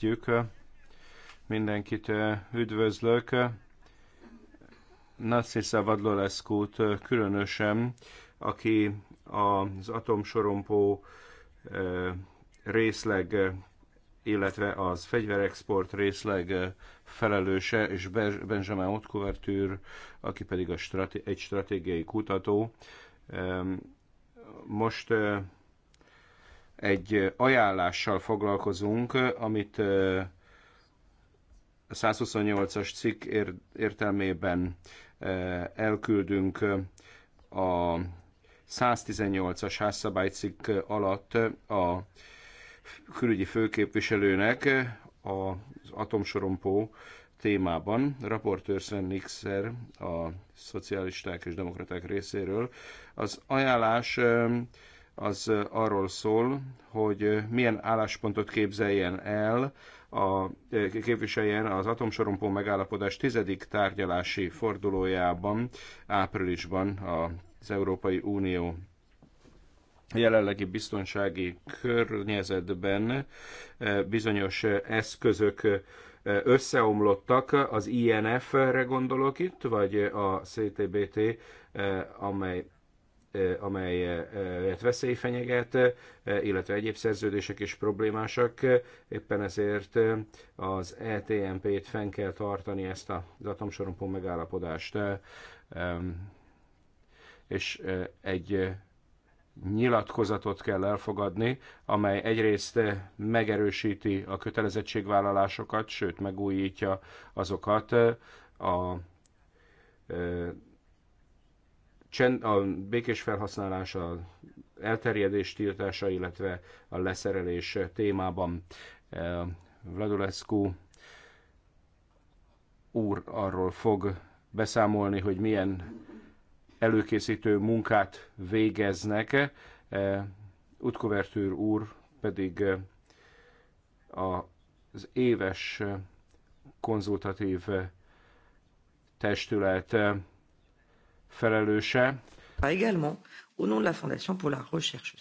Kezdjük. Mindenkit üdvözlök. Narcissa Vadloleszkút különösen, aki az atomsorompó részleg, illetve az fegyverexport részleg felelőse, és Benjamin Otkuvertűr, aki pedig a straté- egy stratégiai kutató. Most egy ajánlással foglalkozunk, amit a 128-as cikk értelmében elküldünk a 118-as házszabálycikk alatt a külügyi főképviselőnek az atomsorompó témában. Raportőr Sven Nixer a szocialisták és demokraták részéről. Az ajánlás az arról szól, hogy milyen álláspontot képzeljen el, a, képviseljen az atomsorompó megállapodás tizedik tárgyalási fordulójában, áprilisban az Európai Unió jelenlegi biztonsági környezetben bizonyos eszközök összeomlottak, az INF-re gondolok itt, vagy a CTBT, amely amelyet veszély fenyeget, illetve egyéb szerződések is problémásak. Éppen ezért az ETMP-t fenn kell tartani, ezt az atomsorompó megállapodást. És egy nyilatkozatot kell elfogadni, amely egyrészt megerősíti a kötelezettségvállalásokat, sőt megújítja azokat a csend, a békés felhasználás, a elterjedés tiltása, illetve a leszerelés témában eh, Vladulescu úr arról fog beszámolni, hogy milyen előkészítő munkát végeznek. Eh, Utkovertőr úr pedig eh, az éves konzultatív testület felelőse. Ah, également, au nom de la Fondation pour la Recherche.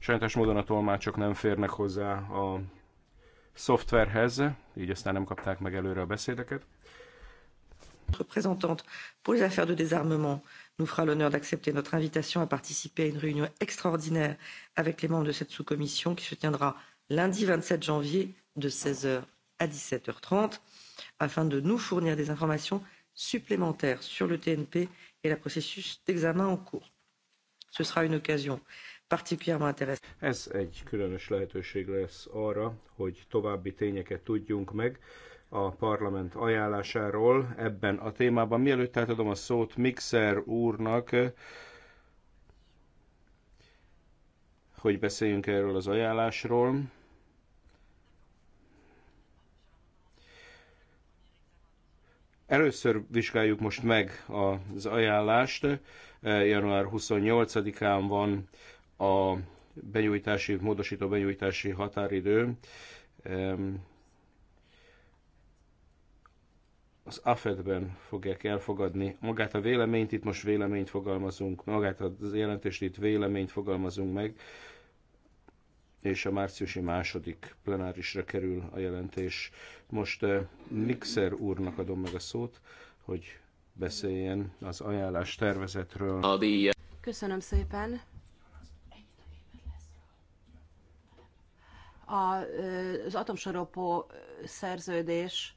Sajnos módon a tolmácsok nem férnek hozzá a szoftverhez, így aztán nem kapták meg előre a beszédeket. Représentante pour les affaires de désarmement nous fera l'honneur d'accepter notre invitation à participer à une réunion extraordinaire avec les membres de cette sous-commission qui se tiendra lundi 27 janvier de 16h à 17h30 afin de nous fournir des informations supplémentaires sur le TNP et le processus d'examen en cours. Ce sera une occasion particulièrement intéressante. Ez egy különös lehetőség lesz arra, hogy további tényeket tudjunk meg a parlament ajánlásáról ebben a témában. Mielőtt átadom a szót Mixer úrnak, hogy beszéljünk erről az ajánlásról, Először vizsgáljuk most meg az ajánlást. Január 28-án van a benyújtási, módosító benyújtási határidő. Az AFED-ben fogják elfogadni magát a véleményt, itt most véleményt fogalmazunk, magát az jelentést itt véleményt fogalmazunk meg és a márciusi második plenárisra kerül a jelentés. Most eh, Mixer úrnak adom meg a szót, hogy beszéljen az ajánlás tervezetről. Köszönöm szépen. A, az atomsoropó szerződés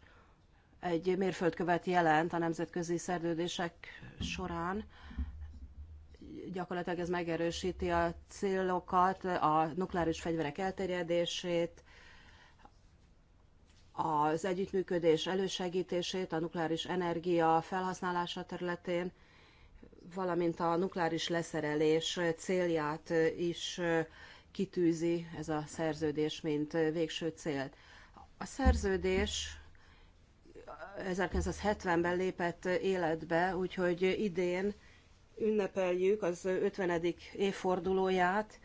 egy mérföldkövet jelent a nemzetközi szerződések során gyakorlatilag ez megerősíti a célokat, a nukleáris fegyverek elterjedését, az együttműködés elősegítését, a nukleáris energia felhasználása területén, valamint a nukleáris leszerelés célját is kitűzi ez a szerződés, mint végső célt. A szerződés 1970-ben lépett életbe, úgyhogy idén ünnepeljük az 50. évfordulóját,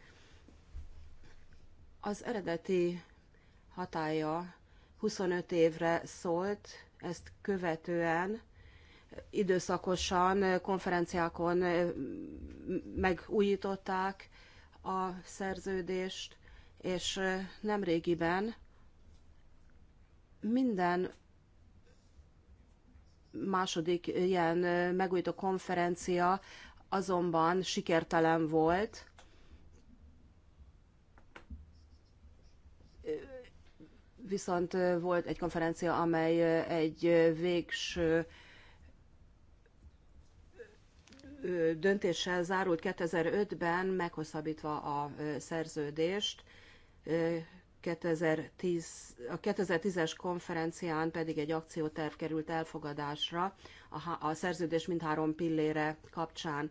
az eredeti hatája 25 évre szólt, ezt követően időszakosan konferenciákon megújították a szerződést, és nemrégiben minden második ilyen megújító konferencia azonban sikertelen volt. Viszont volt egy konferencia, amely egy végső döntéssel zárult 2005-ben, meghosszabbítva a szerződést. 2010, a 2010-es konferencián pedig egy akcióterv került elfogadásra, a, a szerződés mindhárom pillére kapcsán.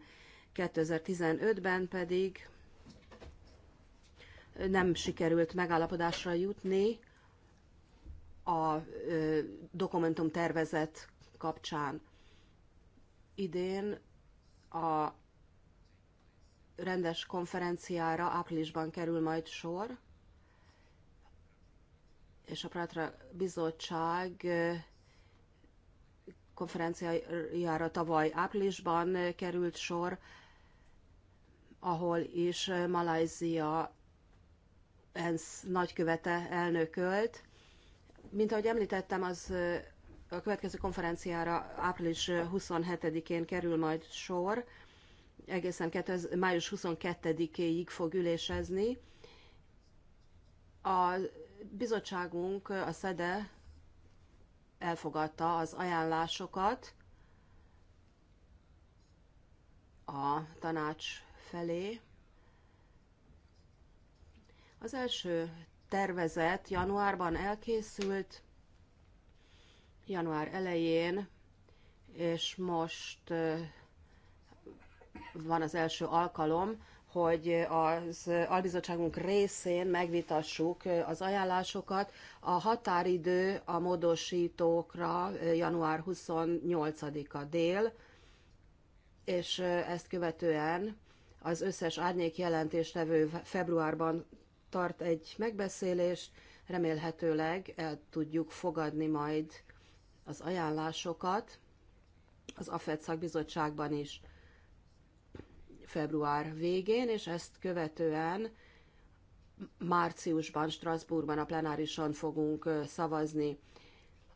2015-ben pedig nem sikerült megállapodásra jutni a dokumentum tervezet kapcsán. Idén a rendes konferenciára áprilisban kerül majd sor, és a Pratra Bizottság konferenciájára tavaly áprilisban került sor, ahol is Malajzia ENSZ nagykövete elnökölt. Mint ahogy említettem, az a következő konferenciára április 27-én kerül majd sor, egészen 2000, május 22-éig fog ülésezni. A bizottságunk, a SZEDE elfogadta az ajánlásokat a tanács felé. Az első tervezet januárban elkészült, január elején, és most van az első alkalom, hogy az albizottságunk részén megvitassuk az ajánlásokat. A határidő a módosítókra január 28-a dél, és ezt követően az összes árnyék jelentéstevő februárban tart egy megbeszélést, remélhetőleg el tudjuk fogadni majd az ajánlásokat az AFED szakbizottságban is február végén, és ezt követően márciusban Strasbourgban a plenárison fogunk szavazni.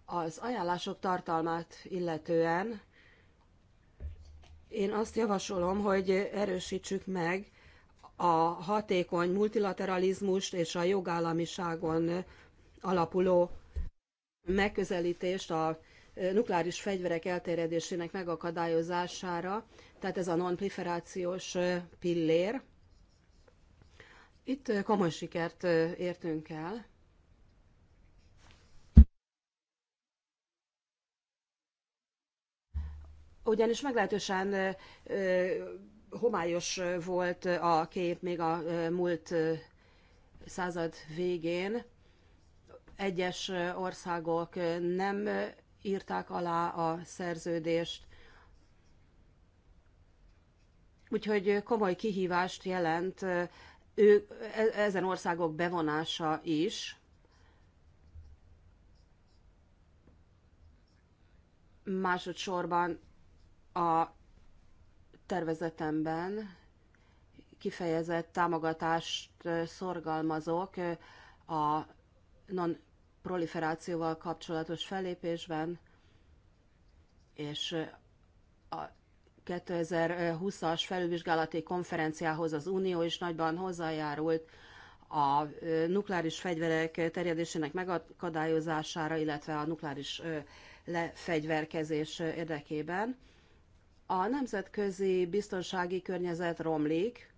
Az ajánlások tartalmát illetően én azt javasolom, hogy erősítsük meg a hatékony multilateralizmust és a jogállamiságon alapuló megközelítést a nukleáris fegyverek elterjedésének megakadályozására, tehát ez a non-proliferációs pillér. Itt komoly sikert értünk el. Ugyanis meglehetősen homályos volt a kép még a múlt század végén. Egyes országok nem írták alá a szerződést. Úgyhogy komoly kihívást jelent ő, e, ezen országok bevonása is. Másodszorban a tervezetemben kifejezett támogatást szorgalmazok a non proliferációval kapcsolatos fellépésben, és a 2020-as felülvizsgálati konferenciához az Unió is nagyban hozzájárult a nukleáris fegyverek terjedésének megakadályozására, illetve a nukleáris lefegyverkezés érdekében. A nemzetközi biztonsági környezet romlik,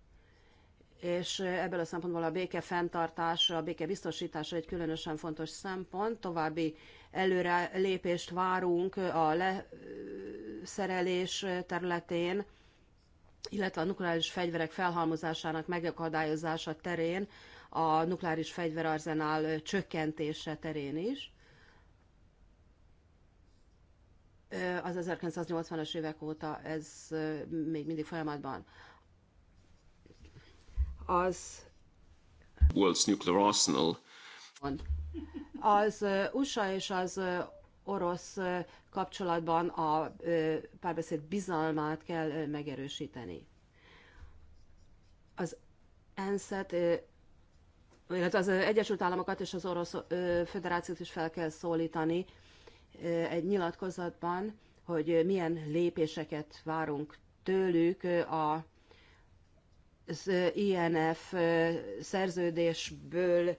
és ebből a szempontból a béke fenntartása, a béke biztosítása egy különösen fontos szempont. További előre lépést várunk a leszerelés területén, illetve a nukleáris fegyverek felhalmozásának megakadályozása terén, a nukleáris fegyverarzenál csökkentése terén is. Az 1980-as évek óta ez még mindig folyamatban az World's Nuclear Arsenal. Az USA és az orosz kapcsolatban a párbeszéd bizalmát kell megerősíteni. Az ENSZ-et, illetve az Egyesült Államokat és az Orosz Föderációt is fel kell szólítani egy nyilatkozatban, hogy milyen lépéseket várunk tőlük a az INF szerződésből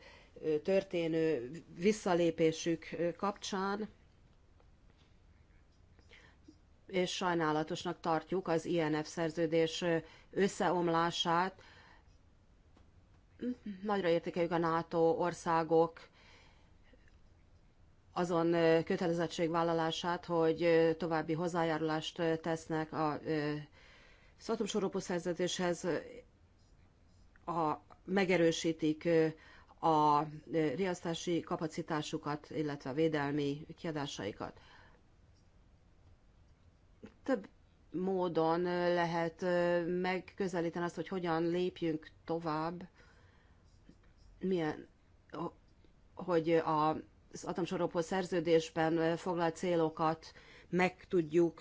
történő visszalépésük kapcsán, és sajnálatosnak tartjuk az INF szerződés összeomlását. Nagyra értékeljük a NATO országok azon kötelezettségvállalását, hogy további hozzájárulást tesznek a szatomsoropó szerződéshez, a, megerősítik a riasztási kapacitásukat, illetve a védelmi kiadásaikat. Több módon lehet megközelíteni azt, hogy hogyan lépjünk tovább, milyen, hogy az atomsorokó szerződésben foglalt célokat meg tudjuk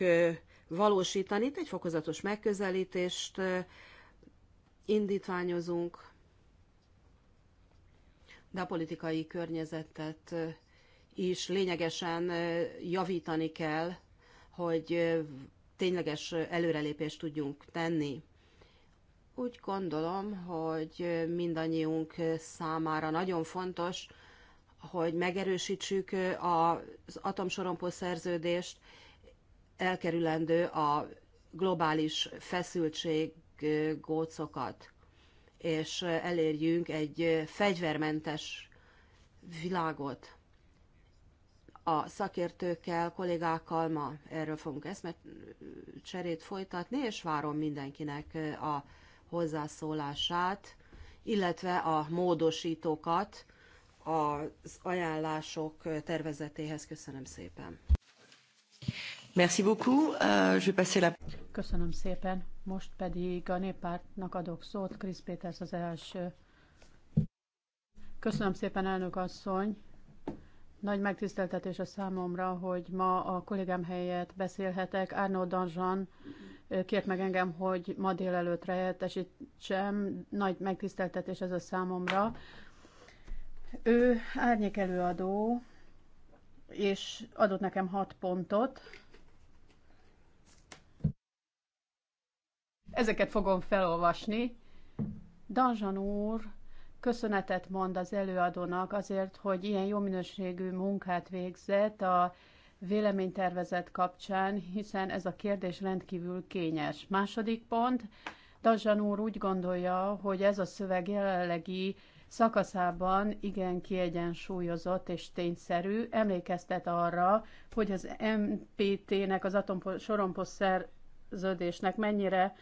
valósítani. Itt egy fokozatos megközelítést indítványozunk, de a politikai környezetet is lényegesen javítani kell, hogy tényleges előrelépést tudjunk tenni. Úgy gondolom, hogy mindannyiunk számára nagyon fontos, hogy megerősítsük az atomsorompó szerződést, elkerülendő a globális feszültség gócokat, és elérjünk egy fegyvermentes világot. A szakértőkkel, kollégákkal ma erről fogunk eszmet cserét folytatni, és várom mindenkinek a hozzászólását, illetve a módosítókat az ajánlások tervezetéhez. Köszönöm szépen. Merci beaucoup. Uh, je la... Köszönöm szépen. Most pedig a néppártnak adok szót, Krisz Péters az első. Köszönöm szépen, elnök asszony! Nagy megtiszteltetés a számomra, hogy ma a kollégám helyett beszélhetek. Arnaud Danzsan kért meg engem, hogy ma délelőtt helyettesítsem. Nagy megtiszteltetés ez a számomra. Ő árnyék előadó, és adott nekem hat pontot, Ezeket fogom felolvasni. Danzsan úr köszönetet mond az előadónak azért, hogy ilyen jó minőségű munkát végzett a véleménytervezet kapcsán, hiszen ez a kérdés rendkívül kényes. Második pont, Danzsan úr úgy gondolja, hogy ez a szöveg jelenlegi szakaszában igen kiegyensúlyozott és tényszerű, emlékeztet arra, hogy az MPT-nek, az szerződésnek mennyire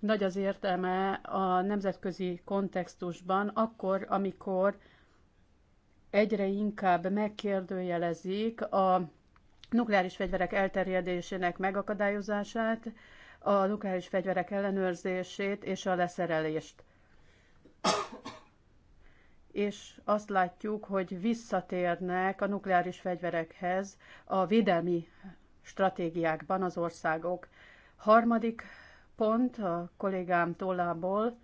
nagy az értelme a nemzetközi kontextusban, akkor, amikor egyre inkább megkérdőjelezik a nukleáris fegyverek elterjedésének megakadályozását, a nukleáris fegyverek ellenőrzését és a leszerelést. és azt látjuk, hogy visszatérnek a nukleáris fegyverekhez a védelmi stratégiákban az országok. Harmadik pont a kollégám tollából.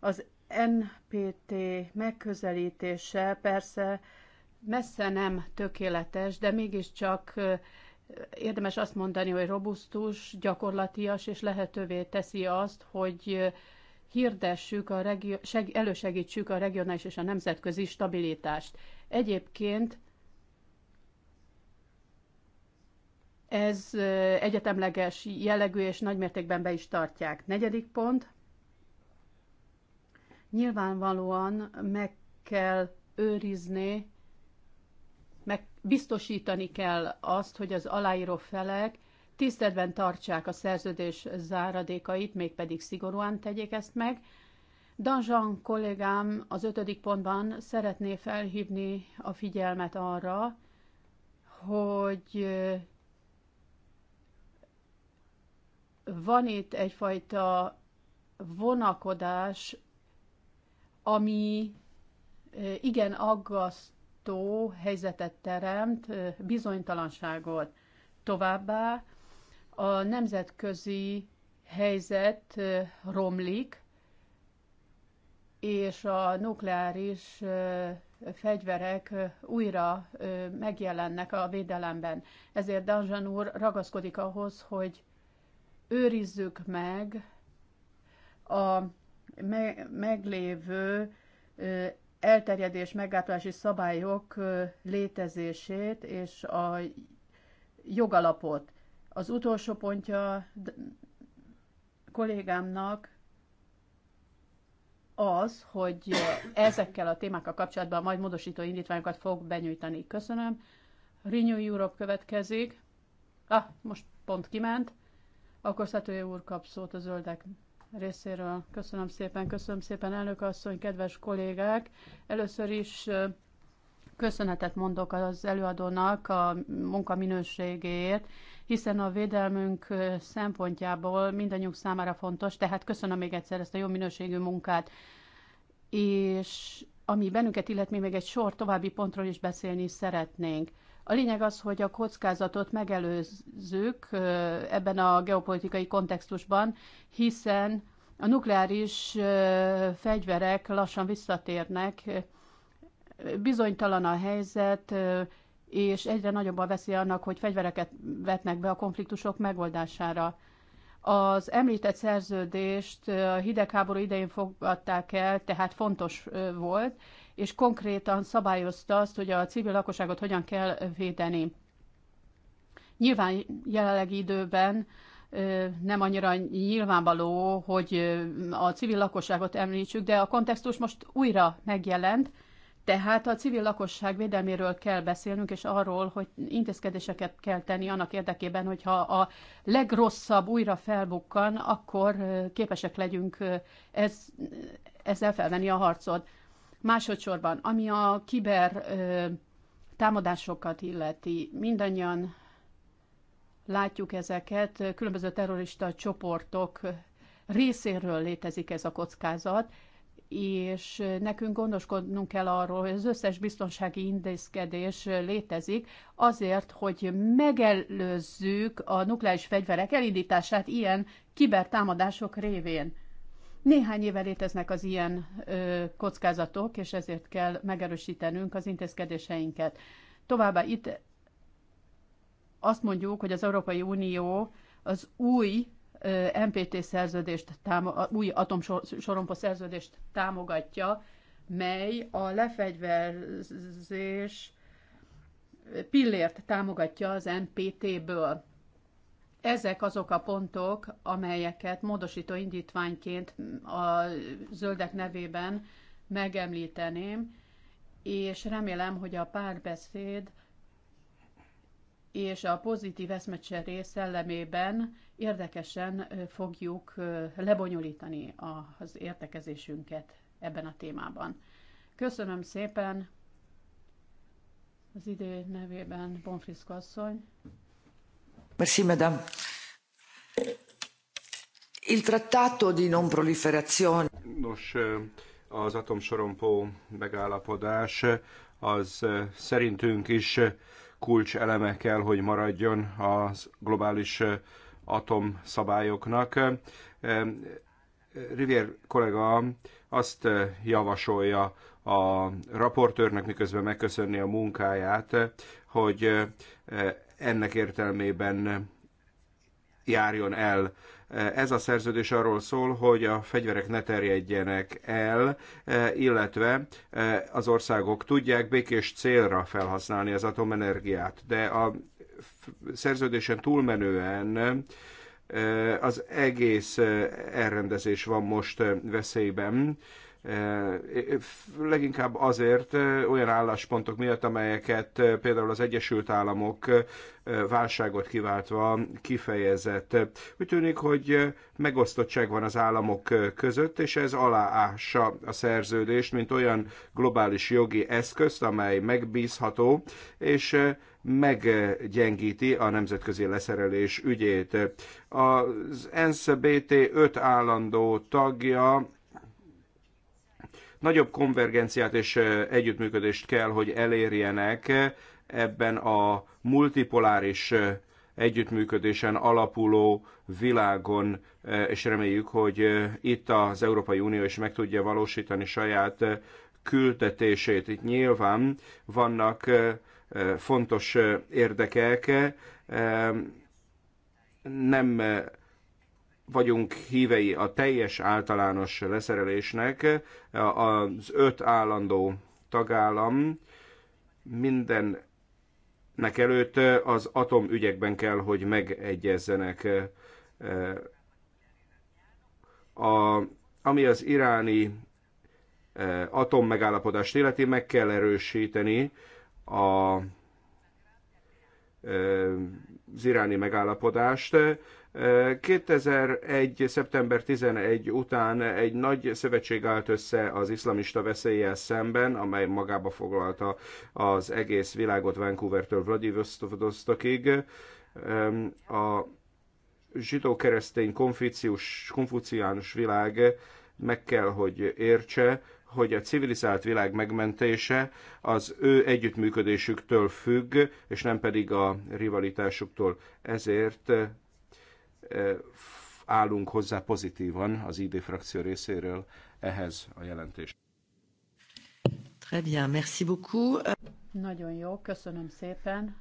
Az NPT megközelítése persze messze nem tökéletes, de mégiscsak érdemes azt mondani, hogy robusztus, gyakorlatias, és lehetővé teszi azt, hogy hirdessük, a regio- seg- elősegítsük a regionális és a nemzetközi stabilitást. Egyébként Ez egyetemleges jellegű és nagymértékben be is tartják. Negyedik pont. Nyilvánvalóan meg kell őrizni, meg biztosítani kell azt, hogy az aláíró felek tiszteletben tartsák a szerződés záradékait, mégpedig szigorúan tegyék ezt meg. Danzsan kollégám az ötödik pontban szeretné felhívni a figyelmet arra, hogy van itt egyfajta vonakodás, ami igen aggasztó helyzetet teremt, bizonytalanságot. Továbbá a nemzetközi helyzet romlik, és a nukleáris fegyverek újra megjelennek a védelemben. Ezért Danzsan úr ragaszkodik ahhoz, hogy őrizzük meg a meglévő elterjedés meggátolási szabályok létezését és a jogalapot. Az utolsó pontja kollégámnak az, hogy ezekkel a témákkal kapcsolatban majd módosító indítványokat fog benyújtani. Köszönöm. Renew Europe következik. Ah, most pont kiment. Akkor Szetője úr kap szót a zöldek részéről. Köszönöm szépen, köszönöm szépen, elnök asszony, kedves kollégák. Először is köszönetet mondok az előadónak a munka minőségéért, hiszen a védelmünk szempontjából mindannyiunk számára fontos, tehát köszönöm még egyszer ezt a jó minőségű munkát. És ami bennünket illet, mi még egy sor további pontról is beszélni szeretnénk. A lényeg az, hogy a kockázatot megelőzzük ebben a geopolitikai kontextusban, hiszen a nukleáris fegyverek lassan visszatérnek, bizonytalan a helyzet, és egyre nagyobb a veszély annak, hogy fegyvereket vetnek be a konfliktusok megoldására. Az említett szerződést a hidegháború idején fogadták el, tehát fontos volt, és konkrétan szabályozta azt, hogy a civil lakosságot hogyan kell védeni. Nyilván jelenlegi időben nem annyira nyilvánvaló, hogy a civil lakosságot említsük, de a kontextus most újra megjelent, tehát a civil lakosság védelméről kell beszélnünk, és arról, hogy intézkedéseket kell tenni annak érdekében, hogyha a legrosszabb újra felbukkan, akkor képesek legyünk ez, ezzel felvenni a harcot. Másodszorban, ami a kiber támadásokat illeti, mindannyian látjuk ezeket, különböző terrorista csoportok részéről létezik ez a kockázat, és nekünk gondoskodnunk kell arról, hogy az összes biztonsági intézkedés létezik azért, hogy megelőzzük a nukleáris fegyverek elindítását ilyen kibertámadások révén. Néhány éve léteznek az ilyen ö, kockázatok, és ezért kell megerősítenünk az intézkedéseinket. Továbbá itt azt mondjuk, hogy az Európai Unió az új MPT szerződést, támo- új atomsorompó szerződést támogatja, mely a lefegyverzés pillért támogatja az NPT-ből. Ezek azok a pontok, amelyeket módosító indítványként a zöldek nevében megemlíteném, és remélem, hogy a párbeszéd és a pozitív eszmecseré szellemében érdekesen fogjuk lebonyolítani az értekezésünket ebben a témában. Köszönöm szépen az idő nevében, Bonfriszko asszony. Merci, madame. Il trattato di non proliferazione. Nos, eh, az atomsorompó megállapodás az eh, szerintünk is kulcs eleme kell, hogy maradjon a globális eh, atomszabályoknak. Rivier kollega azt javasolja a raportőrnek, miközben megköszönni a munkáját, hogy ennek értelmében járjon el. Ez a szerződés arról szól, hogy a fegyverek ne terjedjenek el, illetve az országok tudják békés célra felhasználni az atomenergiát. De a szerződésen túlmenően az egész elrendezés van most veszélyben leginkább azért olyan álláspontok miatt, amelyeket például az Egyesült Államok válságot kiváltva kifejezett. Úgy tűnik, hogy megosztottság van az államok között, és ez aláássa a szerződést, mint olyan globális jogi eszközt, amely megbízható, és meggyengíti a nemzetközi leszerelés ügyét. Az ENSZ BT 5 állandó tagja Nagyobb konvergenciát és együttműködést kell, hogy elérjenek ebben a multipoláris együttműködésen alapuló világon, és reméljük, hogy itt az Európai Unió is meg tudja valósítani saját küldetését. Itt nyilván vannak fontos érdekek, nem vagyunk hívei a teljes általános leszerelésnek, az öt állandó tagállam mindennek előtt az atomügyekben kell, hogy megegyezzenek. A, ami az iráni e, atommegállapodást illeti, meg kell erősíteni a, e, az iráni megállapodást. 2001. szeptember 11 után egy nagy szövetség állt össze az iszlamista veszélyel szemben, amely magába foglalta az egész világot Vancouver-től Vladivostokig. A zsidó-keresztény konfuciánus világ meg kell, hogy értse, hogy a civilizált világ megmentése az ő együttműködésüktől függ, és nem pedig a rivalitásuktól. Ezért állunk hozzá pozitívan az ID frakció részéről ehhez a jelentés. Très bien, merci beaucoup. Nagyon jó, köszönöm szépen.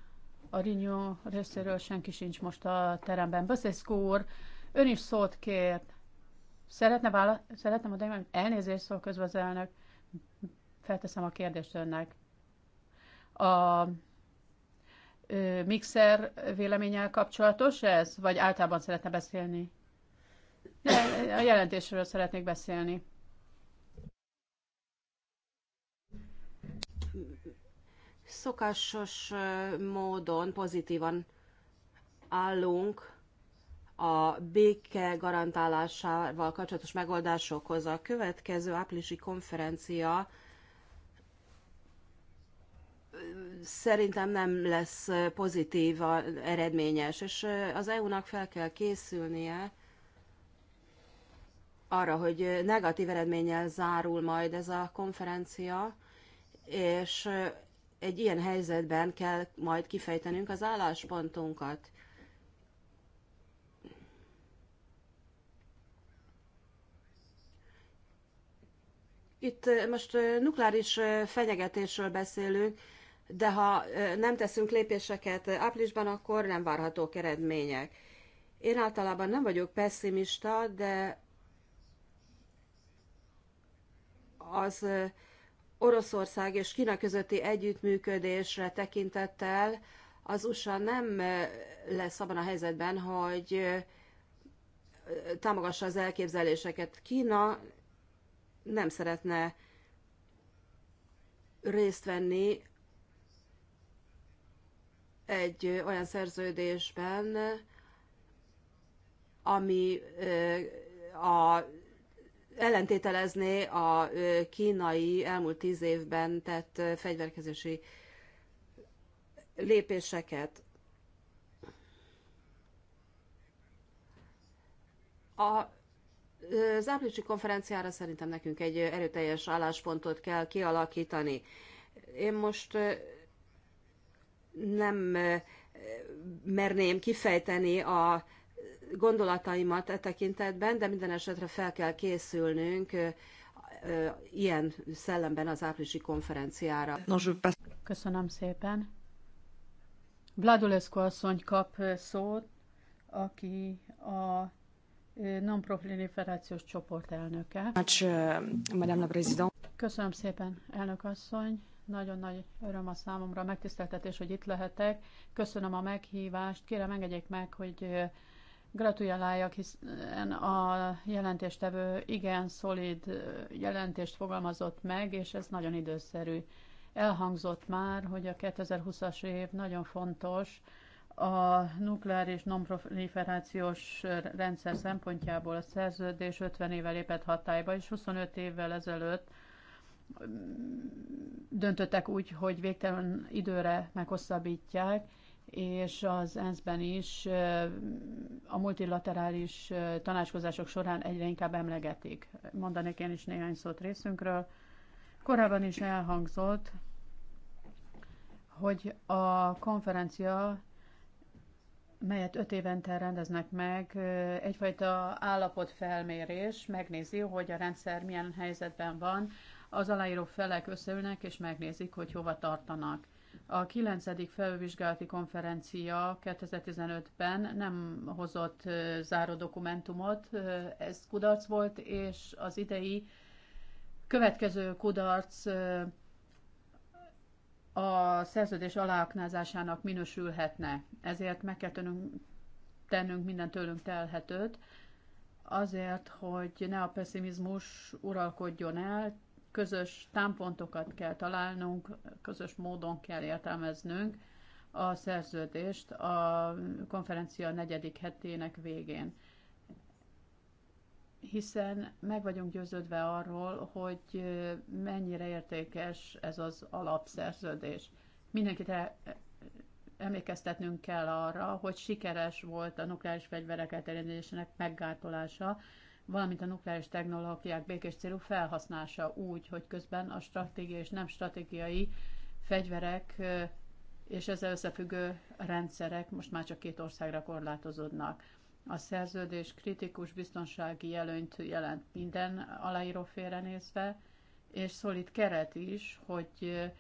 A Rinyó részéről senki sincs most a teremben. Böszeszkó úr, ön is szót kért. Szeretne, vála- szeretne mondani, hogy elnézést szól közben az elnök. Felteszem a kérdést önnek. A mixer véleménnyel kapcsolatos ez, vagy általában szeretne beszélni? De a jelentésről szeretnék beszélni. Szokásos módon pozitívan állunk a béke garantálásával kapcsolatos megoldásokhoz. A következő áprilisi konferencia szerintem nem lesz pozitív, eredményes, és az EU-nak fel kell készülnie arra, hogy negatív eredménnyel zárul majd ez a konferencia, és egy ilyen helyzetben kell majd kifejtenünk az álláspontunkat. Itt most nukleáris fenyegetésről beszélünk, de ha nem teszünk lépéseket áprilisban, akkor nem várhatók eredmények. Én általában nem vagyok pessimista, de az Oroszország és Kína közötti együttműködésre tekintettel az USA nem lesz abban a helyzetben, hogy támogassa az elképzeléseket. Kína nem szeretne részt venni egy olyan szerződésben, ami a, ellentételezné a kínai elmúlt tíz évben tett fegyverkezési lépéseket. A az áprilisi konferenciára szerintem nekünk egy erőteljes álláspontot kell kialakítani. Én most nem merném kifejteni a gondolataimat e tekintetben, de minden esetre fel kell készülnünk ilyen szellemben az áprilisi konferenciára. Köszönöm szépen. Vladulescu asszony kap szót, aki a non-proliferációs csoport elnöke. Köszönöm szépen, elnök asszony. Nagyon nagy öröm a számomra, megtiszteltetés, hogy itt lehetek. Köszönöm a meghívást. Kérem, engedjék meg, hogy gratuláljak, hiszen a jelentéstevő igen szolid jelentést fogalmazott meg, és ez nagyon időszerű. Elhangzott már, hogy a 2020-as év nagyon fontos a nukleáris nonproliferációs rendszer szempontjából a szerződés 50 éve lépett hatályba, és 25 évvel ezelőtt döntöttek úgy, hogy végtelen időre meghosszabbítják, és az ENSZ-ben is a multilaterális tanácskozások során egyre inkább emlegetik. Mondanék én is néhány szót részünkről. Korábban is elhangzott, hogy a konferencia, melyet öt évente rendeznek meg, egyfajta állapotfelmérés, megnézi, hogy a rendszer milyen helyzetben van, az aláíró felek összeülnek és megnézik, hogy hova tartanak. A 9. felvizsgálati konferencia 2015-ben nem hozott záró dokumentumot, ez kudarc volt, és az idei következő kudarc a szerződés aláaknázásának minősülhetne. Ezért meg kell tennünk, tennünk minden tőlünk telhetőt, azért, hogy ne a pessimizmus uralkodjon el, közös támpontokat kell találnunk, közös módon kell értelmeznünk a szerződést a konferencia negyedik hetének végén. Hiszen meg vagyunk győződve arról, hogy mennyire értékes ez az alapszerződés. Mindenkit e- emlékeztetnünk kell arra, hogy sikeres volt a nukleáris fegyverek elterjedésének meggátolása, valamint a nukleáris technológiák békés célú felhasználása úgy, hogy közben a stratégiai és nem stratégiai fegyverek és ezzel összefüggő rendszerek most már csak két országra korlátozódnak. A szerződés kritikus biztonsági jelönyt jelent minden aláíró félre nézve, és szolid keret is, hogy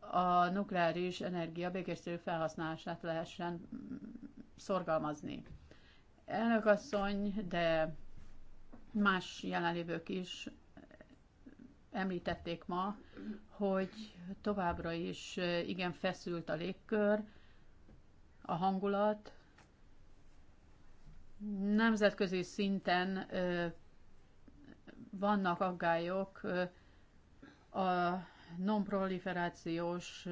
a nukleáris energia békés célú felhasználását lehessen mm, szorgalmazni. Elnök asszony, de Más jelenlévők is említették ma, hogy továbbra is igen feszült a légkör, a hangulat. Nemzetközi szinten vannak aggályok a nonproliferációs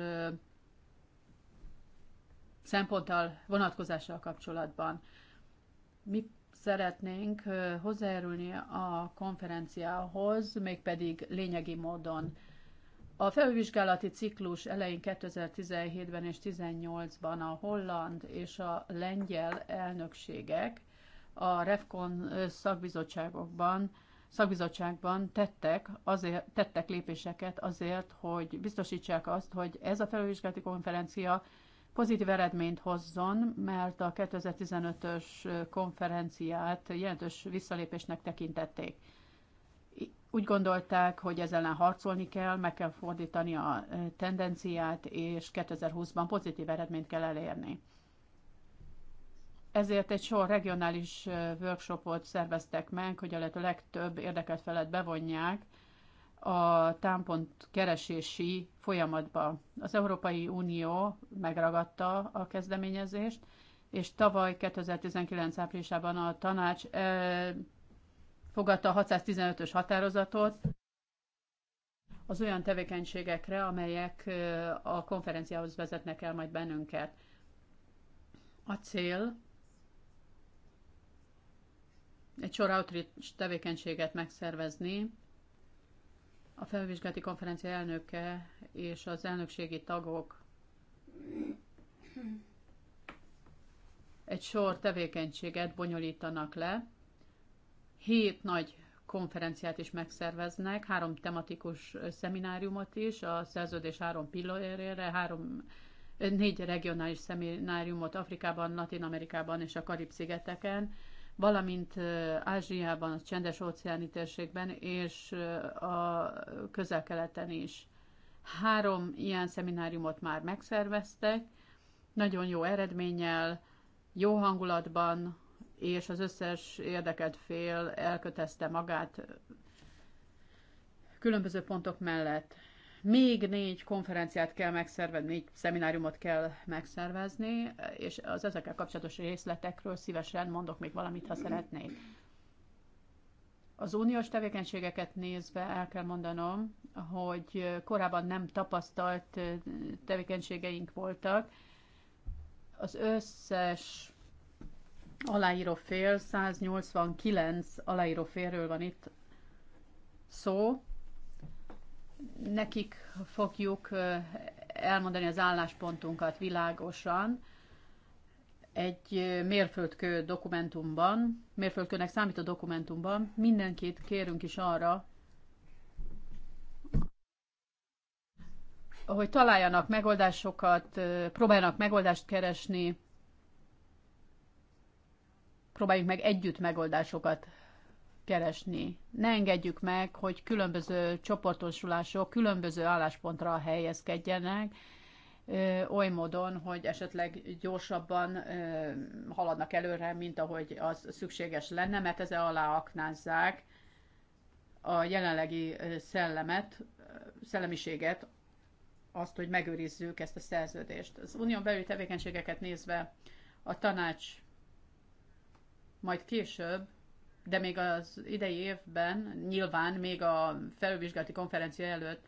szemponttal, vonatkozással kapcsolatban. Mi szeretnénk hozzájárulni a konferenciához, mégpedig lényegi módon. A felvizsgálati ciklus elején 2017-ben és 2018-ban a holland és a lengyel elnökségek a REFCON szakbizottságokban szakbizottságban tettek, azért, tettek lépéseket azért, hogy biztosítsák azt, hogy ez a felvizsgálati konferencia pozitív eredményt hozzon, mert a 2015-ös konferenciát jelentős visszalépésnek tekintették. Úgy gondolták, hogy ezzel ellen harcolni kell, meg kell fordítani a e, tendenciát, és 2020-ban pozitív eredményt kell elérni. Ezért egy sor regionális e, workshopot szerveztek meg, hogy a lehető legtöbb érdekelt felet bevonják, a támpont keresési folyamatba. Az Európai Unió megragadta a kezdeményezést, és tavaly 2019 áprilisában a tanács eh, fogadta a 615-ös határozatot az olyan tevékenységekre, amelyek eh, a konferenciához vezetnek el majd bennünket. A cél egy sor outreach tevékenységet megszervezni, a felvizsgálati konferencia elnöke és az elnökségi tagok egy sor tevékenységet bonyolítanak le. Hét nagy konferenciát is megszerveznek, három tematikus szemináriumot is, a szerződés három pillérére, három, négy regionális szemináriumot Afrikában, Latin Amerikában és a Karib-szigeteken, valamint Ázsiában, a csendes-óceáni térségben és a közel-keleten is. Három ilyen szemináriumot már megszerveztek, nagyon jó eredménnyel, jó hangulatban, és az összes érdekelt fél elkötezte magát különböző pontok mellett még négy konferenciát kell megszervezni, négy szemináriumot kell megszervezni, és az ezekkel kapcsolatos részletekről szívesen mondok még valamit, ha szeretnék. Az uniós tevékenységeket nézve el kell mondanom, hogy korábban nem tapasztalt tevékenységeink voltak. Az összes aláíró fél, 189 aláíró félről van itt szó, nekik fogjuk elmondani az álláspontunkat világosan egy mérföldkő dokumentumban, mérföldkőnek számító dokumentumban mindenkit kérünk is arra, hogy találjanak megoldásokat, próbáljanak megoldást keresni, próbáljuk meg együtt megoldásokat keresni. Ne engedjük meg, hogy különböző csoportosulások különböző álláspontra helyezkedjenek, oly módon, hogy esetleg gyorsabban haladnak előre, mint ahogy az szükséges lenne, mert ezzel aknázzák a jelenlegi szellemet, szellemiséget, azt, hogy megőrizzük ezt a szerződést. Az unión belüli tevékenységeket nézve a tanács majd később de még az idei évben nyilván még a felülvizsgálati konferencia előtt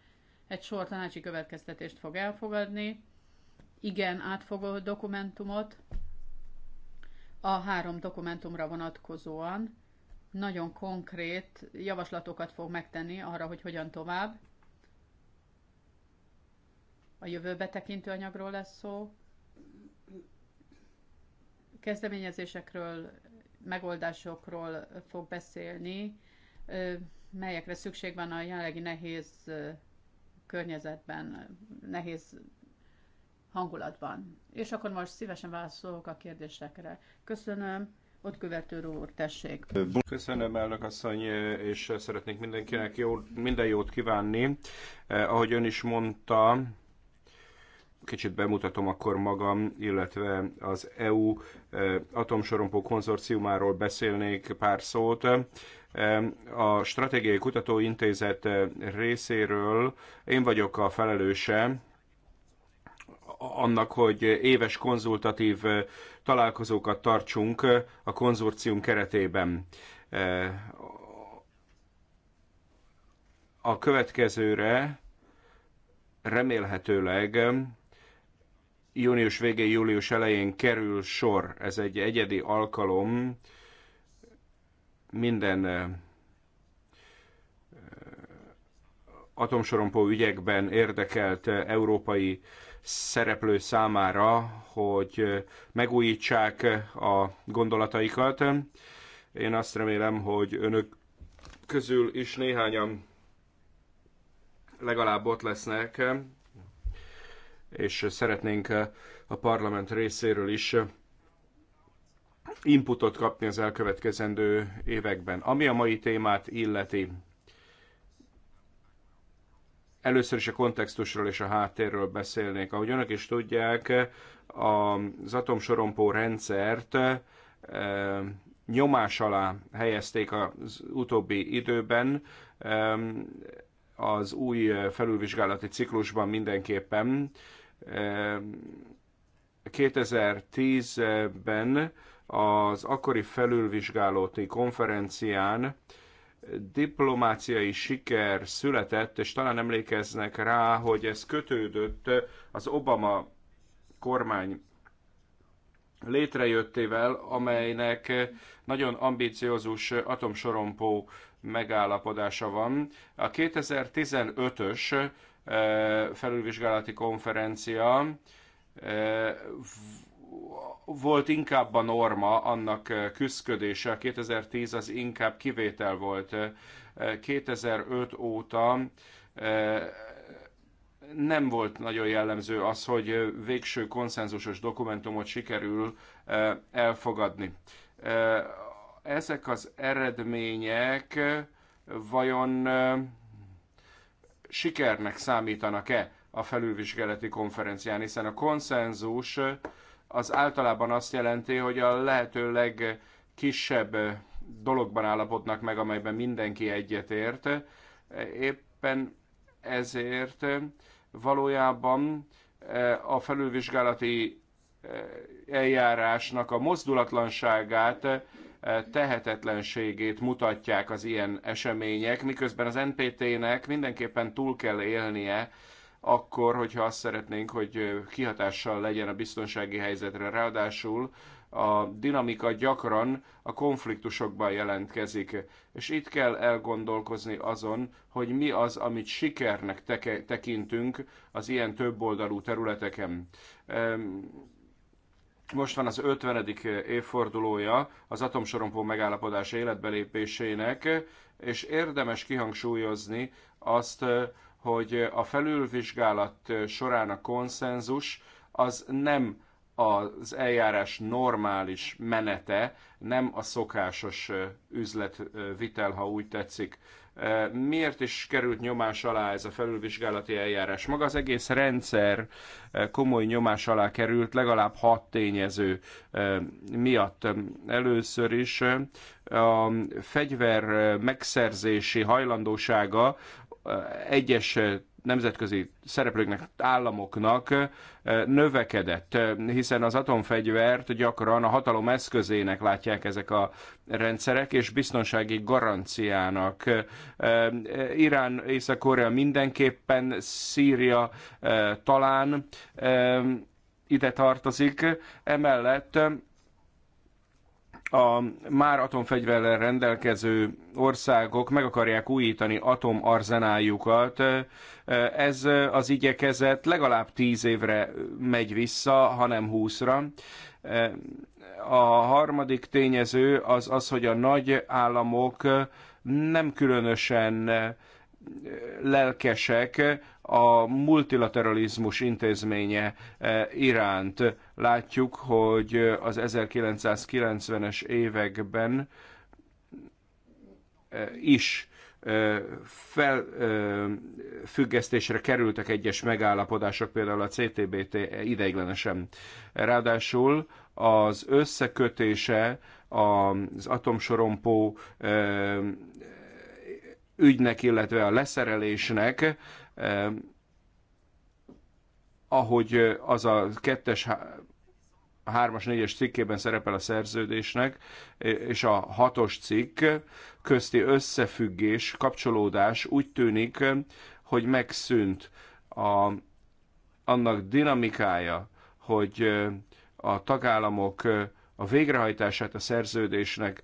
egy sor tanácsi következtetést fog elfogadni, igen átfogó dokumentumot, a három dokumentumra vonatkozóan nagyon konkrét javaslatokat fog megtenni arra, hogy hogyan tovább. A jövőbe tekintő anyagról lesz szó, kezdeményezésekről, megoldásokról fog beszélni, melyekre szükség van a jelenlegi nehéz környezetben, nehéz hangulatban. És akkor most szívesen válaszolok a kérdésekre. Köszönöm. Ott követő úr, tessék. Köszönöm, elnök asszony, és szeretnék mindenkinek jó, minden jót kívánni. Eh, ahogy ön is mondta, kicsit bemutatom akkor magam, illetve az EU eh, atomsorompó konzorciumáról beszélnék pár szót. Eh, a Stratégiai Kutatóintézet eh, részéről én vagyok a felelőse annak, hogy éves konzultatív találkozókat tartsunk a konzorcium keretében. A következőre remélhetőleg június végén, július elején kerül sor. Ez egy egyedi alkalom minden eh, eh, atomsorompó ügyekben érdekelt eh, európai szereplő számára, hogy megújítsák a gondolataikat. Én azt remélem, hogy önök közül is néhányan legalább ott lesznek és szeretnénk eh, a parlament részéről is eh, inputot kapni az elkövetkezendő években. Ami a mai témát illeti, először is a kontextusról és a háttérről beszélnék. Ahogy önök is tudják, az atomsorompó rendszert eh, nyomás alá helyezték az utóbbi időben. Az új felülvizsgálati ciklusban mindenképpen 2010-ben az akkori felülvizsgálóti konferencián diplomáciai siker született, és talán emlékeznek rá, hogy ez kötődött az Obama kormány létrejöttével, amelynek nagyon ambiciózus atomsorompó megállapodása van. A 2015-ös felülvizsgálati konferencia volt inkább a norma, annak küszködése, 2010 az inkább kivétel volt. 2005 óta nem volt nagyon jellemző az, hogy végső konszenzusos dokumentumot sikerül elfogadni. Ezek az eredmények vajon sikernek számítanak-e a felülvizsgálati konferencián, hiszen a konszenzus az általában azt jelenti, hogy a lehető legkisebb dologban állapodnak meg, amelyben mindenki egyetért. Éppen ezért valójában a felülvizsgálati eljárásnak a mozdulatlanságát tehetetlenségét mutatják az ilyen események, miközben az NPT-nek mindenképpen túl kell élnie akkor, hogyha azt szeretnénk, hogy kihatással legyen a biztonsági helyzetre. Ráadásul a dinamika gyakran a konfliktusokban jelentkezik, és itt kell elgondolkozni azon, hogy mi az, amit sikernek tekintünk az ilyen többoldalú területeken most van az 50. évfordulója az atomsorompó megállapodás életbelépésének, és érdemes kihangsúlyozni azt, hogy a felülvizsgálat során a konszenzus az nem az eljárás normális menete, nem a szokásos üzletvitel, ha úgy tetszik. Miért is került nyomás alá ez a felülvizsgálati eljárás? Maga az egész rendszer komoly nyomás alá került, legalább hat tényező miatt. Először is a fegyver megszerzési hajlandósága egyes nemzetközi szereplőknek, államoknak növekedett, hiszen az atomfegyvert gyakran a hatalom eszközének látják ezek a rendszerek, és biztonsági garanciának. Irán, Észak-Korea mindenképpen, Szíria talán ide tartozik, emellett a már atomfegyverrel rendelkező országok meg akarják újítani atomarzenájukat. Ez az igyekezet legalább tíz évre megy vissza, hanem húszra. A harmadik tényező az az, hogy a nagy államok nem különösen lelkesek a multilateralizmus intézménye eh, iránt. Látjuk, hogy az 1990-es években eh, is eh, felfüggesztésre kerültek egyes megállapodások, például a CTBT ideiglenesen. Ráadásul az összekötése az atomsorompó ügynek, illetve a leszerelésnek ahogy az a kettes, hármas, négyes cikkében szerepel a szerződésnek, és a hatos cikk közti összefüggés, kapcsolódás úgy tűnik, hogy megszűnt a, annak dinamikája, hogy a tagállamok a végrehajtását a szerződésnek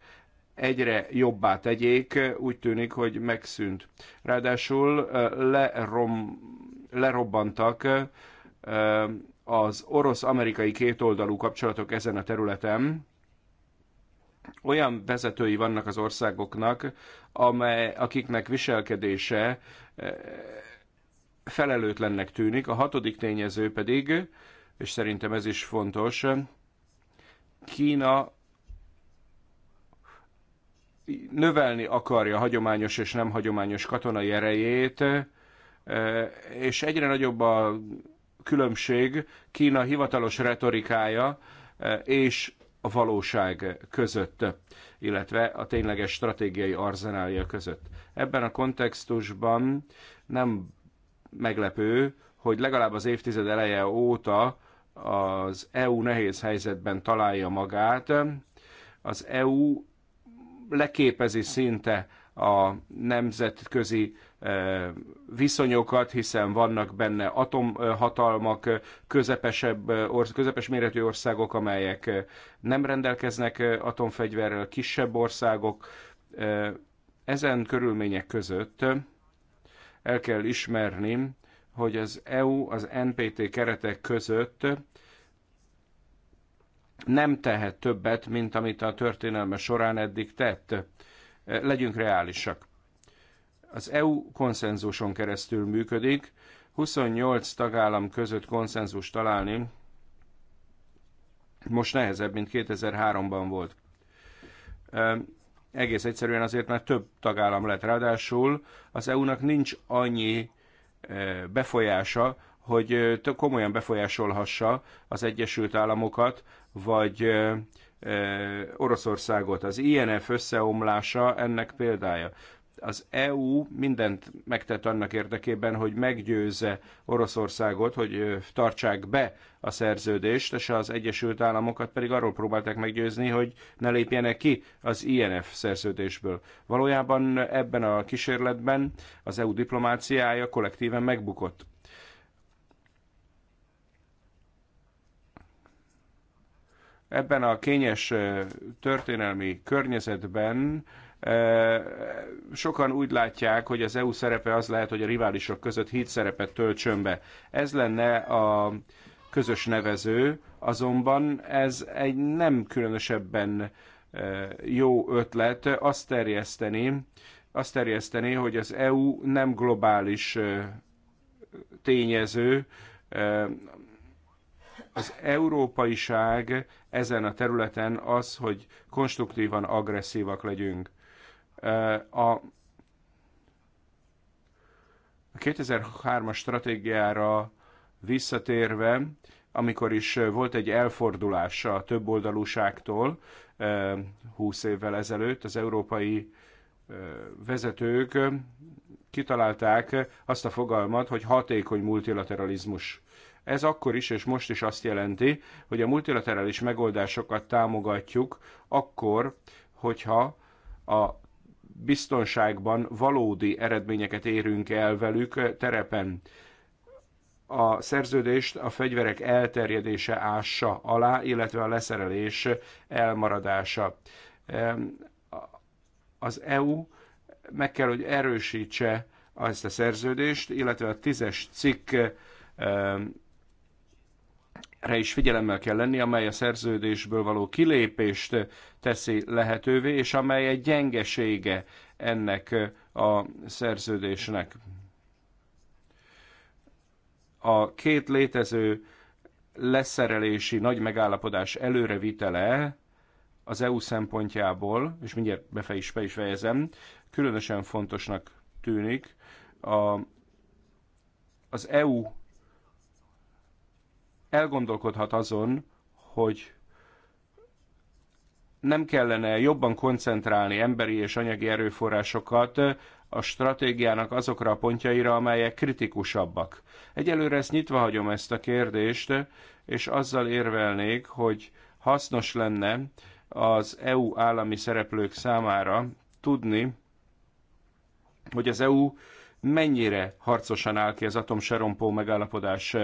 egyre jobbá tegyék, úgy tűnik, hogy megszűnt. Ráadásul lerom, lerobbantak az orosz-amerikai kétoldalú kapcsolatok ezen a területen, olyan vezetői vannak az országoknak, amely, akiknek viselkedése felelőtlennek tűnik. A hatodik tényező pedig, és szerintem ez is fontos, Kína növelni akarja a hagyományos és nem hagyományos katonai erejét, e, és egyre nagyobb a különbség Kína hivatalos retorikája e, és a valóság között, illetve a tényleges stratégiai arzenálja között. Ebben a kontextusban nem meglepő, hogy legalább az évtized eleje óta az EU nehéz helyzetben találja magát. Az EU leképezi szinte a nemzetközi viszonyokat, hiszen vannak benne atomhatalmak, közepesebb, közepes méretű országok, amelyek nem rendelkeznek atomfegyverrel, kisebb országok. Ezen körülmények között el kell ismerni, hogy az EU az NPT keretek között nem tehet többet, mint amit a történelme során eddig tett. Legyünk reálisak. Az EU konszenzuson keresztül működik, 28 tagállam között konszenzus találni most nehezebb, mint 2003-ban volt. Egész egyszerűen azért, mert több tagállam lett. Ráadásul az EU-nak nincs annyi befolyása, hogy komolyan befolyásolhassa az Egyesült Államokat, vagy Oroszországot. Az INF összeomlása ennek példája. Az EU mindent megtett annak érdekében, hogy meggyőzze Oroszországot, hogy tartsák be a szerződést, és az Egyesült Államokat pedig arról próbálták meggyőzni, hogy ne lépjenek ki az INF szerződésből. Valójában ebben a kísérletben az EU diplomáciája kollektíven megbukott. ebben a kényes történelmi környezetben sokan úgy látják, hogy az EU szerepe az lehet, hogy a riválisok között híd szerepet töltsön be. Ez lenne a közös nevező, azonban ez egy nem különösebben jó ötlet azt terjeszteni, azt terjeszteni, hogy az EU nem globális tényező, az európaiság ezen a területen az, hogy konstruktívan agresszívak legyünk. A 2003-as stratégiára visszatérve, amikor is volt egy elfordulás a többoldalúságtól 20 évvel ezelőtt, az európai vezetők kitalálták azt a fogalmat, hogy hatékony multilateralizmus ez akkor is és most is azt jelenti, hogy a multilaterális megoldásokat támogatjuk akkor, hogyha a biztonságban valódi eredményeket érünk el velük terepen. A szerződést a fegyverek elterjedése ássa alá, illetve a leszerelés elmaradása. Az EU meg kell, hogy erősítse ezt a szerződést, illetve a tízes cikk re is figyelemmel kell lenni, amely a szerződésből való kilépést teszi lehetővé, és amely egy gyengesége ennek a szerződésnek. A két létező leszerelési nagy megállapodás előrevitele az EU szempontjából, és mindjárt befe is, be is fejezem, különösen fontosnak tűnik a, az EU elgondolkodhat azon, hogy nem kellene jobban koncentrálni emberi és anyagi erőforrásokat a stratégiának azokra a pontjaira, amelyek kritikusabbak. Egyelőre ezt nyitva hagyom ezt a kérdést, és azzal érvelnék, hogy hasznos lenne az EU állami szereplők számára tudni, hogy az EU mennyire harcosan áll ki az atomserompó megállapodás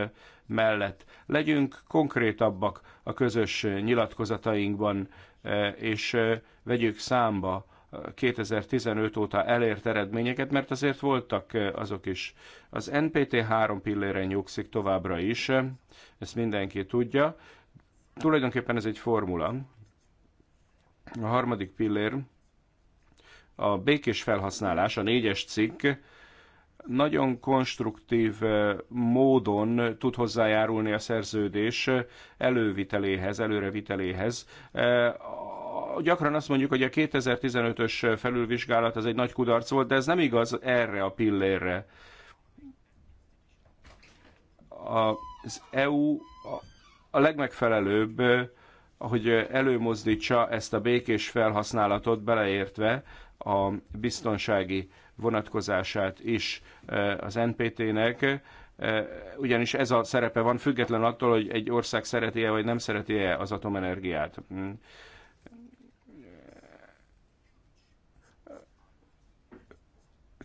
mellett. Legyünk konkrétabbak a közös nyilatkozatainkban, eh, és eh, vegyük számba 2015 óta elért eredményeket, mert azért voltak eh, azok is. Az NPT három pillére nyugszik továbbra is, ezt mindenki tudja. Tulajdonképpen ez egy formula. A harmadik pillér a békés felhasználás, a négyes cikk, nagyon konstruktív eh, módon tud hozzájárulni a szerződés eh, előviteléhez, előreviteléhez. Eh, gyakran azt mondjuk, hogy a 2015-ös felülvizsgálat az egy nagy kudarc volt, de ez nem igaz erre a pillérre. Az EU a legmegfelelőbb, hogy előmozdítsa ezt a békés felhasználatot beleértve a biztonsági vonatkozását is e, az NPT-nek, e, ugyanis ez a szerepe van független attól, hogy egy ország szereti-e vagy nem szereti-e az atomenergiát. Hm.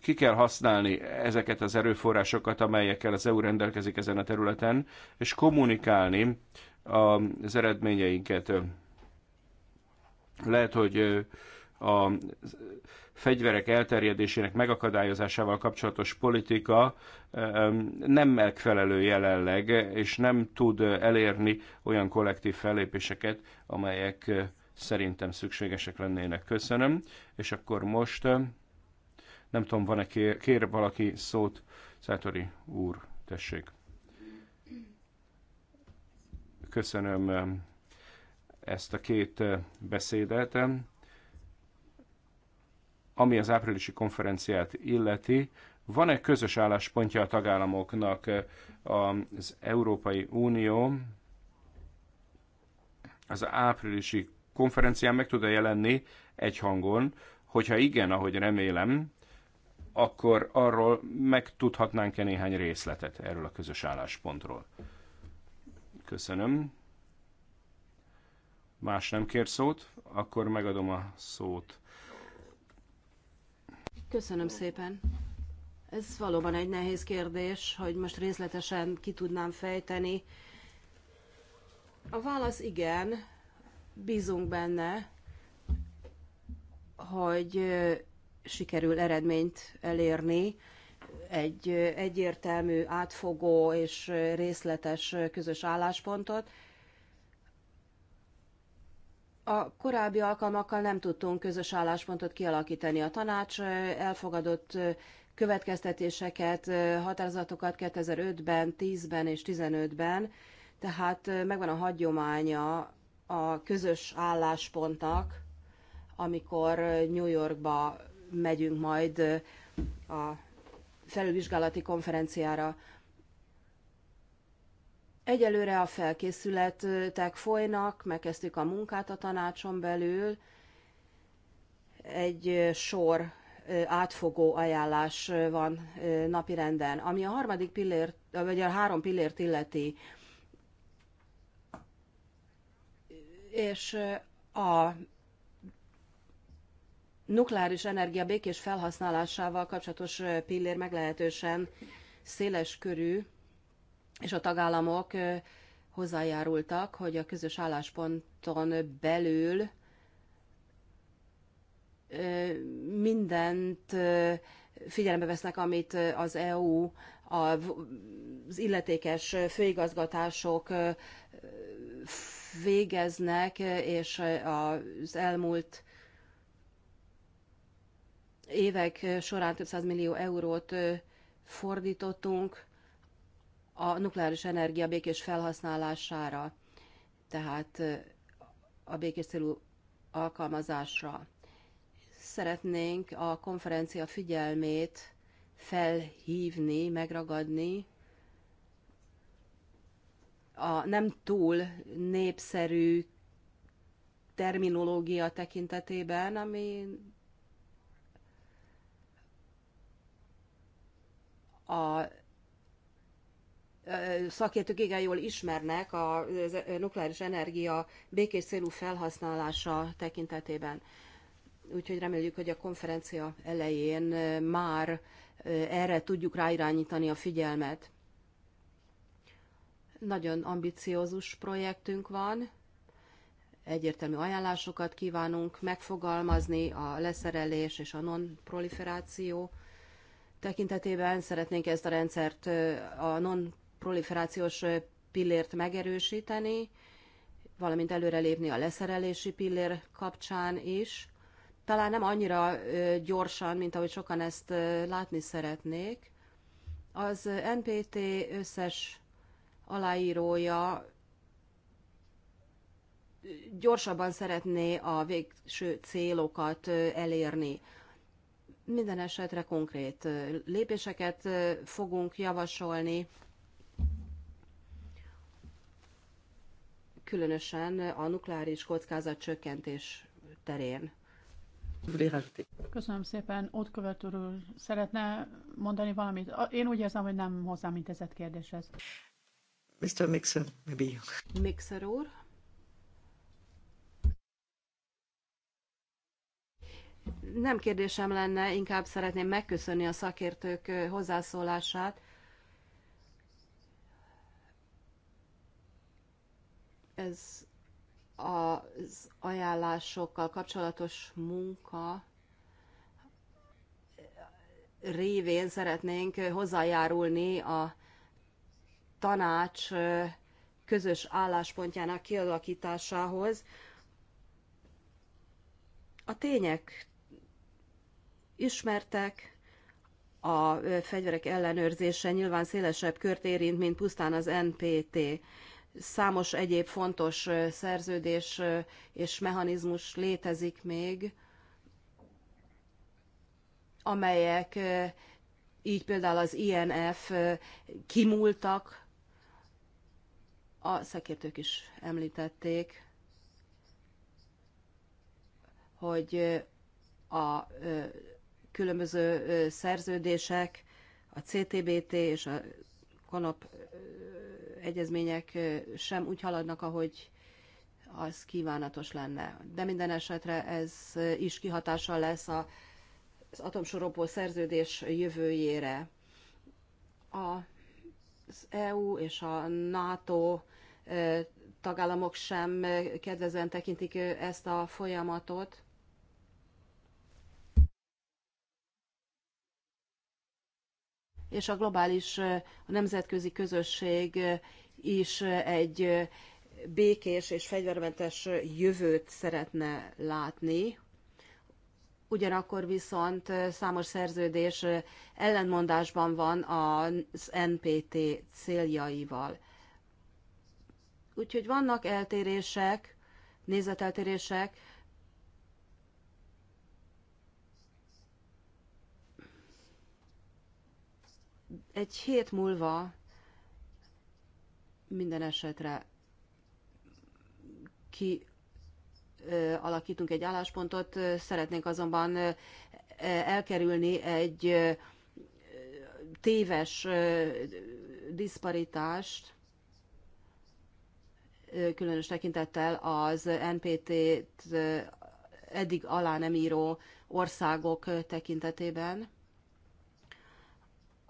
ki kell használni ezeket az erőforrásokat, amelyekkel az EU rendelkezik ezen a területen, és kommunikálni az eredményeinket. Lehet, hogy e, a fegyverek elterjedésének megakadályozásával kapcsolatos politika nem megfelelő jelenleg, és nem tud elérni olyan kollektív fellépéseket, amelyek eh, szerintem szükségesek lennének. Köszönöm. És akkor most, eh, nem tudom, van-e kér, kér valaki szót? Szátori úr, tessék. Köszönöm eh, ezt a két beszédet. Ami az áprilisi konferenciát illeti, van-e közös álláspontja a tagállamoknak eh, az Európai Unió az áprilisi konferencián meg tud-e jelenni egy hangon, hogyha igen, ahogy remélem, akkor arról megtudhatnánk-e néhány részletet erről a közös álláspontról. Köszönöm. Más nem kér szót, akkor megadom a szót Köszönöm szépen. Ez valóban egy nehéz kérdés, hogy most részletesen ki tudnám fejteni. A válasz igen, bízunk benne, hogy sikerül eredményt elérni egy egyértelmű, átfogó és részletes közös álláspontot, a korábbi alkalmakkal nem tudtunk közös álláspontot kialakítani. A tanács elfogadott következtetéseket, határozatokat 2005-ben, 10-ben és 15-ben, tehát megvan a hagyománya a közös álláspontnak, amikor New Yorkba megyünk majd a felülvizsgálati konferenciára. Egyelőre a felkészületek folynak, megkezdtük a munkát a tanácson belül, egy sor átfogó ajánlás van napirenden. Ami a harmadik pillért, vagy a három pillért illeti, és a nukleáris energia békés felhasználásával kapcsolatos pillér meglehetősen széles körű, és a tagállamok hozzájárultak, hogy a közös állásponton belül mindent figyelembe vesznek, amit az EU, az illetékes főigazgatások végeznek, és az elmúlt évek során több millió eurót fordítottunk a nukleáris energia békés felhasználására, tehát a békés célú alkalmazásra. Szeretnénk a konferencia figyelmét felhívni, megragadni a nem túl népszerű terminológia tekintetében, ami a szakértők igen jól ismernek a e, nukleáris energia békés célú felhasználása tekintetében. Úgyhogy reméljük, hogy a konferencia elején már erre tudjuk ráirányítani a figyelmet. Nagyon ambiciózus projektünk van, egyértelmű ajánlásokat kívánunk megfogalmazni a leszerelés és a non-proliferáció tekintetében szeretnénk ezt a rendszert a non proliferációs pillért megerősíteni, valamint előrelépni a leszerelési pillér kapcsán is. Talán nem annyira gyorsan, mint ahogy sokan ezt látni szeretnék. Az NPT összes aláírója gyorsabban szeretné a végső célokat elérni. Minden esetre konkrét lépéseket fogunk javasolni, különösen a nukleáris kockázat csökkentés terén. Köszönöm szépen. Ott követőr úr szeretne mondani valamit? Én úgy érzem, hogy nem hozzám intézett kérdéshez. Mr. Mixer, maybe you. Mixer úr. Nem kérdésem lenne, inkább szeretném megköszönni a szakértők hozzászólását. Ez az ajánlásokkal kapcsolatos munka révén szeretnénk hozzájárulni a tanács közös álláspontjának kialakításához. A tények ismertek, a fegyverek ellenőrzése nyilván szélesebb kört érint, mint pusztán az NPT számos egyéb fontos szerződés és mechanizmus létezik még, amelyek így például az INF kimúltak, a szakértők is említették, hogy a különböző szerződések, a CTBT és a konop egyezmények sem úgy haladnak, ahogy az kívánatos lenne. De minden esetre ez is kihatással lesz a, az atomsoropó szerződés jövőjére. A, az EU és a NATO tagállamok sem kedvezően tekintik ezt a folyamatot. és a globális, a nemzetközi közösség is egy békés és fegyvermentes jövőt szeretne látni. Ugyanakkor viszont számos szerződés ellenmondásban van az NPT céljaival. Úgyhogy vannak eltérések, nézeteltérések, Egy hét múlva minden esetre ki alakítunk egy álláspontot, szeretnénk azonban elkerülni egy téves diszparitást, különös tekintettel az NPT-t eddig alá nem író országok tekintetében.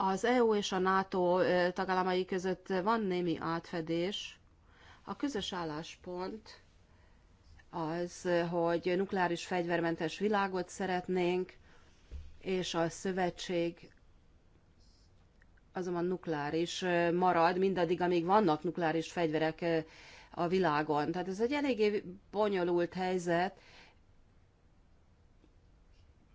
Az EU és a NATO tagállamai között van némi átfedés. A közös álláspont az, hogy nukleáris fegyvermentes világot szeretnénk, és a szövetség azonban nukleáris marad, mindaddig, amíg vannak nukleáris fegyverek a világon. Tehát ez egy eléggé bonyolult helyzet,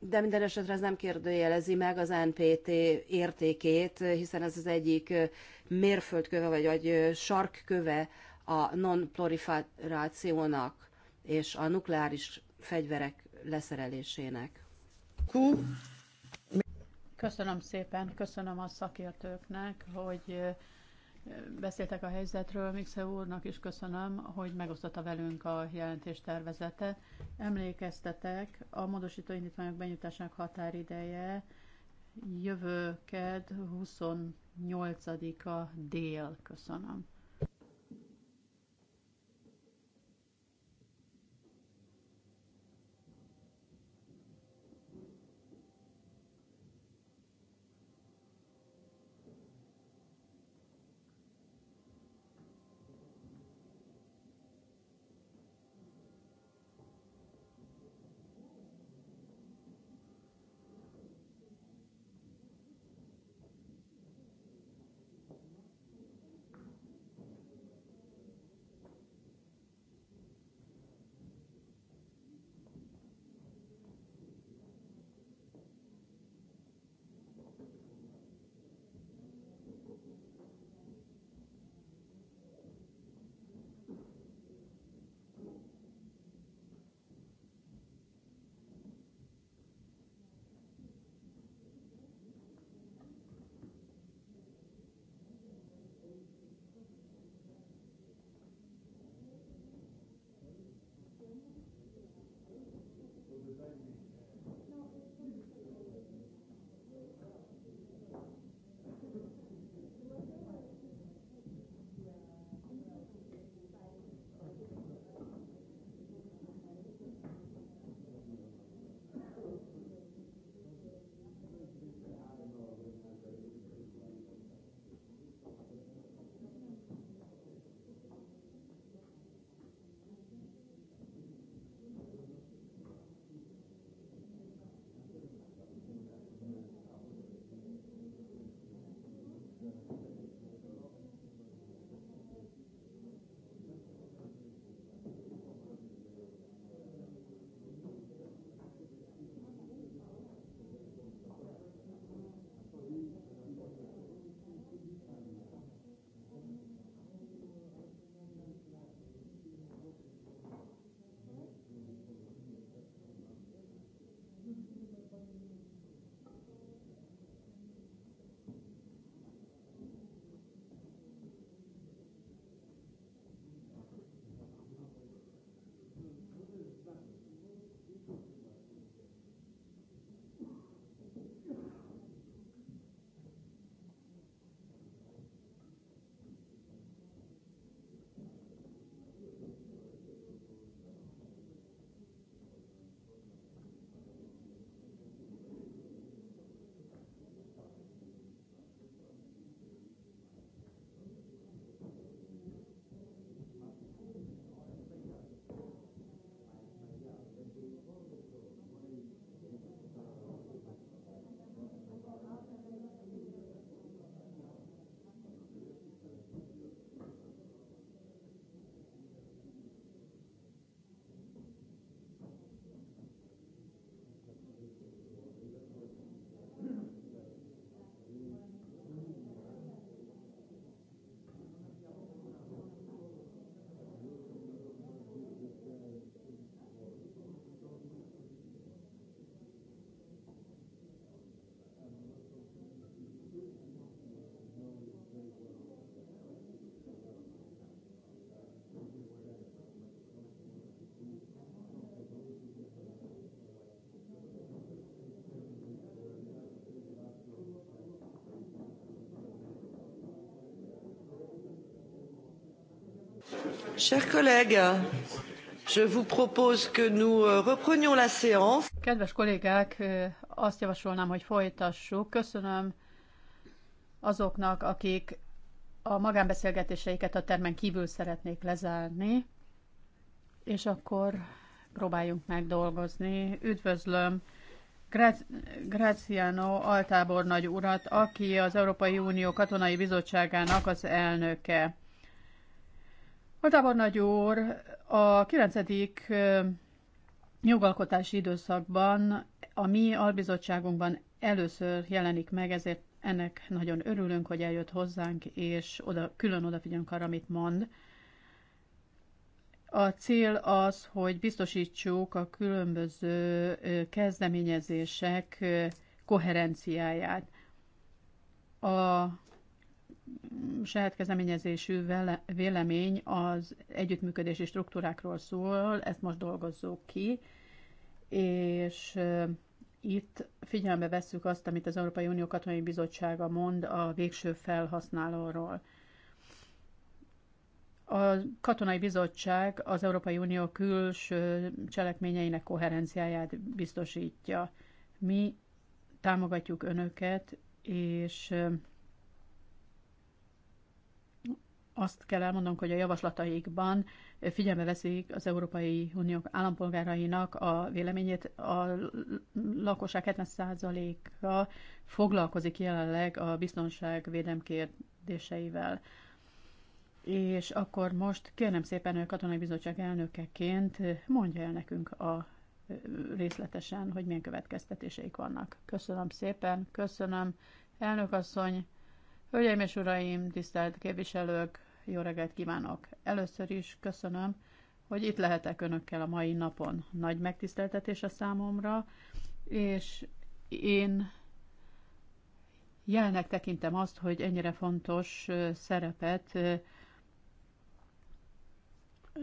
de minden esetre ez nem kérdőjelezi meg az NPT értékét, hiszen ez az egyik mérföldköve, vagy, vagy sarkköve a non-proliferációnak és a nukleáris fegyverek leszerelésének. Köszönöm szépen, köszönöm a szakértőknek, hogy beszéltek a helyzetről. Mikse úrnak is köszönöm, hogy megosztotta velünk a jelentés tervezete. Emlékeztetek, a módosító indítványok benyújtásának határideje jövő 28-a dél. Köszönöm. Kedves kollégák, azt javasolnám, hogy folytassuk. Köszönöm azoknak, akik a magánbeszélgetéseiket a termen kívül szeretnék lezárni, és akkor próbáljunk meg dolgozni. Üdvözlöm Graziano altábornagy urat, aki az Európai Unió Katonai Bizottságának az elnöke. Oldában nagy úr a 9. jogalkotási időszakban a mi albizottságunkban először jelenik meg, ezért ennek nagyon örülünk, hogy eljött hozzánk, és oda, külön odafigyelünk arra, amit mond. A cél az, hogy biztosítsuk a különböző kezdeményezések koherenciáját. A saját kezdeményezésű vélemény az együttműködési struktúrákról szól, ezt most dolgozzuk ki, és itt figyelembe vesszük azt, amit az Európai Unió Katonai Bizottsága mond a végső felhasználóról. A Katonai Bizottság az Európai Unió külső cselekményeinek koherenciáját biztosítja. Mi támogatjuk önöket, és azt kell elmondanunk, hogy a javaslataikban figyelme veszik az Európai Unió állampolgárainak a véleményét. A lakosság 70%-a foglalkozik jelenleg a biztonságvédelem kérdéseivel. És akkor most kérem szépen, hogy a Katonai Bizottság elnökeként mondja el nekünk a részletesen, hogy milyen következtetéseik vannak. Köszönöm szépen, köszönöm. Elnök asszony, Hölgyeim és Uraim, tisztelt képviselők! jó reggelt kívánok! Először is köszönöm, hogy itt lehetek önökkel a mai napon. Nagy megtiszteltetés a számomra, és én jelnek tekintem azt, hogy ennyire fontos szerepet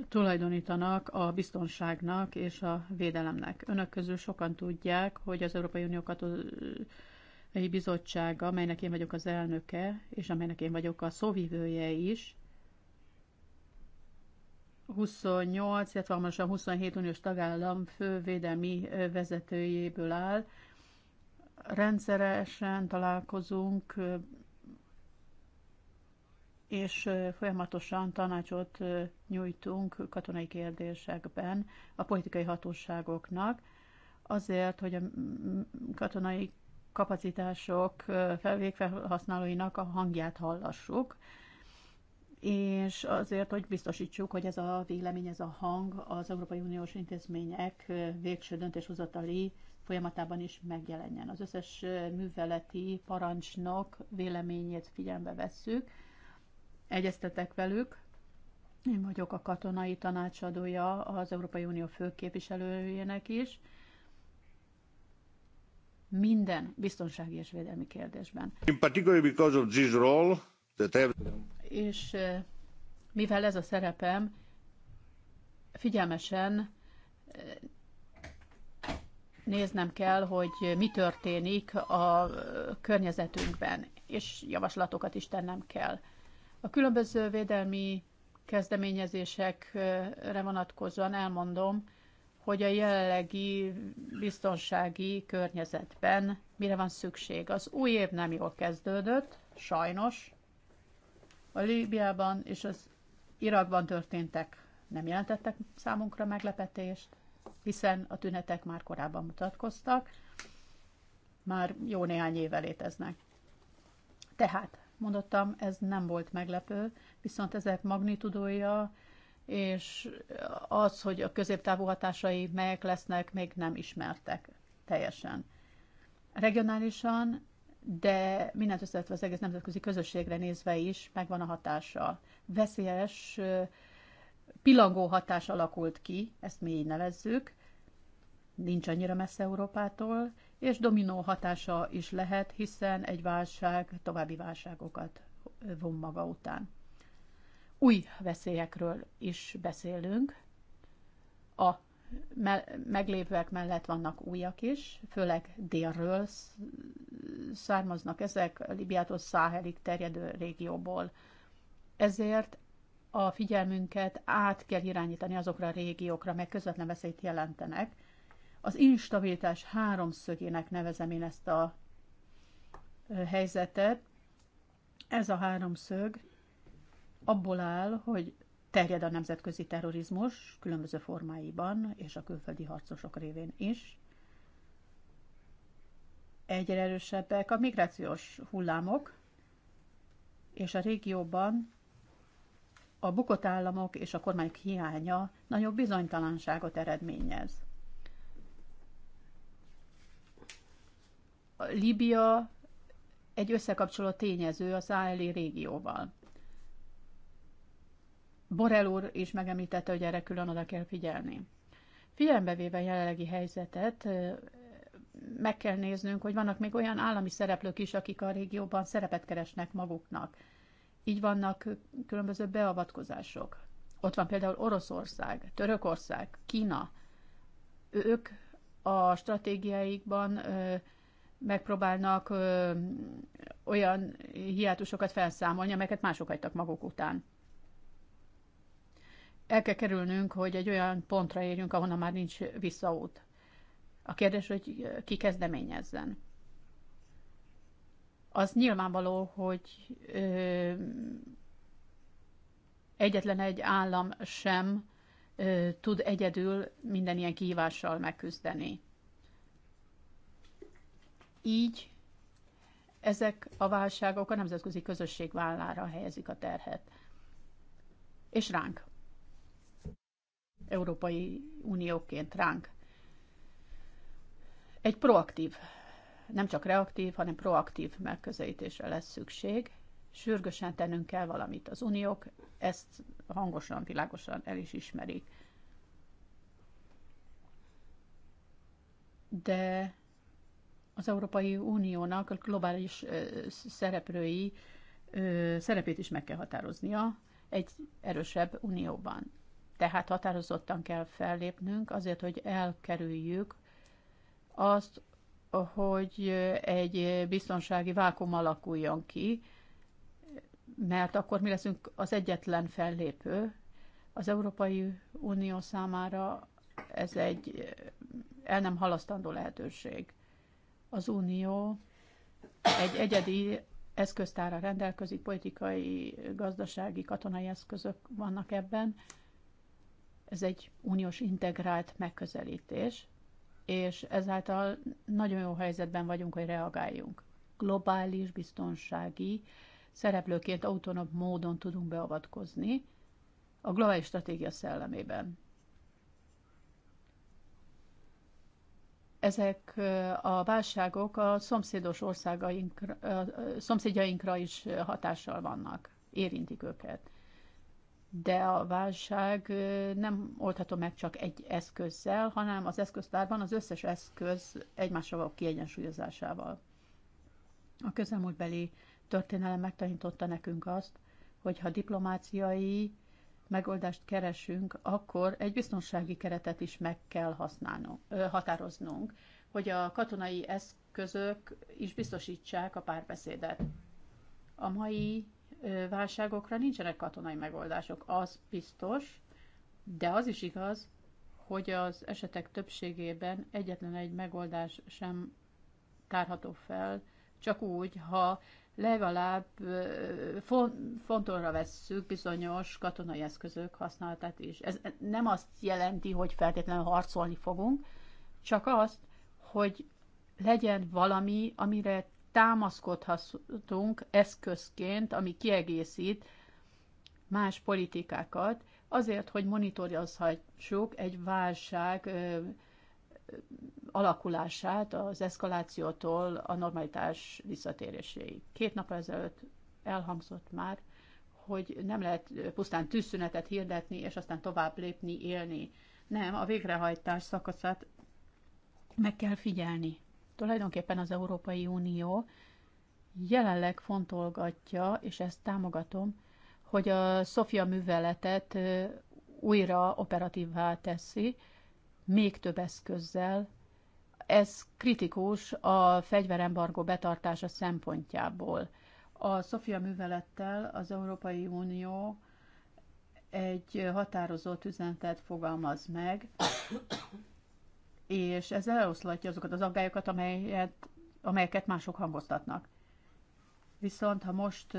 tulajdonítanak a biztonságnak és a védelemnek. Önök közül sokan tudják, hogy az Európai Unió Katonai Bizottsága, amelynek én vagyok az elnöke, és amelynek én vagyok a szóvivője is, 28, illetve 27 uniós tagállam fővédelmi vezetőjéből áll. Rendszeresen találkozunk, és folyamatosan tanácsot nyújtunk katonai kérdésekben a politikai hatóságoknak, azért, hogy a katonai kapacitások felvégfelhasználóinak a hangját hallassuk, és azért, hogy biztosítsuk, hogy ez a vélemény, ez a hang az Európai Uniós intézmények végső döntéshozatali folyamatában is megjelenjen. Az összes műveleti parancsnok véleményét figyelembe vesszük, egyeztetek velük, én vagyok a katonai tanácsadója az Európai Unió főképviselőjének is, minden biztonsági és védelmi kérdésben. In particular because of this role és mivel ez a szerepem, figyelmesen néznem kell, hogy mi történik a környezetünkben, és javaslatokat is tennem kell. A különböző védelmi kezdeményezésekre vonatkozóan elmondom, hogy a jelenlegi biztonsági környezetben mire van szükség. Az új év nem jól kezdődött, sajnos, a Líbiában és az Irakban történtek nem jelentettek számunkra meglepetést, hiszen a tünetek már korábban mutatkoztak, már jó néhány éve léteznek. Tehát, mondottam, ez nem volt meglepő, viszont ezek magnitudója és az, hogy a középtávú hatásai melyek lesznek, még nem ismertek teljesen. Regionálisan de mindent összevetve az egész nemzetközi közösségre nézve is megvan a hatása. Veszélyes pilangó hatás alakult ki, ezt mi így nevezzük, nincs annyira messze Európától, és dominó hatása is lehet, hiszen egy válság további válságokat von maga után. Új veszélyekről is beszélünk. A me- meglépvek mellett vannak újak is, főleg délről származnak ezek, Libiától Száhelig terjedő régióból. Ezért a figyelmünket át kell irányítani azokra a régiókra, meg közvetlen veszélyt jelentenek. Az instabilitás háromszögének nevezem én ezt a helyzetet. Ez a háromszög abból áll, hogy terjed a nemzetközi terrorizmus különböző formáiban, és a külföldi harcosok révén is. Egyre erősebbek a migrációs hullámok, és a régióban a bukott államok és a kormányok hiánya nagyobb bizonytalanságot eredményez. A Líbia egy összekapcsoló tényező az ALI régióval. Borel úr is megemlítette, hogy erre külön oda kell figyelni. Figyelembe véve a jelenlegi helyzetet, meg kell néznünk, hogy vannak még olyan állami szereplők is, akik a régióban szerepet keresnek maguknak. Így vannak különböző beavatkozások. Ott van például Oroszország, Törökország, Kína. Ők a stratégiáikban megpróbálnak ö, olyan hiátusokat felszámolni, amelyeket mások hagytak maguk után el kell kerülnünk, hogy egy olyan pontra érjünk, ahonnan már nincs visszaút. A kérdés, hogy ki kezdeményezzen. Az nyilvánvaló, hogy ö, egyetlen egy állam sem ö, tud egyedül minden ilyen kihívással megküzdeni. Így ezek a válságok a nemzetközi közösség vállára helyezik a terhet. És ránk. Európai Unióként ránk. Egy proaktív, nem csak reaktív, hanem proaktív megközelítésre lesz szükség. Sürgősen tennünk kell valamit. Az uniók ezt hangosan, világosan el is ismerik. De az Európai Uniónak a globális szereplői szerepét is meg kell határoznia egy erősebb unióban. Tehát határozottan kell fellépnünk azért, hogy elkerüljük azt, hogy egy biztonsági vákum alakuljon ki, mert akkor mi leszünk az egyetlen fellépő. Az Európai Unió számára ez egy el nem halasztandó lehetőség. Az Unió egy egyedi eszköztára rendelkezik, politikai, gazdasági, katonai eszközök vannak ebben, ez egy uniós integrált megközelítés, és ezáltal nagyon jó helyzetben vagyunk, hogy reagáljunk. Globális, biztonsági szereplőként autonóm módon tudunk beavatkozni a globális stratégia szellemében. Ezek a válságok a szomszédos országaink, a szomszédjainkra is hatással vannak, érintik őket de a válság nem oldható meg csak egy eszközzel, hanem az eszköztárban az összes eszköz egymással való kiegyensúlyozásával. A közelmúltbeli történelem megtanította nekünk azt, hogy ha diplomáciai megoldást keresünk, akkor egy biztonsági keretet is meg kell használnunk, határoznunk, hogy a katonai eszközök is biztosítsák a párbeszédet. A mai válságokra nincsenek katonai megoldások, az biztos, de az is igaz, hogy az esetek többségében egyetlen egy megoldás sem tárható fel, csak úgy, ha legalább fontolra vesszük bizonyos katonai eszközök használatát is. Ez nem azt jelenti, hogy feltétlenül harcolni fogunk, csak azt, hogy legyen valami, amire támaszkodhatunk eszközként, ami kiegészít más politikákat, azért, hogy monitorozhassuk egy válság alakulását az eszkalációtól a normalitás visszatéréséig. Két nap ezelőtt elhangzott már, hogy nem lehet pusztán tűzszünetet hirdetni, és aztán tovább lépni, élni. Nem, a végrehajtás szakaszát meg kell figyelni. Tulajdonképpen az Európai Unió jelenleg fontolgatja, és ezt támogatom, hogy a Sofia műveletet újra operatívvá teszi, még több eszközzel. Ez kritikus a fegyverembargó betartása szempontjából. A Sofia művelettel az Európai Unió egy határozott üzenetet fogalmaz meg, és ezzel eloszlatja azokat az aggályokat, amelyet, amelyeket mások hangoztatnak. Viszont ha most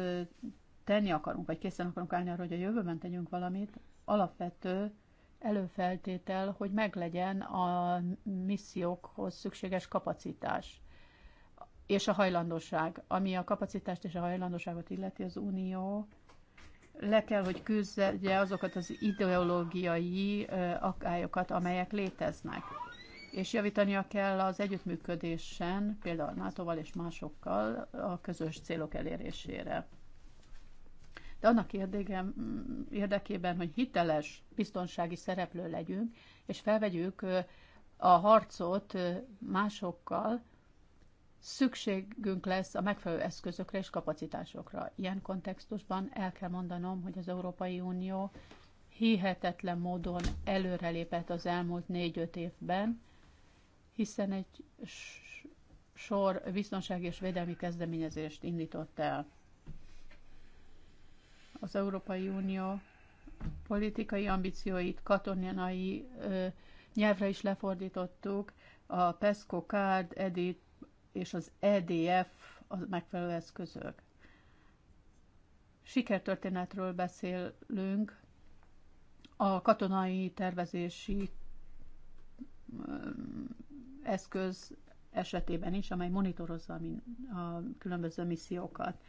tenni akarunk, vagy készen akarunk állni arra, hogy a jövőben tegyünk valamit, alapvető előfeltétel, hogy meglegyen a missziókhoz szükséges kapacitás és a hajlandóság. Ami a kapacitást és a hajlandóságot illeti az Unió, le kell, hogy küzdje azokat az ideológiai akályokat, amelyek léteznek és javítania kell az együttműködésen, például NATO-val és másokkal a közös célok elérésére. De annak érdékem, érdekében, hogy hiteles biztonsági szereplő legyünk, és felvegyük a harcot másokkal, szükségünk lesz a megfelelő eszközökre és kapacitásokra. Ilyen kontextusban el kell mondanom, hogy az Európai Unió hihetetlen módon előrelépett az elmúlt négy-öt évben, hiszen egy sor biztonsági és védelmi kezdeményezést indított el. Az Európai Unió politikai ambícióit katonai nyelvre is lefordítottuk, a PESCO Card, EDIT és az EDF a megfelelő eszközök. Sikertörténetről beszélünk, a katonai tervezési eszköz esetében is, amely monitorozza a különböző missziókat.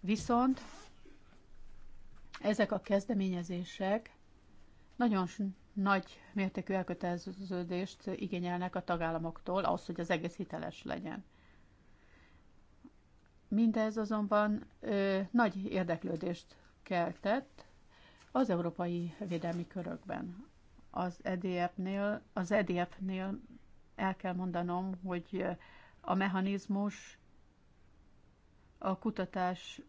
Viszont ezek a kezdeményezések nagyon nagy mértékű elköteleződést igényelnek a tagállamoktól, ahhoz, hogy az egész hiteles legyen. Mindez azonban ö, nagy érdeklődést keltett az európai védelmi körökben az EDF-nél, az EDF-nél el kell mondanom, hogy a mechanizmus a kutatás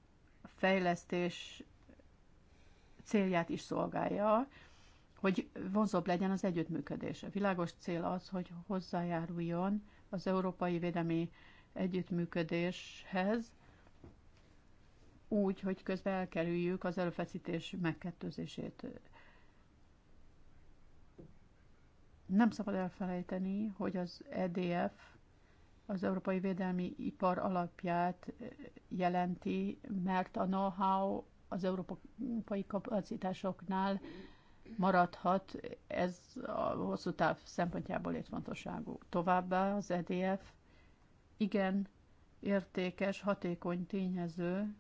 fejlesztés célját is szolgálja, hogy vonzóbb legyen az együttműködés. A világos cél az, hogy hozzájáruljon az európai védelmi együttműködéshez, úgy, hogy közben elkerüljük az előfeszítés megkettőzését. Nem szabad elfelejteni, hogy az EDF az Európai Védelmi Ipar alapját eh, jelenti, mert a know-how az európai kapacitásoknál maradhat, ez a hosszú táv szempontjából létfontosságú. Továbbá az EDF igen értékes, hatékony tényező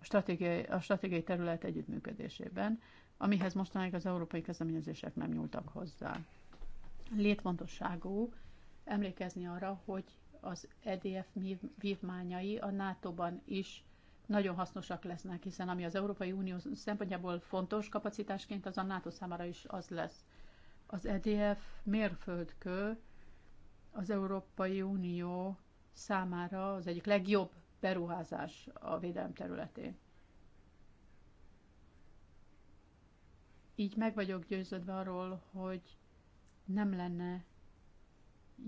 a stratégiai, a stratégiai terület együttműködésében, amihez mostanáig az európai kezdeményezések nem nyúltak hozzá létfontosságú emlékezni arra, hogy az EDF vívmányai a NATO-ban is nagyon hasznosak lesznek, hiszen ami az Európai Unió szempontjából fontos kapacitásként, az a NATO számára is az lesz. Az EDF mérföldkő az Európai Unió számára az egyik legjobb beruházás a védelem területén. Így meg vagyok győződve arról, hogy nem lenne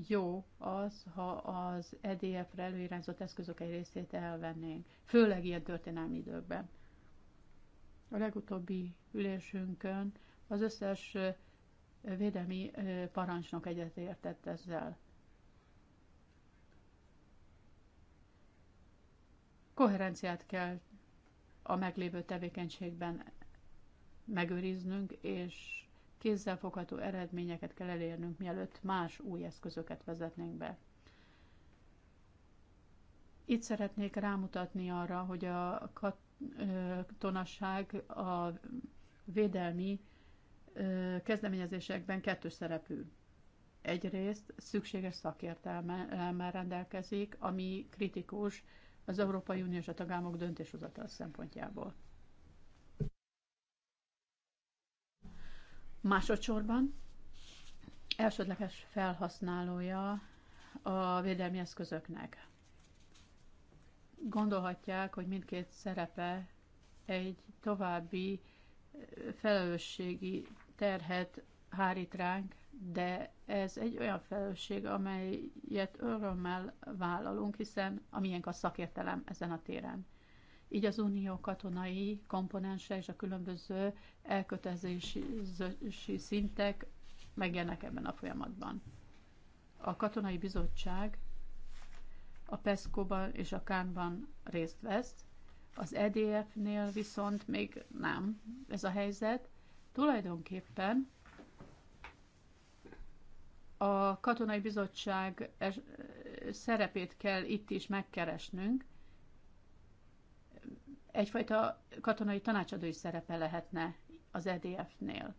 jó az, ha az EDF-re előirányzott eszközök egy részét elvennénk, főleg ilyen történelmi időkben. A legutóbbi ülésünkön az összes védelmi parancsnok egyetértett ezzel. Koherenciát kell a meglévő tevékenységben megőriznünk, és kézzelfogható eredményeket kell elérnünk, mielőtt más új eszközöket vezetnénk be. Itt szeretnék rámutatni arra, hogy a katonasság a védelmi kezdeményezésekben kettős szerepű. Egyrészt szükséges szakértelmel rendelkezik, ami kritikus az Európai Unió és a tagállamok döntéshozatal szempontjából. Másodszorban elsődleges felhasználója a védelmi eszközöknek. Gondolhatják, hogy mindkét szerepe egy további felelősségi terhet hárít ránk, de ez egy olyan felelősség, amelyet örömmel vállalunk, hiszen amilyen a szakértelem ezen a téren. Így az unió katonai komponense és a különböző elkötelezési szintek megjelennek ebben a folyamatban. A katonai bizottság a PESCO-ban és a Kánban részt vesz, az EDF-nél viszont még nem ez a helyzet. Tulajdonképpen a katonai bizottság szerepét kell itt is megkeresnünk, egyfajta katonai tanácsadói szerepe lehetne az EDF-nél.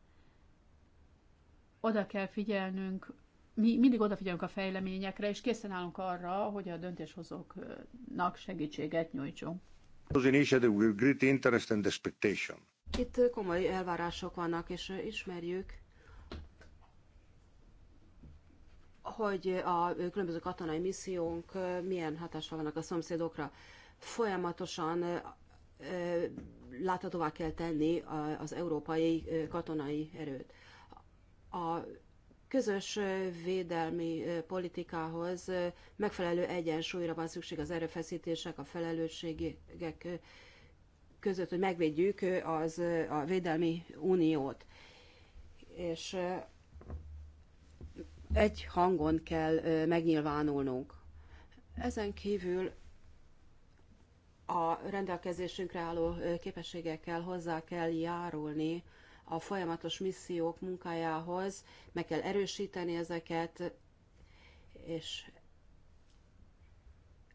Oda kell figyelnünk, mi mindig odafigyelünk a fejleményekre, és készen állunk arra, hogy a döntéshozóknak segítséget nyújtsunk. Itt komoly elvárások vannak, és ismerjük, hogy a különböző katonai missziónk milyen hatással vannak a szomszédokra. Folyamatosan láthatóvá kell tenni az európai katonai erőt. A közös védelmi politikához megfelelő egyensúlyra van szükség az erőfeszítések, a felelősségek között, hogy megvédjük az, a védelmi uniót. És egy hangon kell megnyilvánulnunk. Ezen kívül a rendelkezésünkre álló képességekkel hozzá kell járulni a folyamatos missziók munkájához, meg kell erősíteni ezeket, és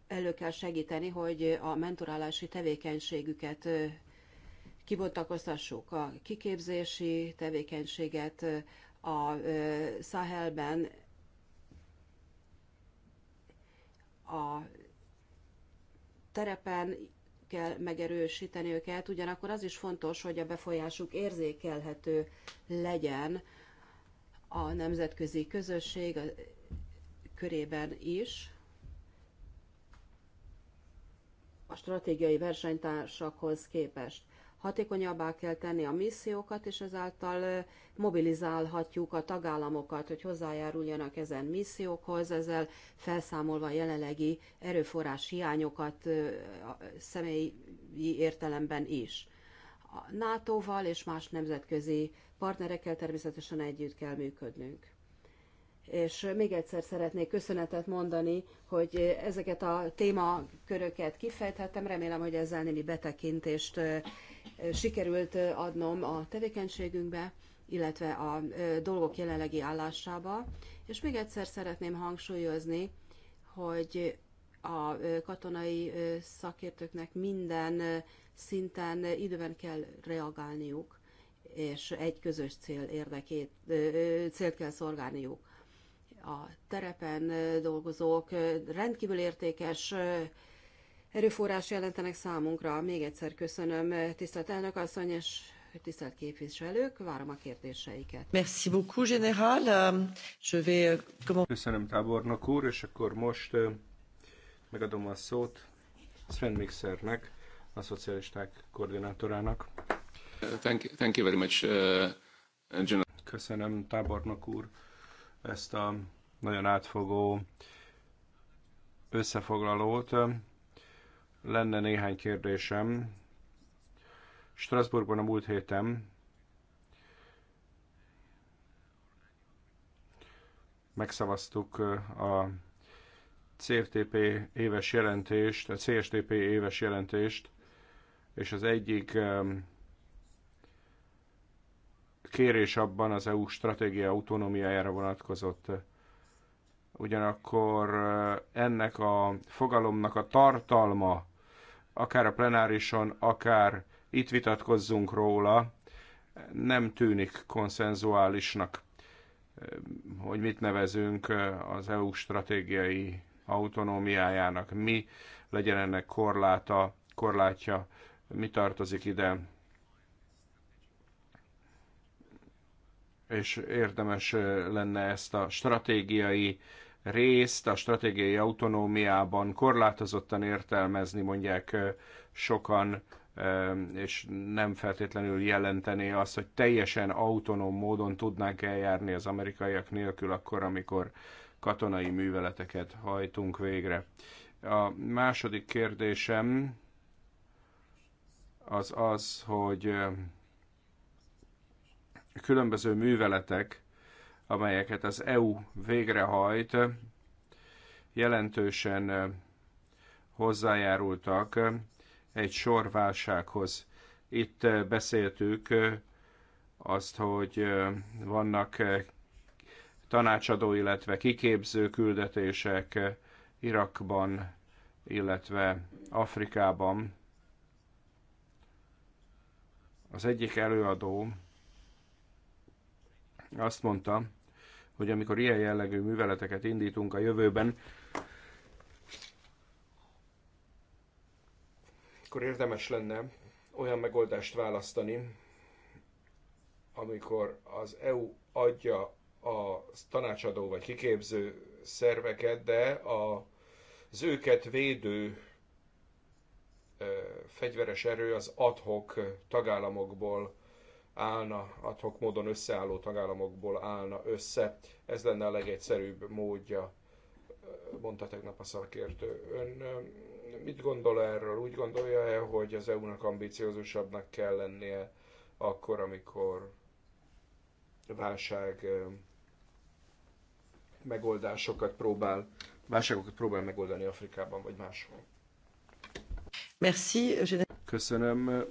elő kell segíteni, hogy a mentorálási tevékenységüket kibontakoztassuk, a kiképzési tevékenységet a Sahelben, a terepen kell megerősíteni őket, ugyanakkor az is fontos, hogy a befolyásuk érzékelhető legyen a nemzetközi közösség körében is. A stratégiai versenytársakhoz képest hatékonyabbá kell tenni a missziókat, és ezáltal mobilizálhatjuk a tagállamokat, hogy hozzájáruljanak ezen missziókhoz, ezzel felszámolva a jelenlegi erőforrás hiányokat személyi értelemben is. A NATO-val és más nemzetközi partnerekkel természetesen együtt kell működnünk. És még egyszer szeretnék köszönetet mondani, hogy ezeket a témaköröket kifejthettem. Remélem, hogy ezzel némi betekintést sikerült adnom a tevékenységünkbe, illetve a dolgok jelenlegi állásába. És még egyszer szeretném hangsúlyozni, hogy a katonai szakértőknek minden szinten időben kell reagálniuk, és egy közös cél érdekét, célt kell szolgálniuk. A terepen dolgozók rendkívül értékes erőforrás jelentenek számunkra. Még egyszer köszönöm, tisztelt elnök asszony, és tisztelt képviselők, várom a kérdéseiket. Merci beaucoup, général. Euh, je vais... Euh, köszönöm, tábornok úr, és akkor most euh, megadom a szót Sven Mixernek, a szocialisták koordinátorának. Thank, you, thank you very much, uh, Köszönöm, tábornok úr, ezt a nagyon átfogó összefoglalót. Lenne néhány kérdésem. Strasbourgban a múlt héten megszavaztuk uh, a CFTP éves jelentést, a CSTP éves jelentést, és az egyik um, kérés abban az EU stratégia autonómiájára vonatkozott. Ugyanakkor uh, ennek a fogalomnak a tartalma akár a plenárison, akár itt vitatkozzunk róla, nem tűnik konszenzuálisnak, eh, hogy mit nevezünk eh, az EU stratégiai autonómiájának, mi legyen ennek korláta, korlátja, mi tartozik ide, és érdemes eh, lenne ezt a stratégiai részt a stratégiai autonómiában korlátozottan értelmezni, mondják sokan, és nem feltétlenül jelenteni azt, hogy teljesen autonóm módon tudnánk eljárni az amerikaiak nélkül akkor, amikor katonai műveleteket hajtunk végre. A második kérdésem az az, hogy különböző műveletek amelyeket az EU végrehajt, jelentősen hozzájárultak egy sor válsághoz. Itt beszéltük azt, hogy vannak tanácsadó, illetve kiképző küldetések Irakban, illetve Afrikában. Az egyik előadó azt mondta, hogy amikor ilyen jellegű műveleteket indítunk a jövőben, akkor érdemes lenne olyan megoldást választani, amikor az EU adja a tanácsadó vagy kiképző szerveket, de a, az őket védő fegyveres erő az adhok tagállamokból állna adhok módon összeálló tagállamokból állna össze. Ez lenne a legegyszerűbb módja, mondta tegnap a szakértő. Ön eh, mit gondol erről? Úgy gondolja-e, hogy az EU-nak ambiciózusabbnak kell lennie akkor, amikor válság eh, megoldásokat próbál, válságokat próbál megoldani Afrikában vagy máshol? Merci. Köszönöm.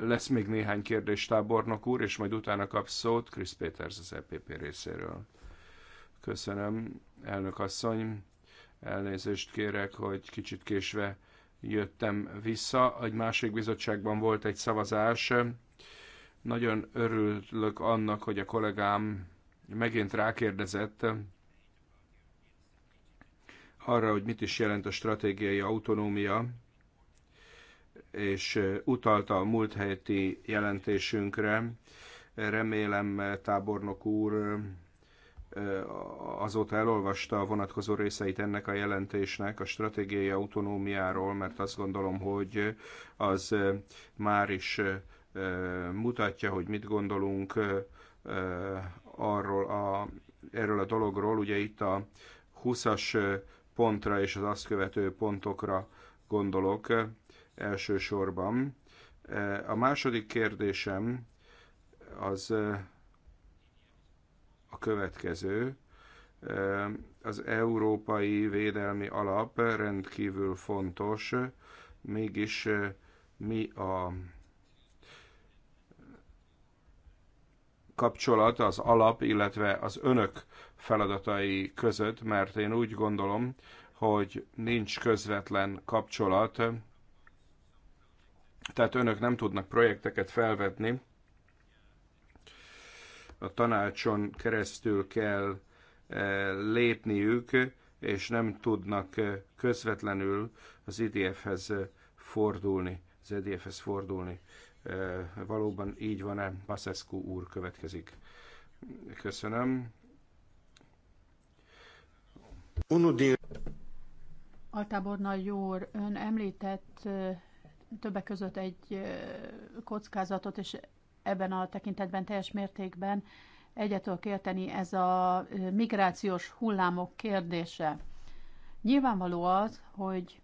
Lesz még néhány kérdés, tábornok úr, és majd utána kap szót Chris Peters az EPP részéről. Köszönöm, elnök asszony. Elnézést kérek, hogy kicsit késve jöttem vissza. Egy másik bizottságban volt egy szavazás. Nagyon örülök annak, hogy a kollégám megint rákérdezett arra, hogy mit is jelent a stratégiai autonómia, és utalta a múlt heti jelentésünkre. Remélem, tábornok úr azóta elolvasta a vonatkozó részeit ennek a jelentésnek a stratégiai autonómiáról, mert azt gondolom, hogy az már is mutatja, hogy mit gondolunk arról a, erről a dologról. Ugye itt a 20-as pontra és az azt követő pontokra gondolok elsősorban. E, a második kérdésem az e, a következő. E, az Európai Védelmi Alap rendkívül fontos, mégis mi a kapcsolat az alap, illetve az önök feladatai között, mert én úgy gondolom, hogy nincs közvetlen kapcsolat tehát önök nem tudnak projekteket felvetni, a tanácson keresztül kell eh, lépniük, és nem tudnak eh, közvetlenül az IDF-hez e eh, fordulni, az IDF-hez e fordulni. Valóban így van-e? Baszeszkú úr következik. Köszönöm. Altábornal Jór, ön említett többek között egy kockázatot, és ebben a tekintetben teljes mértékben egyetől érteni ez a migrációs hullámok kérdése. Nyilvánvaló az, hogy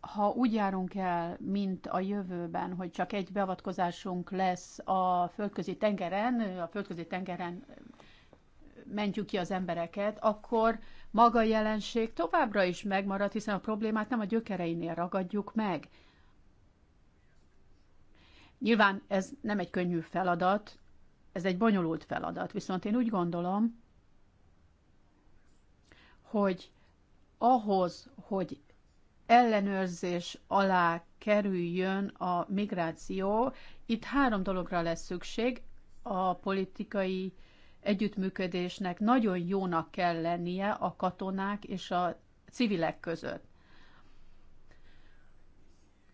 ha úgy járunk el, mint a jövőben, hogy csak egy beavatkozásunk lesz a földközi tengeren, a földközi tengeren mentjük ki az embereket, akkor maga jelenség továbbra is megmarad, hiszen a problémát nem a gyökereinél ragadjuk meg. Nyilván ez nem egy könnyű feladat, ez egy bonyolult feladat, viszont én úgy gondolom, hogy ahhoz, hogy ellenőrzés alá kerüljön a migráció, itt három dologra lesz szükség, a politikai együttműködésnek nagyon jónak kell lennie a katonák és a civilek között.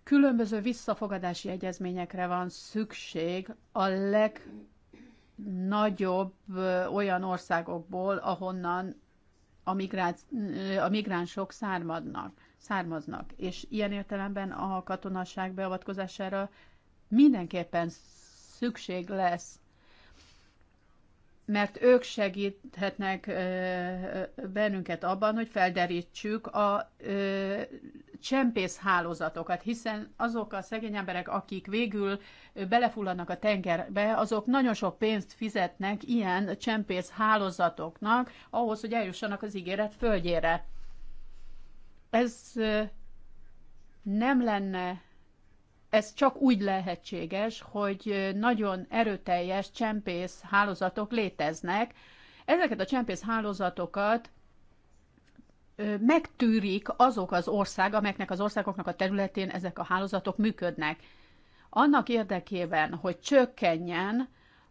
Különböző visszafogadási egyezményekre van szükség a legnagyobb olyan országokból, ahonnan a, migrá- a migránsok szármadnak, származnak. És ilyen értelemben a katonasság beavatkozására mindenképpen szükség lesz mert ők segíthetnek bennünket abban, hogy felderítsük a csempész hálózatokat, hiszen azok a szegény emberek, akik végül belefullanak a tengerbe, azok nagyon sok pénzt fizetnek ilyen csempész hálózatoknak ahhoz, hogy eljussanak az ígéret földjére. Ez nem lenne ez csak úgy lehetséges, hogy nagyon erőteljes csempész hálózatok léteznek. Ezeket a csempész hálózatokat megtűrik azok az ország, amelyeknek az országoknak a területén ezek a hálózatok működnek. Annak érdekében, hogy csökkenjen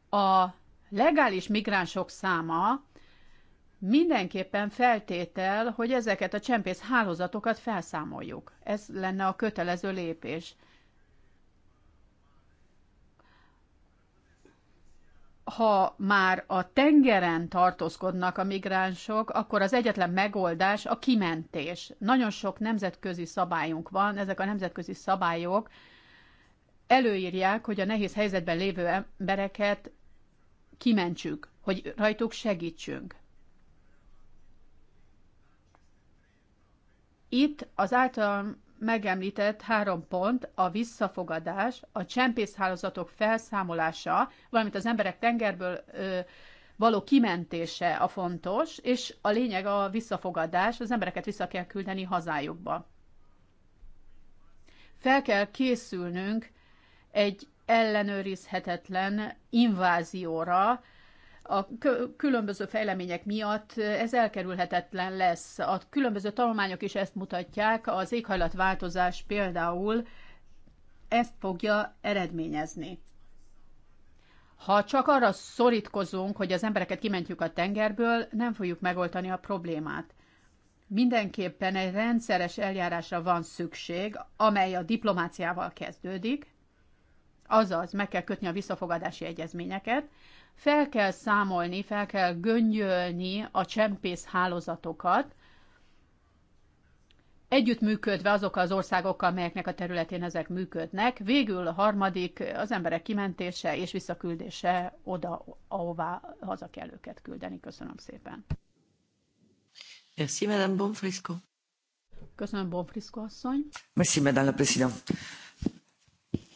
a legális migránsok száma, mindenképpen feltétel, hogy ezeket a csempész hálózatokat felszámoljuk. Ez lenne a kötelező lépés. ha már a tengeren tartózkodnak a migránsok, akkor az egyetlen megoldás a kimentés. Nagyon sok nemzetközi szabályunk van, ezek a nemzetközi szabályok előírják, hogy a nehéz helyzetben lévő embereket kimentsük, hogy rajtuk segítsünk. Itt az általam megemlített három pont, a visszafogadás, a csempészhálózatok felszámolása, valamint az emberek tengerből ö, való kimentése a fontos, és a lényeg a visszafogadás, az embereket vissza kell küldeni hazájukba. Fel kell készülnünk egy ellenőrizhetetlen invázióra, a különböző fejlemények miatt ez elkerülhetetlen lesz. A különböző tanulmányok is ezt mutatják, az éghajlatváltozás például ezt fogja eredményezni. Ha csak arra szorítkozunk, hogy az embereket kimentjük a tengerből, nem fogjuk megoldani a problémát. Mindenképpen egy rendszeres eljárásra van szükség, amely a diplomáciával kezdődik, azaz meg kell kötni a visszafogadási egyezményeket, fel kell számolni, fel kell göngyölni a csempész hálózatokat, együttműködve azokkal az országokkal, melyeknek a területén ezek működnek. Végül a harmadik az emberek kimentése és visszaküldése oda, ahová haza kell őket küldeni. Köszönöm szépen. Merci, Madame Bonfrisco. Köszönöm, Bonfrisco asszony. Merci, Madame la Présidente.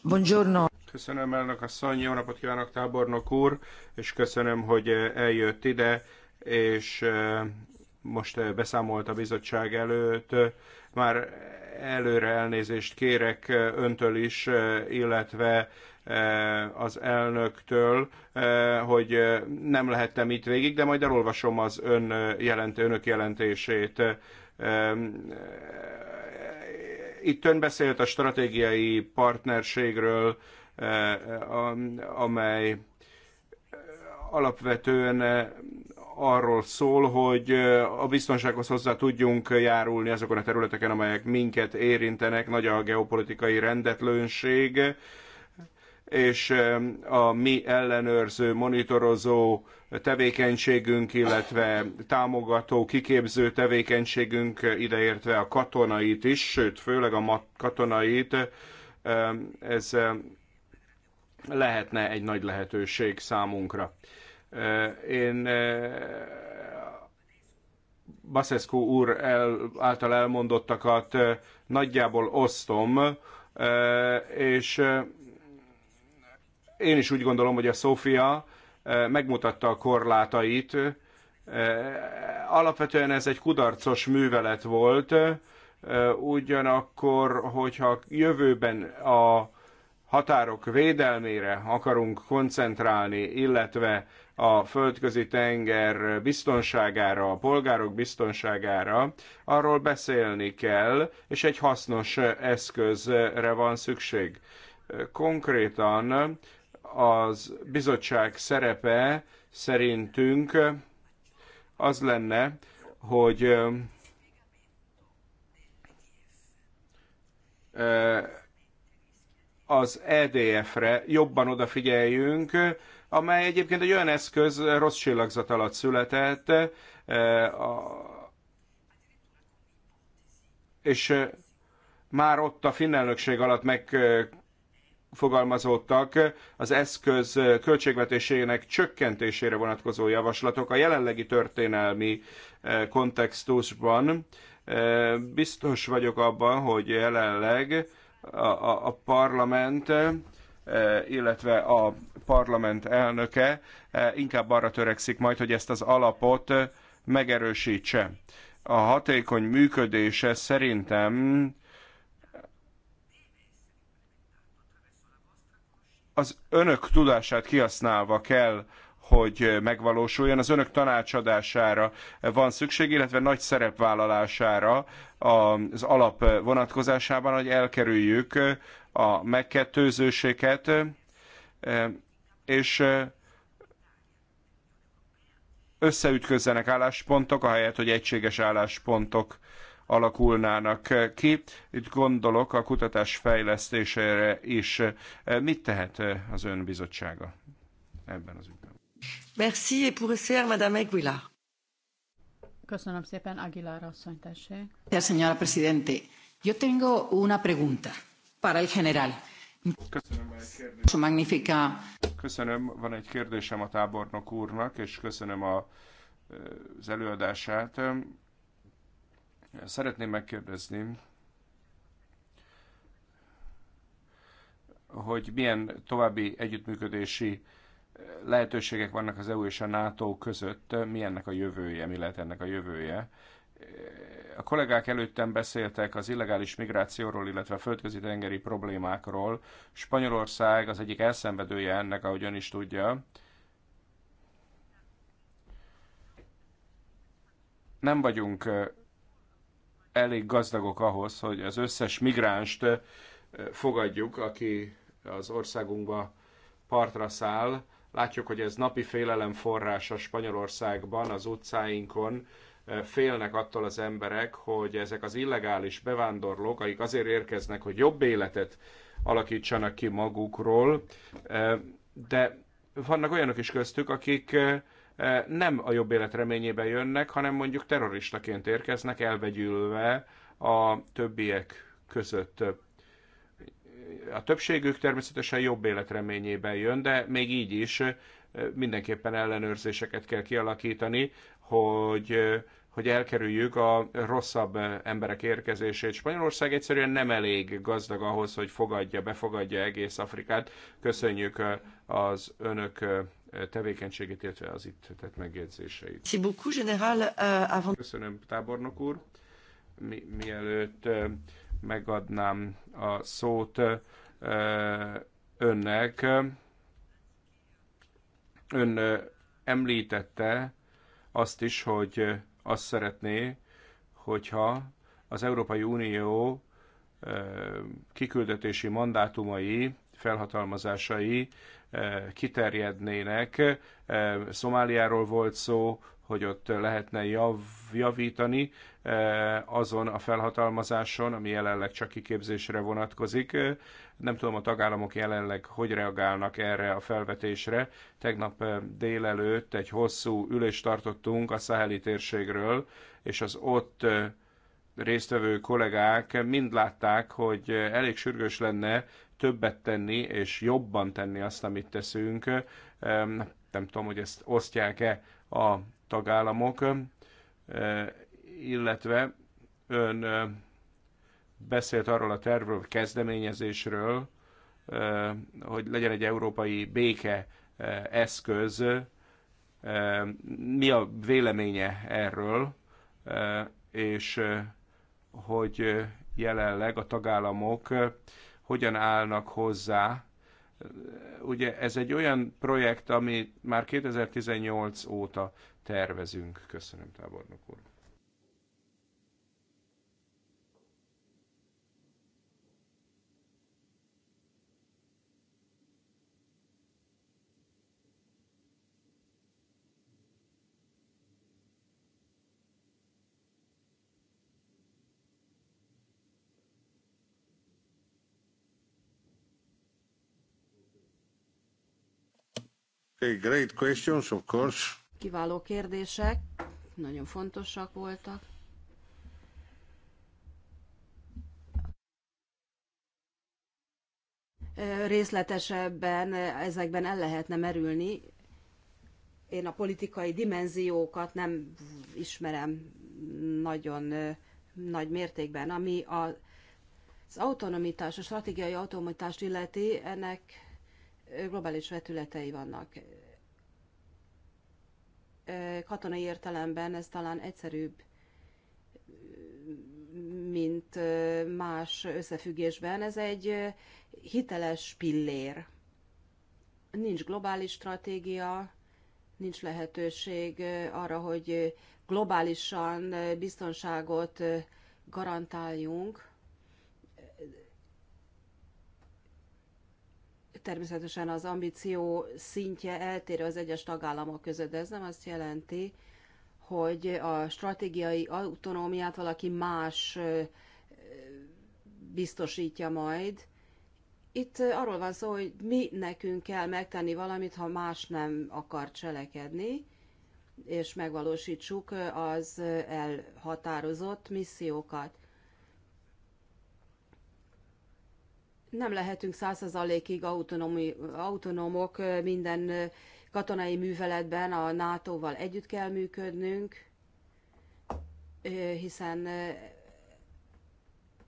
Buongiorno. Köszönöm elnök szony, jó napot kívánok tábornok úr, és köszönöm, hogy eh, eljött ide, és eh, most eh, beszámolt a bizottság előtt. Már előre elnézést kérek öntől is, illetve az elnöktől, hogy nem lehettem itt végig, de majd elolvasom az ön jelent, önök jelentését. Itt ön beszélt a stratégiai partnerségről, E, amely alapvetően arról szól, hogy a biztonsághoz hozzá tudjunk járulni azokon a területeken, amelyek minket érintenek, nagy a geopolitikai rendetlenség, és a mi ellenőrző, monitorozó tevékenységünk, illetve támogató, kiképző tevékenységünk, ideértve a katonait is, sőt, főleg a katonait, e, ez lehetne egy nagy lehetőség számunkra. Én Baszeszkó úr el, által elmondottakat nagyjából osztom, és én is úgy gondolom, hogy a Szófia megmutatta a korlátait. Alapvetően ez egy kudarcos művelet volt, ugyanakkor, hogyha jövőben a határok védelmére akarunk koncentrálni, illetve a földközi tenger biztonságára, a polgárok biztonságára, arról beszélni kell, és egy hasznos eszközre van szükség. Konkrétan az bizottság szerepe szerintünk az lenne, hogy az EDF-re jobban odafigyeljünk, amely egyébként egy olyan eszköz rossz csillagzat alatt született, e, és e, már ott a finn elnökség alatt megfogalmazódtak az eszköz költségvetésének csökkentésére vonatkozó javaslatok a jelenlegi történelmi e, kontextusban. Biztos vagyok abban, hogy jelenleg a, a, a parlament, e, illetve a parlament elnöke e, inkább arra törekszik majd, hogy ezt az alapot megerősítse. A hatékony működése szerintem az önök tudását kihasználva kell hogy megvalósuljon. Az önök tanácsadására van szükség, illetve nagy szerepvállalására az alap vonatkozásában, hogy elkerüljük a megkettőzőséget, és összeütközzenek álláspontok, ahelyett, hogy egységes álláspontok alakulnának ki. Itt gondolok a kutatás fejlesztésére is. Mit tehet az ön bizottsága ebben az ügyben? Merci, et pour ECR, Madame Aguilar. Köszönöm szépen, Aguilar asszony, tessék. Señora Presidente, yo tengo una pregunta para el general. Köszönöm, van egy kérdésem. Magnifica. Köszönöm, van egy kérdésem a tábornok úrnak, és köszönöm a, az előadását. Szeretném megkérdezni, hogy milyen további együttműködési lehetőségek vannak az EU és a NATO között, mi ennek a jövője, mi lehet ennek a jövője. A kollégák előttem beszéltek az illegális migrációról, illetve a földközi tengeri problémákról. Spanyolország az egyik elszenvedője ennek, ahogy ön is tudja. Nem vagyunk elég gazdagok ahhoz, hogy az összes migránst fogadjuk, aki az országunkba partra száll Látjuk, hogy ez napi félelem forrása Spanyolországban, az utcáinkon, félnek attól az emberek, hogy ezek az illegális bevándorlók, akik azért érkeznek, hogy jobb életet alakítsanak ki magukról, de vannak olyanok is köztük, akik nem a jobb élet reményében jönnek, hanem mondjuk terroristaként érkeznek, elvegyülve a többiek között a többségük természetesen jobb életreményében jön, de még így is mindenképpen ellenőrzéseket kell kialakítani, hogy, hogy elkerüljük a rosszabb emberek érkezését. Spanyolország egyszerűen nem elég gazdag ahhoz, hogy fogadja, befogadja egész Afrikát. Köszönjük az önök tevékenységét, illetve az itt tett megjegyzéseit. Euh, Köszönöm, tábornok úr. Mi, mielőtt megadnám a szót önnek. Ön említette azt is, hogy azt szeretné, hogyha az Európai Unió kiküldetési mandátumai, felhatalmazásai kiterjednének. Szomáliáról volt szó, hogy ott lehetne jav, javítani eh, azon a felhatalmazáson, ami jelenleg csak kiképzésre vonatkozik. Nem tudom, a tagállamok jelenleg hogy reagálnak erre a felvetésre. Tegnap eh, délelőtt egy hosszú ülést tartottunk a Szaheli térségről, és az ott eh, résztvevő kollégák mind látták, hogy elég sürgős lenne többet tenni és jobban tenni azt, amit teszünk. Nem tudom, hogy ezt osztják-e a tagállamok, illetve ön beszélt arról a tervről, a kezdeményezésről, hogy legyen egy európai béke eszköz. Mi a véleménye erről, és hogy jelenleg a tagállamok hogyan állnak hozzá. Ugye ez egy olyan projekt, ami már 2018 óta tervezünk. Köszönöm, tábornok úr. Great questions, of course kiváló kérdések, nagyon fontosak voltak. Részletesebben ezekben el lehetne merülni. Én a politikai dimenziókat nem ismerem nagyon nagy mértékben. Ami a, az autonomitás, a stratégiai autonomitást illeti, ennek globális vetületei vannak katonai értelemben ez talán egyszerűbb, mint más összefüggésben. Ez egy hiteles pillér. Nincs globális stratégia, nincs lehetőség arra, hogy globálisan biztonságot garantáljunk. természetesen az ambíció szintje eltérő az egyes tagállamok között, de ez nem azt jelenti, hogy a stratégiai autonómiát valaki más biztosítja majd. Itt arról van szó, hogy mi nekünk kell megtenni valamit, ha más nem akar cselekedni, és megvalósítsuk az elhatározott missziókat. nem lehetünk százszerzalékig autonómok minden katonai műveletben, a NATO-val együtt kell működnünk, hiszen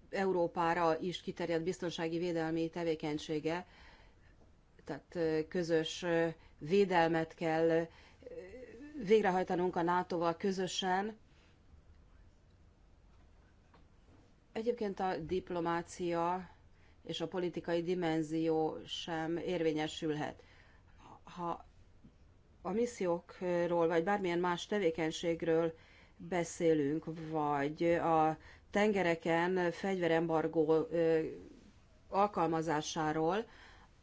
Európára is kiterjedt biztonsági védelmi tevékenysége, tehát közös védelmet kell végrehajtanunk a NATO-val közösen. Egyébként a diplomácia és a politikai dimenzió sem érvényesülhet. Ha a missziókról, vagy bármilyen más tevékenységről beszélünk, vagy a tengereken fegyverembargó alkalmazásáról,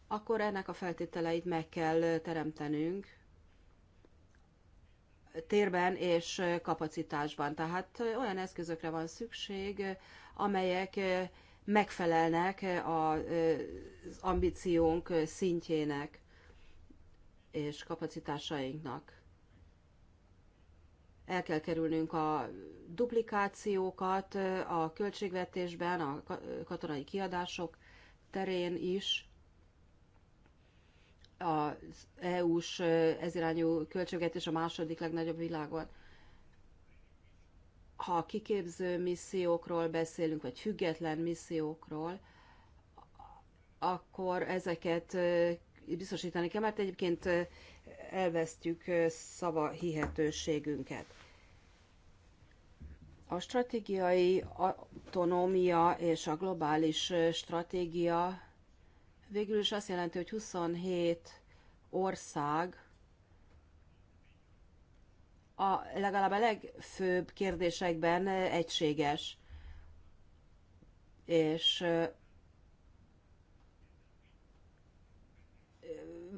akkor ennek a feltételeit meg kell teremtenünk térben és kapacitásban. Tehát olyan eszközökre van szükség, amelyek megfelelnek az ambíciónk szintjének és kapacitásainknak. El kell kerülnünk a duplikációkat a költségvetésben, a katonai kiadások terén is. Az EU-s ezirányú költségvetés a második legnagyobb világon ha kiképző missziókról beszélünk, vagy független missziókról, akkor ezeket biztosítani kell, mert egyébként elvesztjük szava hihetőségünket. A stratégiai autonómia és a globális stratégia végül is azt jelenti, hogy 27 ország a legalább a legfőbb kérdésekben egységes. És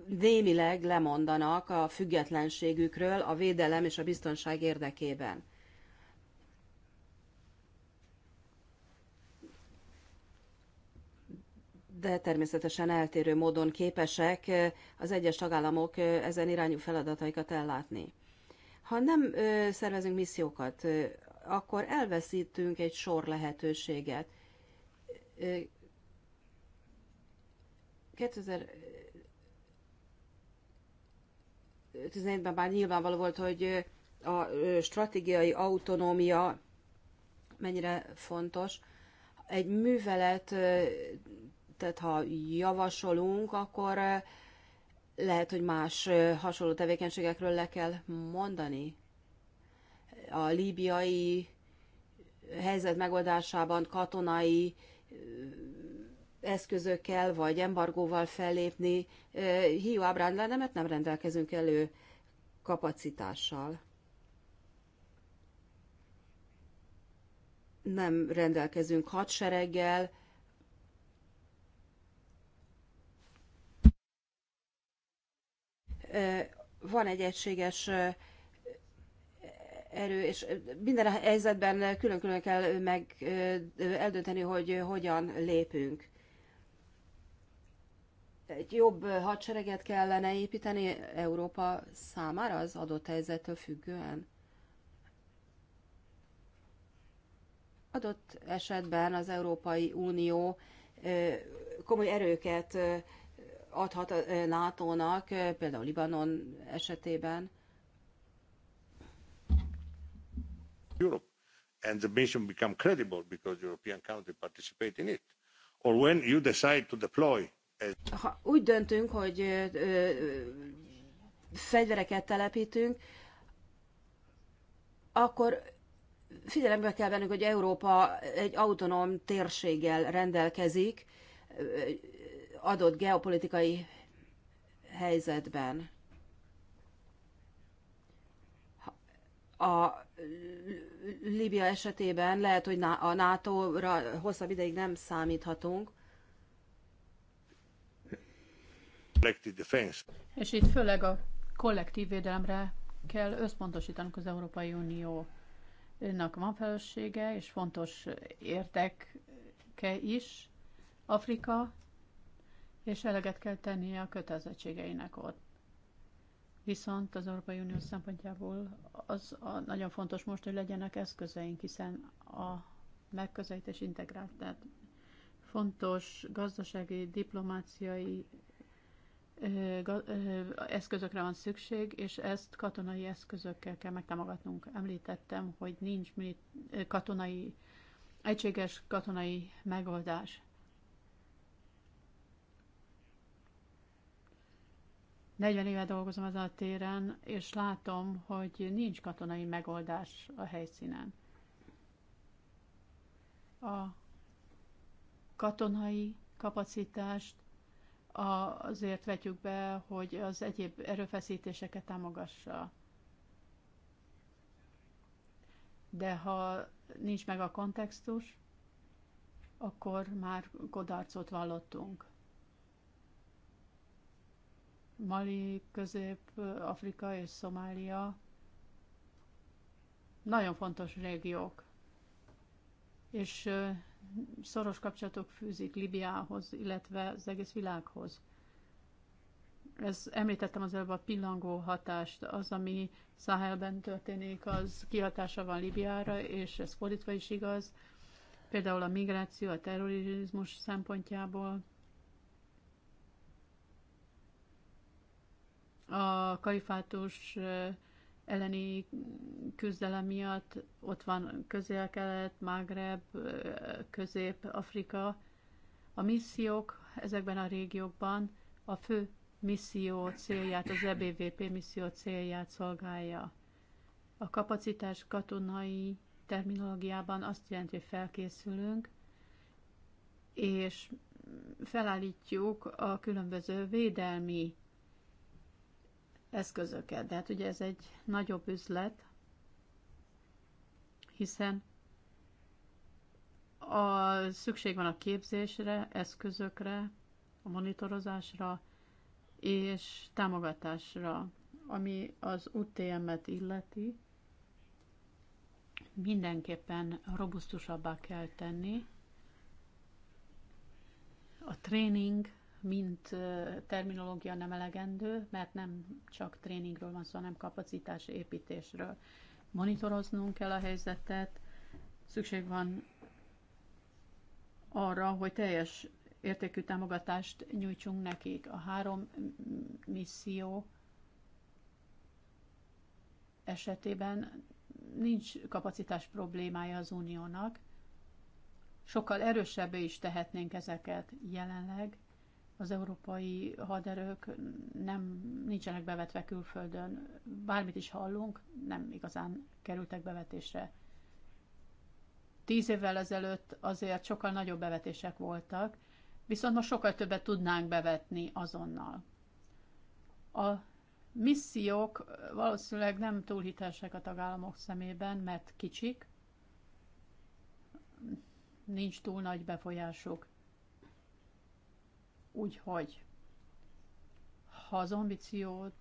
némileg lemondanak a függetlenségükről a védelem és a biztonság érdekében. de természetesen eltérő módon képesek az egyes tagállamok ezen irányú feladataikat ellátni. Ha nem szervezünk missziókat, akkor elveszítünk egy sor lehetőséget. 2000 2011-ben már nyilvánvaló volt, hogy a stratégiai autonómia mennyire fontos. Egy művelet, tehát ha javasolunk, akkor lehet, hogy más hasonló tevékenységekről le kell mondani. A líbiai helyzet megoldásában katonai eszközökkel vagy embargóval fellépni hiú ábrán lenne, mert nem rendelkezünk elő kapacitással. Nem rendelkezünk hadsereggel, van egy egységes erő, és minden helyzetben külön-külön kell meg eldönteni, hogy hogyan lépünk. Egy jobb hadsereget kellene építeni Európa számára az adott helyzettől függően? Adott esetben az Európai Unió komoly erőket adhat a NATO-nak, például Libanon esetében. Europe and the mission become credible because European countries participate in it. Or when you decide to deploy. Ha úgy döntünk, hogy ö, ö, fegyvereket telepítünk, akkor figyelembe kell vennünk, hogy Európa egy autonóm térséggel rendelkezik, adott geopolitikai helyzetben. A Líbia esetében lehet, hogy a NATO-ra hosszabb ideig nem számíthatunk. És itt főleg a kollektív védelemre kell összpontosítanunk az Európai Uniónak van felelőssége, és fontos érteke is. Afrika és eleget kell tennie a kötelezettségeinek ott. Viszont az Európai Unió szempontjából az a, nagyon fontos most, hogy legyenek eszközeink, hiszen a megközelítés integrált, tehát fontos gazdasági, diplomáciai eszközökre van szükség, és ezt katonai eszközökkel kell megtámogatnunk. Említettem, hogy nincs mit, katonai, egységes katonai megoldás. 40 éve dolgozom az a téren, és látom, hogy nincs katonai megoldás a helyszínen. A katonai kapacitást azért vetjük be, hogy az egyéb erőfeszítéseket támogassa. De ha nincs meg a kontextus, akkor már kodarcot vallottunk. Mali, Közép-Afrika és Szomália nagyon fontos régiók, és szoros kapcsolatok fűzik Libiához, illetve az egész világhoz. Ez, említettem az előbb a pillangó hatást, az, ami Száhelben történik, az kihatása van Libiára, és ez fordítva is igaz, például a migráció, a terrorizmus szempontjából, a kalifátus elleni küzdelem miatt ott van közel-kelet, Mágreb, közép-Afrika. A missziók ezekben a régiókban a fő misszió célját, az EBVP misszió célját szolgálja. A kapacitás katonai terminológiában azt jelenti, hogy felkészülünk, és felállítjuk a különböző védelmi eszközöket. De hát ugye ez egy nagyobb üzlet, hiszen a szükség van a képzésre, eszközökre, a monitorozásra és támogatásra, ami az UTM-et illeti. Mindenképpen robusztusabbá kell tenni. A tréning mint terminológia nem elegendő, mert nem csak tréningről van szó, hanem kapacitás építésről. Monitoroznunk kell a helyzetet, szükség van arra, hogy teljes értékű támogatást nyújtsunk nekik. A három misszió esetében nincs kapacitás problémája az uniónak, sokkal erősebbé is tehetnénk ezeket jelenleg az európai haderők nem nincsenek bevetve külföldön. Bármit is hallunk, nem igazán kerültek bevetésre. Tíz évvel ezelőtt azért sokkal nagyobb bevetések voltak, viszont most sokkal többet tudnánk bevetni azonnal. A missziók valószínűleg nem túl hitelesek a tagállamok szemében, mert kicsik, nincs túl nagy befolyásuk Úgyhogy ha az ambíciót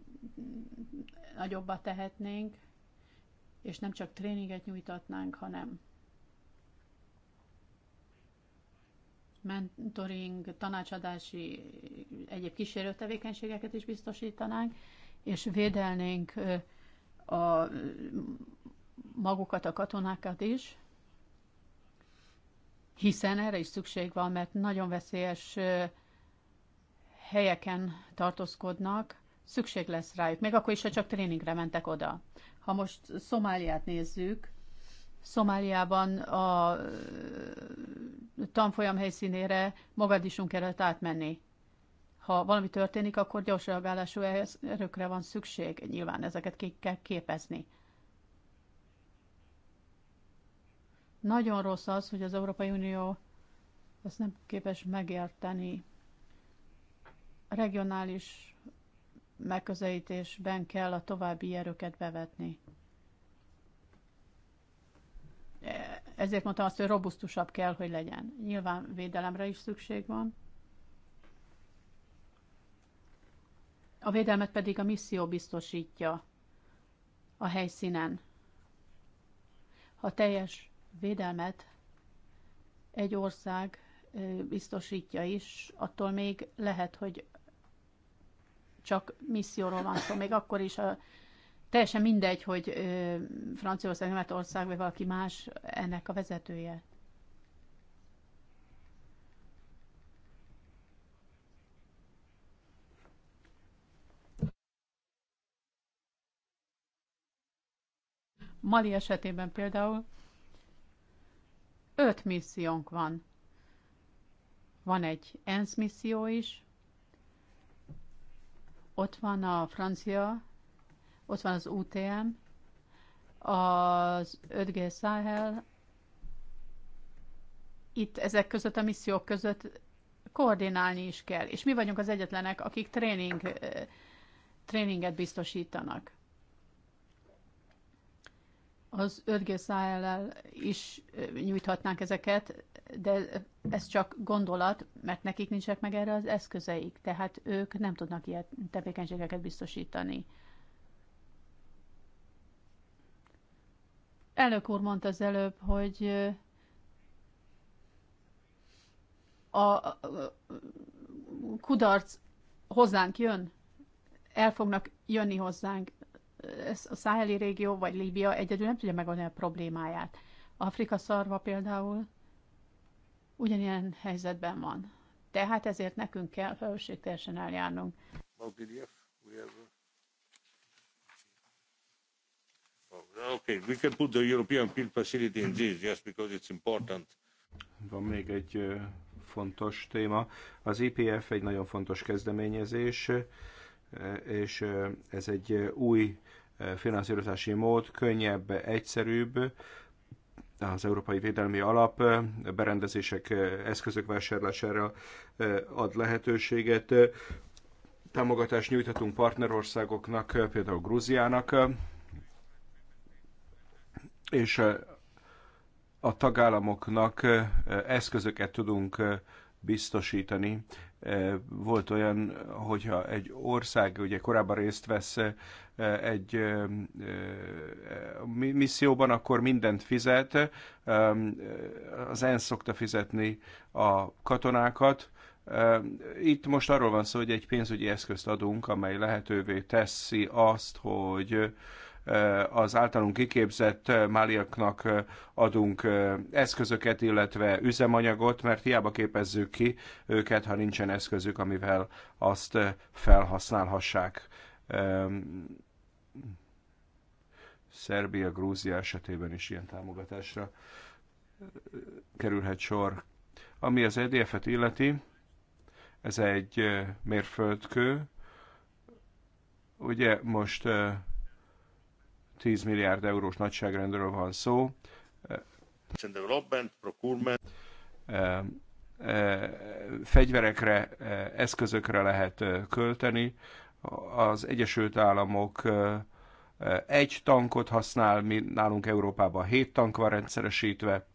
nagyobbá tehetnénk, és nem csak tréninget nyújtatnánk, hanem mentoring, tanácsadási, egyéb kísérő tevékenységeket is biztosítanánk, és védelnénk a, magukat, a katonákat is, hiszen erre is szükség van, mert nagyon veszélyes helyeken tartózkodnak, szükség lesz rájuk, még akkor is, ha csak tréningre mentek oda. Ha most Szomáliát nézzük, Szomáliában a tanfolyam helyszínére Mogadisunk kellett átmenni. Ha valami történik, akkor gyors reagálású erőkre van szükség. Nyilván ezeket ki kell képezni. Nagyon rossz az, hogy az Európai Unió ezt nem képes megérteni regionális megközelítésben kell a további erőket bevetni. Ezért mondtam azt, hogy robusztusabb kell, hogy legyen. Nyilván védelemre is szükség van. A védelmet pedig a misszió biztosítja a helyszínen. Ha teljes védelmet egy ország biztosítja is, attól még lehet, hogy csak misszióról van szó, még akkor is a, teljesen mindegy, hogy ö, Franciaország, Németország vagy valaki más ennek a vezetője. Mali esetében például öt missziónk van. Van egy ENSZ misszió is, ott van a francia, ott van az UTM, az 5G Sahel. Itt ezek között a missziók között koordinálni is kell. És mi vagyunk az egyetlenek, akik tréning, eh, tréninget biztosítanak az 5G szájállal is nyújthatnánk ezeket, de ez csak gondolat, mert nekik nincsenek meg erre az eszközeik, tehát ők nem tudnak ilyen tevékenységeket biztosítani. Elnök úr mondta az előbb, hogy a kudarc hozzánk jön, el fognak jönni hozzánk ez a száheli régió vagy Líbia egyedül nem tudja megoldani a problémáját. Afrika szarva például ugyanilyen helyzetben van. Tehát ezért nekünk kell felelősségteljesen eljárnunk. Oh, okay, we can put the European Peel Facility in this, just because it's important. Van még egy fontos téma. Az IPF egy nagyon fontos kezdeményezés és ez egy új finanszírozási mód, könnyebb, egyszerűbb, az Európai Védelmi Alap berendezések, eszközök vásárlására ad lehetőséget. Támogatást nyújthatunk partnerországoknak, például Grúziának, és a tagállamoknak eszközöket tudunk biztosítani. E, volt olyan, hogyha egy ország ugye korábban részt vesz e, egy e, misszióban, akkor mindent fizet. Az ENSZ szokta fizetni a katonákat, itt most arról van szó, hogy egy pénzügyi eszközt adunk, amely lehetővé teszi azt, hogy Eh, az általunk kiképzett eh, máliaknak eh, adunk eszközöket, illetve üzemanyagot, mert hiába képezzük ki őket, ha nincsen eszközük, amivel azt felhasználhassák. Szerbia, Grúzia esetében is ilyen támogatásra kerülhet sor. Ami az EDF-et illeti, ez egy mérföldkő. Ugye most 10 milliárd eurós nagyságrendről van szó. Development, eh, eh, procurement. Fegyverekre, eh, eszközökre lehet költeni. Az Egyesült Államok egy tankot használ, mi nálunk Európában hét tank van rendszeresítve,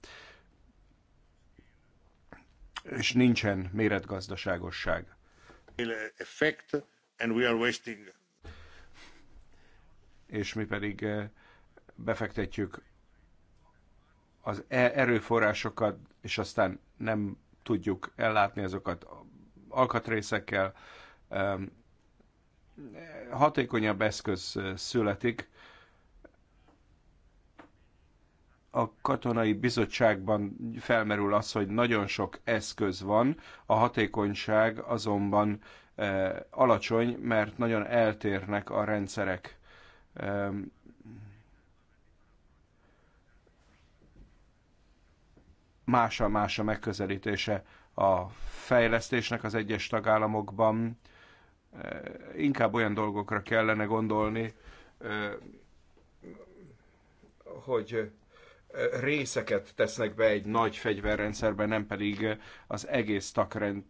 és nincsen méretgazdaságosság. Effect, and we are wasting és mi pedig eh, befektetjük az e- erőforrásokat, és aztán nem tudjuk ellátni azokat alkatrészekkel. Hatékonyabb eszköz eh, születik. A katonai bizottságban felmerül az, hogy nagyon sok eszköz van, a hatékonyság azonban eh, alacsony, mert nagyon eltérnek a rendszerek más a más a megközelítése a fejlesztésnek az egyes tagállamokban. Inkább olyan dolgokra kellene gondolni, hogy részeket tesznek be egy nagy fegyverrendszerbe, nem pedig az egész takrend,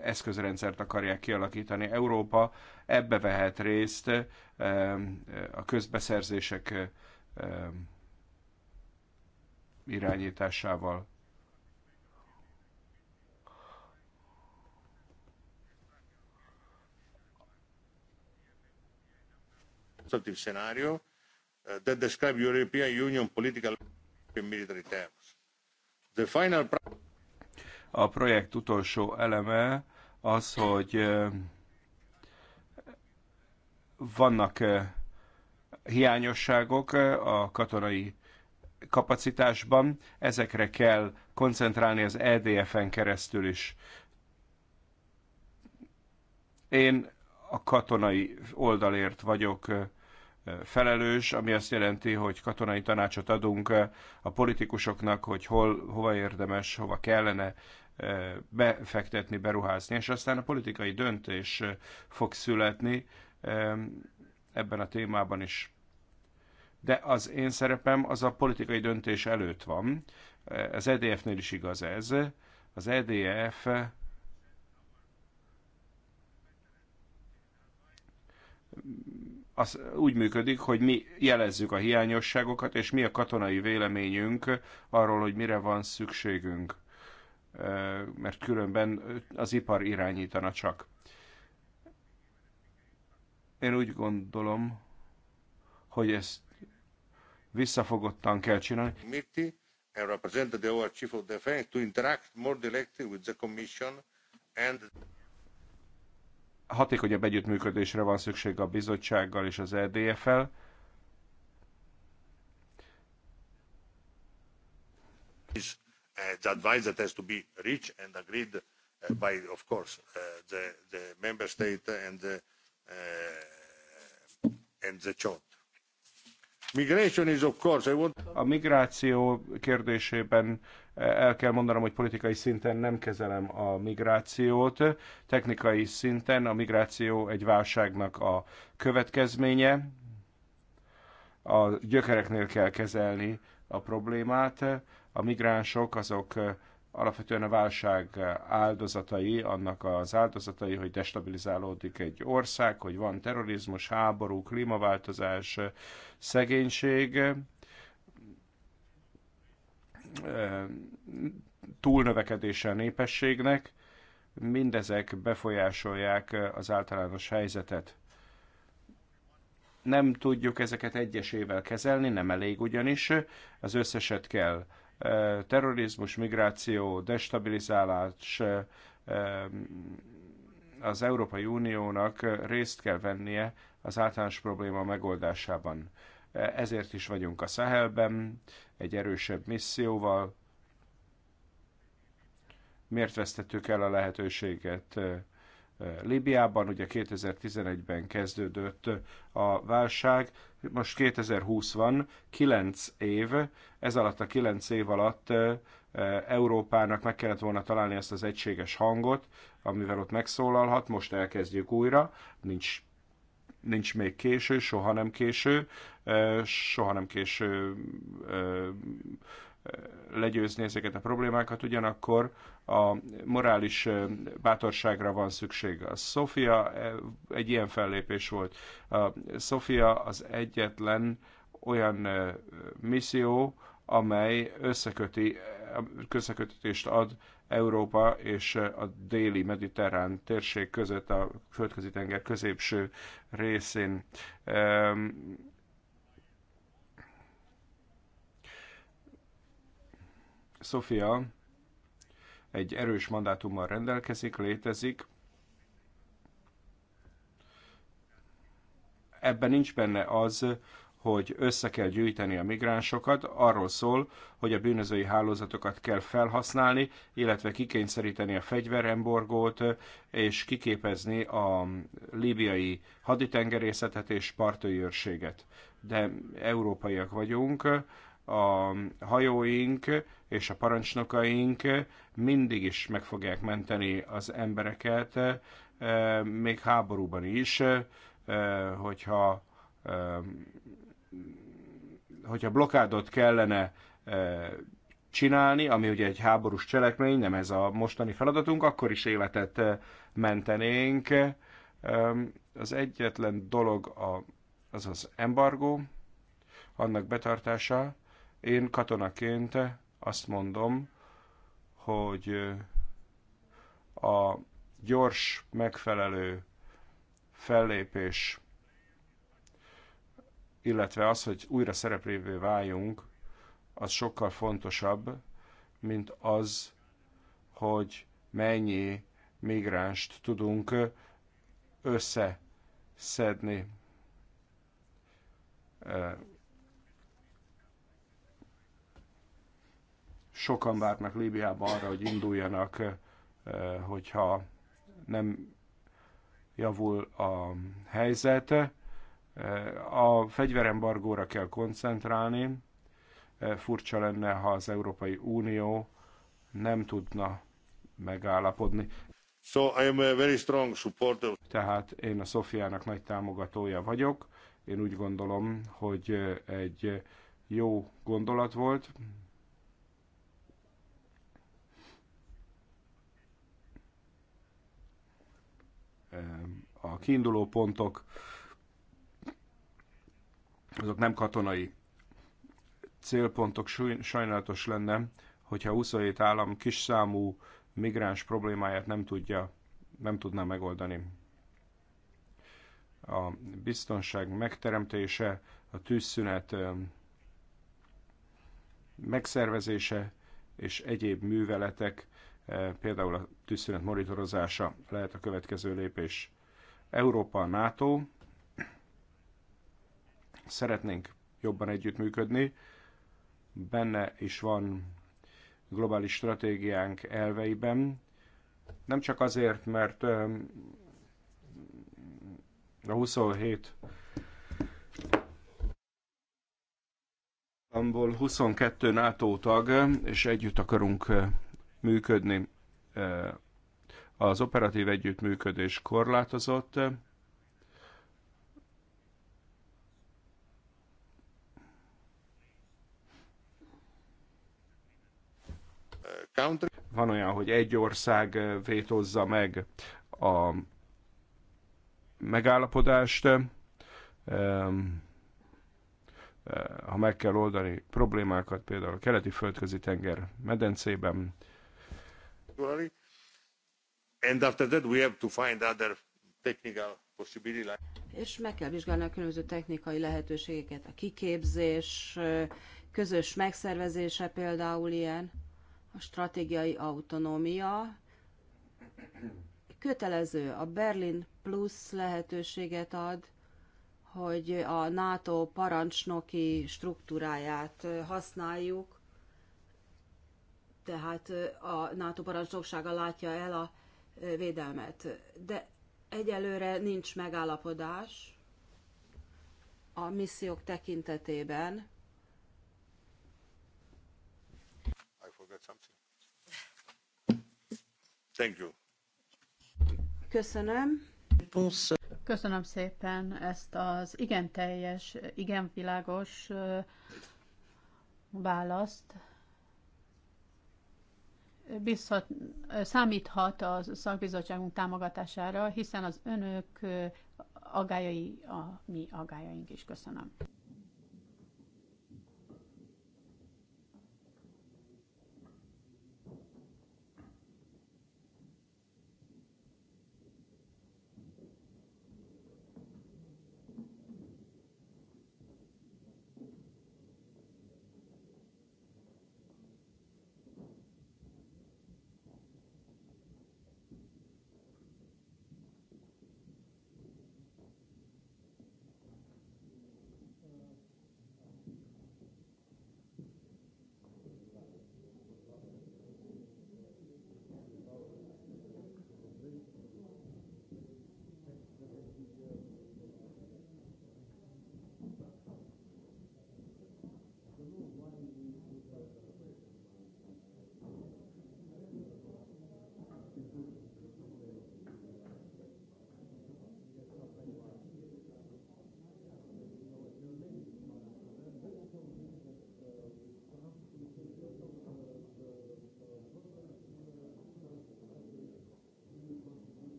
eszközrendszert akarják kialakítani. Európa ebbe vehet részt a közbeszerzések irányításával. szóval il Uh, that describe European Union political and military terms. The final a projekt utolsó eleme az, hogy uh, vannak uh, hiányosságok a katonai kapacitásban, ezekre kell koncentrálni az EDF-en keresztül is. Én a katonai oldalért vagyok felelős, ami azt jelenti, hogy katonai tanácsot adunk a politikusoknak, hogy hol, hova érdemes, hova kellene eh, befektetni, beruházni, és aztán a politikai döntés eh, fog születni eh, ebben a témában is. De az én szerepem az a politikai döntés előtt van. Az EDF-nél is igaz ez. Az EDF az úgy működik, hogy mi jelezzük a hiányosságokat, és mi a katonai véleményünk arról, hogy mire van szükségünk. Mert különben az ipar irányítana csak. Én úgy gondolom, hogy ezt visszafogottan kell csinálni. And represented our chief of defense to interact more directly with the commission and hatékonyabb együttműködésre van szükség a bizottsággal és az EDF-el. Is uh, the advice that has to be and agreed uh, by, of course, uh, the, the member state and the, uh, and the chart. Migration is, of course, I want... A migráció kérdésében el kell mondanom, hogy politikai szinten nem kezelem a migrációt. Technikai szinten a migráció egy válságnak a következménye. A gyökereknél kell kezelni a problémát. A migránsok azok eh, alapvetően a válság áldozatai, annak az áldozatai, hogy destabilizálódik egy ország, hogy van terrorizmus, háború, klímaváltozás, szegénység, Eh, túlnövekedése a népességnek, mindezek befolyásolják az általános helyzetet. Nem tudjuk ezeket egyesével kezelni, nem elég ugyanis, az összeset kell. Eh, terrorizmus, migráció, destabilizálás, eh, az Európai Uniónak részt kell vennie az általános probléma megoldásában ezért is vagyunk a Sahelben, egy erősebb misszióval. Miért vesztettük el a lehetőséget Libiában? Ugye 2011-ben kezdődött a válság, most 2020 van, 9 év, ez alatt a 9 év alatt Európának meg kellett volna találni ezt az egységes hangot, amivel ott megszólalhat, most elkezdjük újra, nincs nincs még késő, soha nem késő, soha nem késő legyőzni ezeket a problémákat, ugyanakkor a morális bátorságra van szükség. A Sofia egy ilyen fellépés volt. A Sofia az egyetlen olyan misszió, amely összeköti, összekötést ad Európa és a déli mediterrán térség között, a földközi tenger középső részén. Ehm, Sofia egy erős mandátummal rendelkezik, létezik. Ebben nincs benne az, hogy össze kell gyűjteni a migránsokat, arról szól, hogy a bűnözői hálózatokat kell felhasználni, illetve kikényszeríteni a fegyverembargót, és kiképezni a líbiai haditengerészetet és őrséget. De európaiak vagyunk, a hajóink és a parancsnokaink mindig is meg fogják menteni az embereket, eh, még háborúban is, eh, hogyha eh, hogyha blokádot kellene e, csinálni, ami ugye egy háborús cselekmény, nem ez a mostani feladatunk, akkor is életet e, mentenénk. E, az egyetlen dolog a, az az embargó, annak betartása. Én katonaként azt mondom, hogy a gyors, megfelelő fellépés illetve az, hogy újra szereplővé váljunk, az sokkal fontosabb, mint az, hogy mennyi migránst tudunk összeszedni. Sokan várnak Líbiába arra, hogy induljanak, hogyha nem javul a helyzete. A fegyverembargóra kell koncentrálni. E, furcsa lenne, ha az Európai Unió nem tudna megállapodni. So I am a very strong supporter. Tehát én a Szofiának nagy támogatója vagyok. Én úgy gondolom, hogy egy jó gondolat volt. E, a kiinduló pontok azok nem katonai célpontok. Sajnálatos lenne, hogyha 27 állam kis számú migráns problémáját nem tudja, nem tudná megoldani. A biztonság megteremtése, a tűzszünet megszervezése és egyéb műveletek, például a tűzszünet monitorozása lehet a következő lépés. Európa, NATO, szeretnénk jobban együttműködni. Benne is van globális stratégiánk elveiben. Nem csak azért, mert ehm, a 27 abból 22 NATO tag, és együtt akarunk eh, működni. Eh, az operatív együttműködés korlátozott, Van olyan, hogy egy ország vétózza meg a megállapodást, ha meg kell oldani problémákat, például a keleti földközi tenger medencében. And after that we have to find other technical És meg kell vizsgálni a különböző technikai lehetőségeket, a kiképzés, közös megszervezése például ilyen a stratégiai autonómia kötelező, a Berlin Plus lehetőséget ad, hogy a NATO parancsnoki struktúráját használjuk, tehát a NATO parancsnoksága látja el a védelmet. De egyelőre nincs megállapodás a missziók tekintetében, said something. Thank you. Köszönöm. Köszönöm szépen ezt az igen teljes, igen világos választ. Bizhat, számíthat a szakbizottságunk támogatására, hiszen az önök agályai a mi agályaink is. Köszönöm.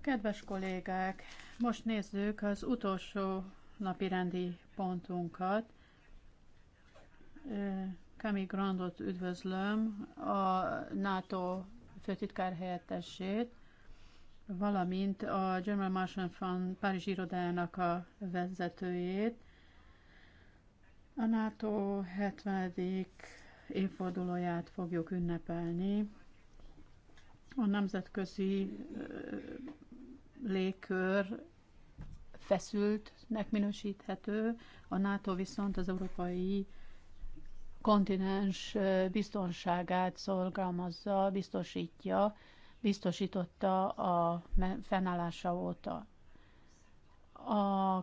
Kedves kollégák, most nézzük az utolsó napirendi pontunkat. Jeremy Grandot üdvözlöm, a NATO főtitkár helyettesét, valamint a German Marshall Fund Párizs irodájának a vezetőjét. A NATO 70. évfordulóját fogjuk ünnepelni. A nemzetközi légkör feszültnek minősíthető, a NATO viszont az európai kontinens biztonságát szolgálmazza, biztosítja, biztosította a fennállása óta. A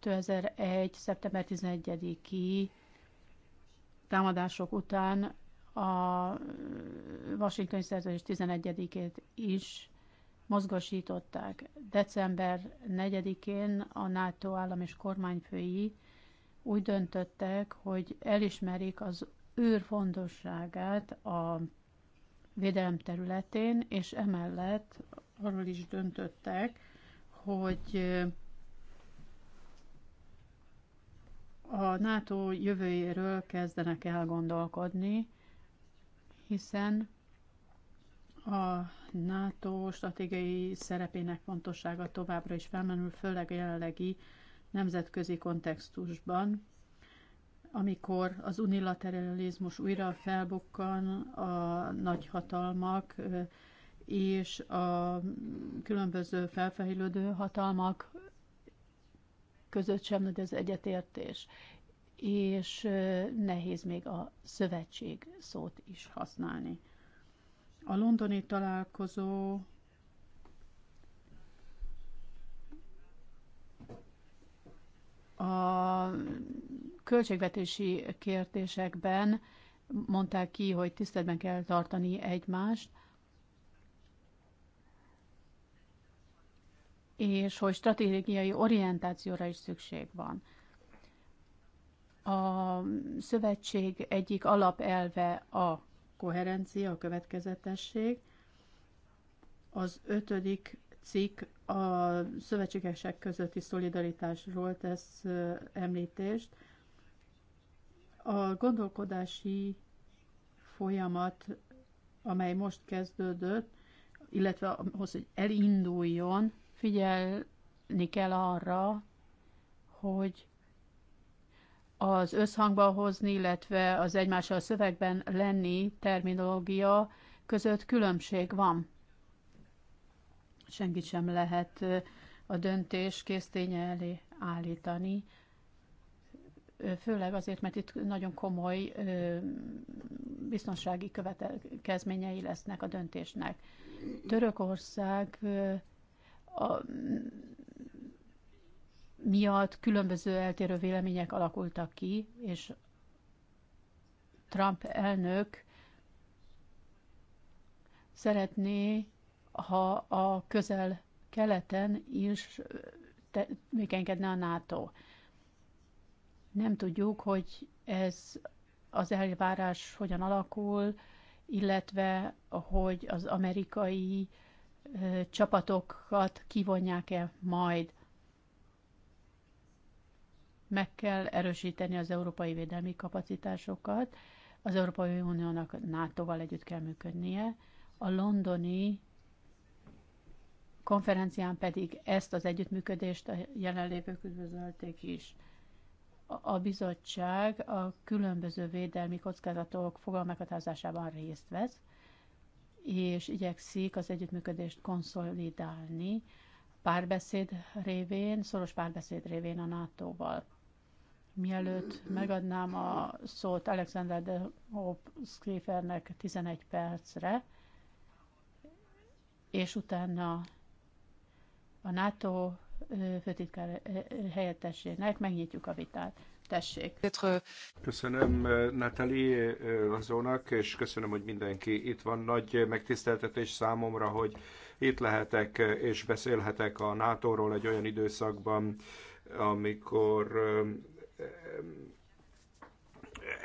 2001. szeptember 11-i támadások után a Washingtoni szerződés 11-ét is mozgosították. December 4-én a NATO állam és kormányfői úgy döntöttek, hogy elismerik az őr fontosságát a védelem területén, és emellett arról is döntöttek, hogy a NATO jövőjéről kezdenek elgondolkodni, hiszen a NATO stratégiai szerepének fontossága továbbra is felmenül, főleg a jelenlegi nemzetközi kontextusban, amikor az unilateralizmus újra felbukkan, a nagyhatalmak és a különböző felfejlődő hatalmak között sem nagy az egyetértés, és nehéz még a szövetség szót is használni. A londoni találkozó A költségvetési kérdésekben mondták ki, hogy tiszteletben kell tartani egymást, és hogy stratégiai orientációra is szükség van. A szövetség egyik alapelve a koherencia, a következetesség. Az ötödik cikk a szövetségesek közötti szolidaritásról tesz említést. A gondolkodási folyamat, amely most kezdődött, illetve ahhoz, hogy elinduljon, figyelni kell arra, hogy az összhangba hozni, illetve az egymással szövegben lenni terminológia között különbség van senkit sem lehet a döntés késztény elé állítani, főleg azért, mert itt nagyon komoly biztonsági következményei lesznek a döntésnek. Törökország a, miatt különböző eltérő vélemények alakultak ki, és Trump elnök szeretné ha a közel keleten is tevékenykedne a NATO. Nem tudjuk, hogy ez az elvárás hogyan alakul, illetve hogy az amerikai csapatokat kivonják-e majd. Meg kell erősíteni az európai védelmi kapacitásokat, az Európai Uniónak NATO-val együtt kell működnie. A londoni konferencián pedig ezt az együttműködést a jelenlévők üdvözölték is. A bizottság a különböző védelmi kockázatok fogalmeghatározásában részt vesz, és igyekszik az együttműködést konszolidálni párbeszéd révén, szoros párbeszéd révén a NATO-val. Mielőtt megadnám a szót Alexander de Hope 11 percre, és utána a NATO főtitkár helyettesének, megnyitjuk a vitát. Tessék. Köszönöm Natali Lazónak, és köszönöm, hogy mindenki itt van. Nagy megtiszteltetés számomra, hogy itt lehetek és beszélhetek a NATO-ról egy olyan időszakban, amikor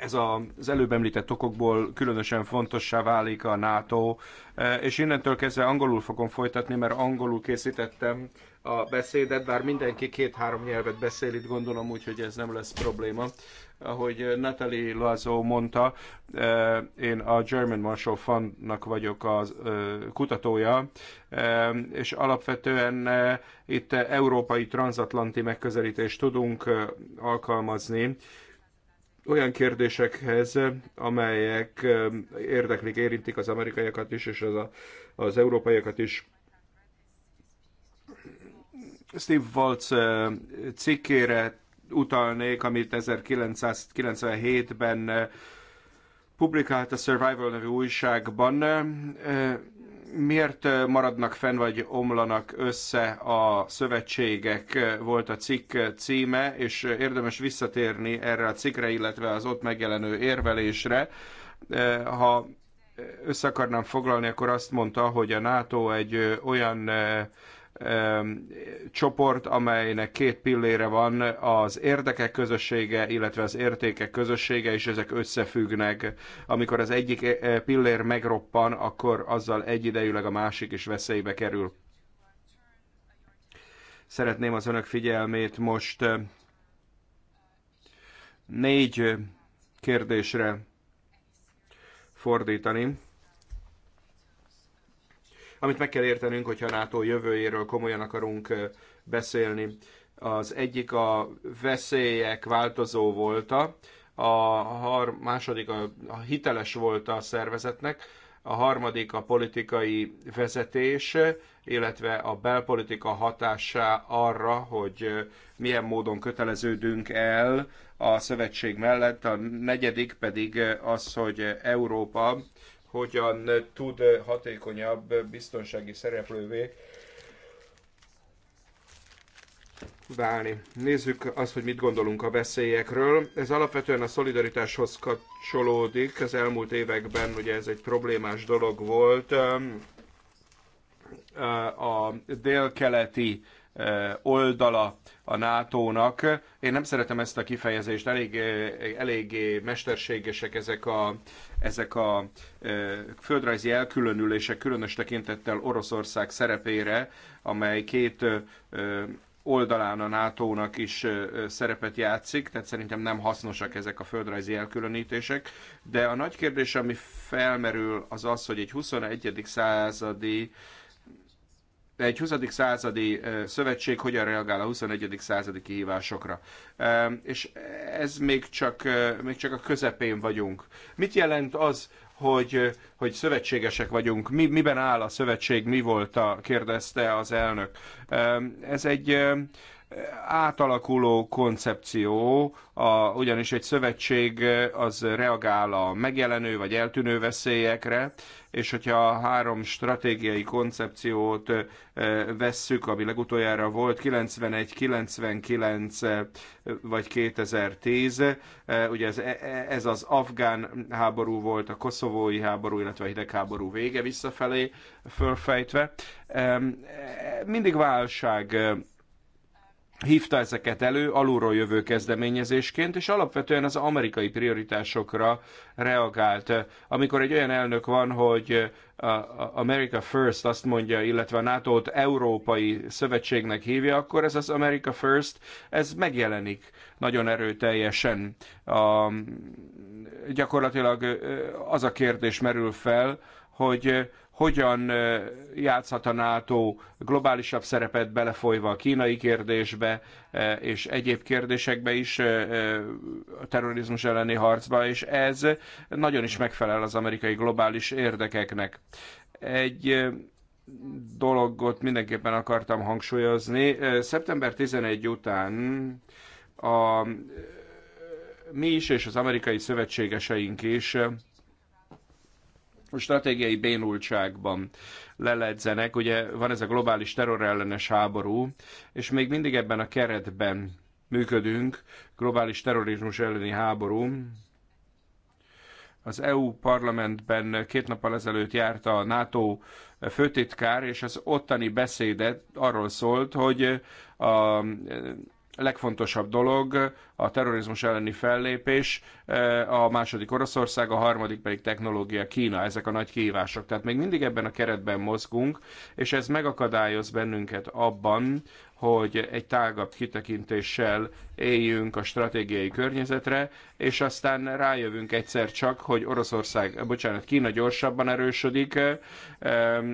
ez az előbb említett okokból különösen fontossá válik a NATO, e, és innentől kezdve angolul fogom folytatni, mert angolul készítettem a beszédet, bár mindenki két-három nyelvet beszél itt, gondolom úgy, hogy ez nem lesz probléma. Ahogy Natalie Loazó mondta, e, én a German Marshall Fundnak vagyok a e, kutatója, és alapvetően itt európai transatlanti megközelítést tudunk alkalmazni, olyan kérdésekhez, amelyek um, érdeklik, érintik az amerikaiakat is, és az, a, az európaiakat is. Steve Waltz uh, cikkére utalnék, amit 1997-ben uh, publikált a Survival nevű újságban uh, miért maradnak fenn vagy omlanak össze a szövetségek volt a cikk címe, és érdemes visszatérni erre a cikkre, illetve az ott megjelenő érvelésre. Ha össze akarnám foglalni, akkor azt mondta, hogy a NATO egy olyan csoport, amelynek két pillére van, az érdekek közössége, illetve az értékek közössége, és ezek összefüggnek. Amikor az egyik eh, eh, pillér megroppan, akkor azzal egyidejűleg a másik is veszélybe kerül. Szeretném az önök figyelmét most eh, négy kérdésre fordítani amit meg kell értenünk, hogyha a NATO jövőjéről komolyan akarunk beszélni. Az egyik a veszélyek változó volta, a har- második a, a hiteles volt a szervezetnek, a harmadik a politikai vezetés, illetve a belpolitika hatása arra, hogy milyen módon köteleződünk el a szövetség mellett, a negyedik pedig az, hogy Európa hogyan tud hatékonyabb biztonsági szereplővé válni. Nézzük azt, hogy mit gondolunk a veszélyekről. Ez alapvetően a szolidaritáshoz kapcsolódik. Az elmúlt években ugye ez egy problémás dolog volt. A délkeleti oldala a NATO-nak. Én nem szeretem ezt a kifejezést, elég, eléggé mesterségesek ezek a, ezek a földrajzi elkülönülések, különös tekintettel Oroszország szerepére, amely két oldalán a NATO-nak is szerepet játszik, tehát szerintem nem hasznosak ezek a földrajzi elkülönítések, de a nagy kérdés, ami felmerül, az az, hogy egy 21. századi egy 20. századi szövetség hogyan reagál a 21. századi kihívásokra. És ez még csak, még csak a közepén vagyunk. Mit jelent az, hogy, hogy szövetségesek vagyunk, mi, miben áll a szövetség, mi volt a, kérdezte az elnök. Ez egy átalakuló koncepció, a, ugyanis egy szövetség az reagál a megjelenő vagy eltűnő veszélyekre, és hogyha a három stratégiai koncepciót vesszük, ami legutoljára volt 91, 99 vagy 2010, ugye ez, e, e, ez az afgán háború volt, a koszovói háború, illetve a hidegháború vége visszafelé fölfejtve. Mindig válság hívta ezeket elő alulról jövő kezdeményezésként, és alapvetően az amerikai prioritásokra reagált. Amikor egy olyan elnök van, hogy America First azt mondja, illetve a nato Európai Szövetségnek hívja, akkor ez az America First, ez megjelenik nagyon erőteljesen. A, gyakorlatilag az a kérdés merül fel, hogy hogyan játszhat a NATO globálisabb szerepet belefolyva a kínai kérdésbe és egyéb kérdésekbe is a terrorizmus elleni harcba, és ez nagyon is megfelel az amerikai globális érdekeknek. Egy dologot mindenképpen akartam hangsúlyozni. Szeptember 11 után a, mi is és az amerikai szövetségeseink is stratégiai bénultságban leledzenek. Ugye van ez a globális terrorellenes háború, és még mindig ebben a keretben működünk, globális terrorizmus elleni háború. Az EU parlamentben két nappal ezelőtt járt a NATO főtitkár, és az ottani beszédet arról szólt, hogy a legfontosabb dolog a terrorizmus elleni fellépés, eh, a második Oroszország, a harmadik pedig technológia Kína, ezek a nagy kihívások. Tehát még mindig ebben a keretben mozgunk, és ez megakadályoz bennünket abban, hogy egy tágabb kitekintéssel éljünk a stratégiai környezetre, és aztán rájövünk egyszer csak, hogy Oroszország, bocsánat, Kína gyorsabban erősödik,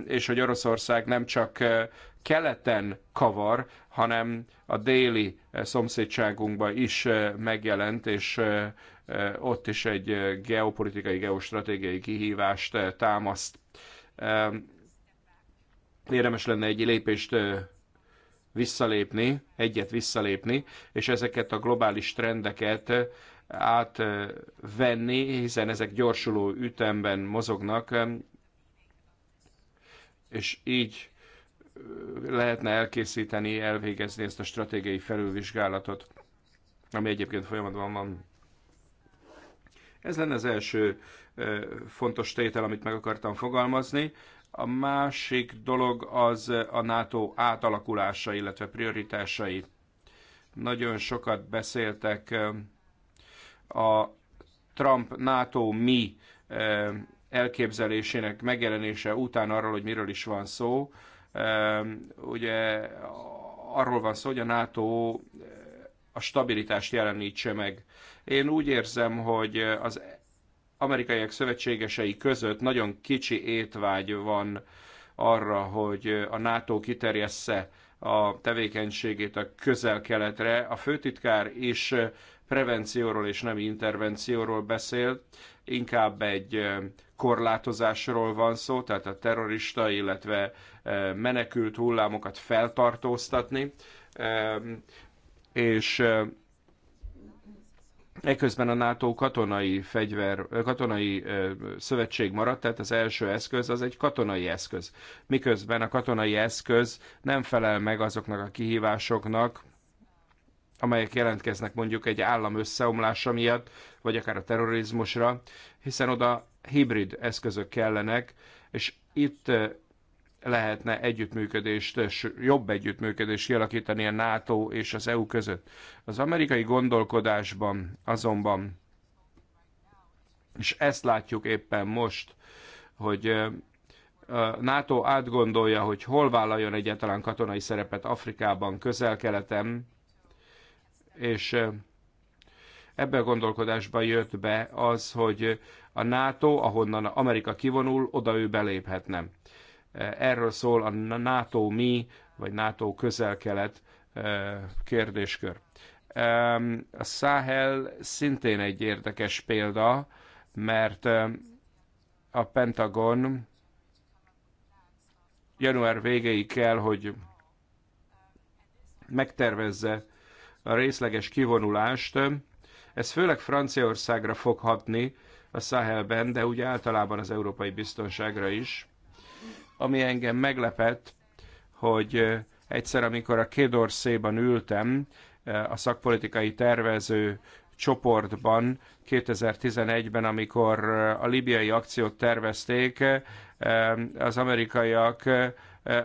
és hogy Oroszország nem csak eh, keleten kavar, hanem a déli eh, szomszédságunkban is eh, megjelent, és ott is egy geopolitikai, geostratégiai kihívást támaszt. Érdemes lenne egy lépést visszalépni, egyet visszalépni, és ezeket a globális trendeket eh, átvenni, hiszen ezek gyorsuló ütemben mozognak, és így eh, lehetne elkészíteni, elvégezni ezt a stratégiai felülvizsgálatot, ami egyébként folyamatban van. Ez lenne az első eh, fontos tétel, amit meg akartam fogalmazni. A másik dolog az a NATO átalakulása, illetve prioritásai. Nagyon sokat beszéltek eh, a Trump-NATO-mi eh, elképzelésének megjelenése után arról, hogy miről is van szó. Eh, ugye arról van szó, hogy a NATO a stabilitást jelenítse meg. Én úgy érzem, hogy az amerikaiak szövetségesei között nagyon kicsi étvágy van arra, hogy a NATO kiterjessze a tevékenységét a közel-keletre. A főtitkár is prevencióról és nem intervencióról beszél, inkább egy korlátozásról van szó, tehát a terrorista, illetve menekült hullámokat feltartóztatni, és Eközben a NATO katonai fegyver, katonai szövetség maradt, tehát az első eszköz az egy katonai eszköz. Miközben a katonai eszköz nem felel meg azoknak a kihívásoknak, amelyek jelentkeznek mondjuk egy állam összeomlása miatt, vagy akár a terrorizmusra, hiszen oda hibrid eszközök kellenek, és itt lehetne együttműködést, jobb együttműködést kialakítani a NATO és az EU között. Az amerikai gondolkodásban azonban, és ezt látjuk éppen most, hogy a NATO átgondolja, hogy hol vállaljon egyáltalán katonai szerepet Afrikában, közel-keleten, és ebben a gondolkodásban jött be az, hogy a NATO, ahonnan Amerika kivonul, oda ő beléphetne. Erről szól a NATO mi, vagy NATO közel-kelet kérdéskör. A Sahel szintén egy érdekes példa, mert a Pentagon január végéig kell, hogy megtervezze a részleges kivonulást. Ez főleg Franciaországra foghatni a Sahelben, de úgy általában az európai biztonságra is ami engem meglepett, hogy egyszer, amikor a Kédorszában ültem, a szakpolitikai tervező csoportban 2011-ben, amikor a libiai akciót tervezték, az amerikaiak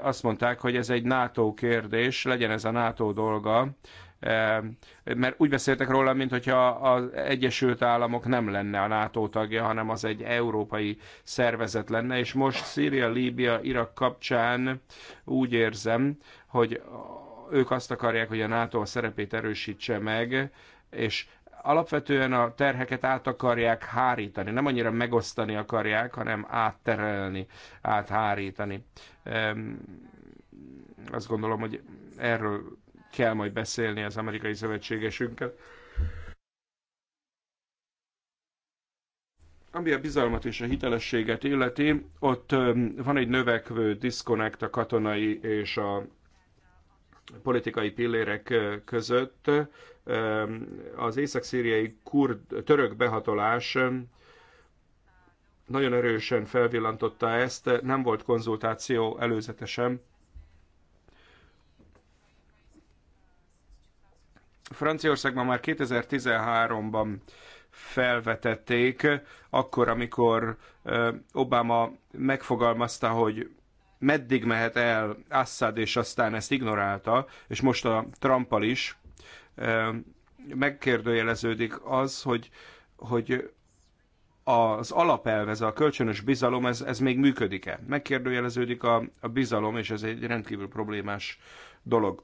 azt mondták, hogy ez egy NATO kérdés, legyen ez a NATO dolga, Ehm, mert úgy beszéltek róla, mintha az Egyesült Államok nem lenne a NATO tagja, hanem az egy európai szervezet lenne, és most Szíria, Líbia, Irak kapcsán úgy érzem, hogy ők azt akarják, hogy a NATO a szerepét erősítse meg, és alapvetően a terheket át akarják hárítani, nem annyira megosztani akarják, hanem átterelni, áthárítani. Ehm, azt gondolom, hogy erről kell majd beszélni az amerikai szövetségesünkkel. Ami a bizalmat és a hitelességet illeti, ott van egy növekvő diszkonekt a katonai és a politikai pillérek között. Az észak-szíriai kurd, török behatolás nagyon erősen felvillantotta ezt, nem volt konzultáció előzetesen Franciaországban már 2013-ban felvetették, akkor, amikor Obama megfogalmazta, hogy meddig mehet el Assad, és aztán ezt ignorálta, és most a Trumpal is megkérdőjeleződik az, hogy, hogy az alapelv, ez a kölcsönös bizalom, ez, ez még működik-e? Megkérdőjeleződik a, a bizalom, és ez egy rendkívül problémás dolog.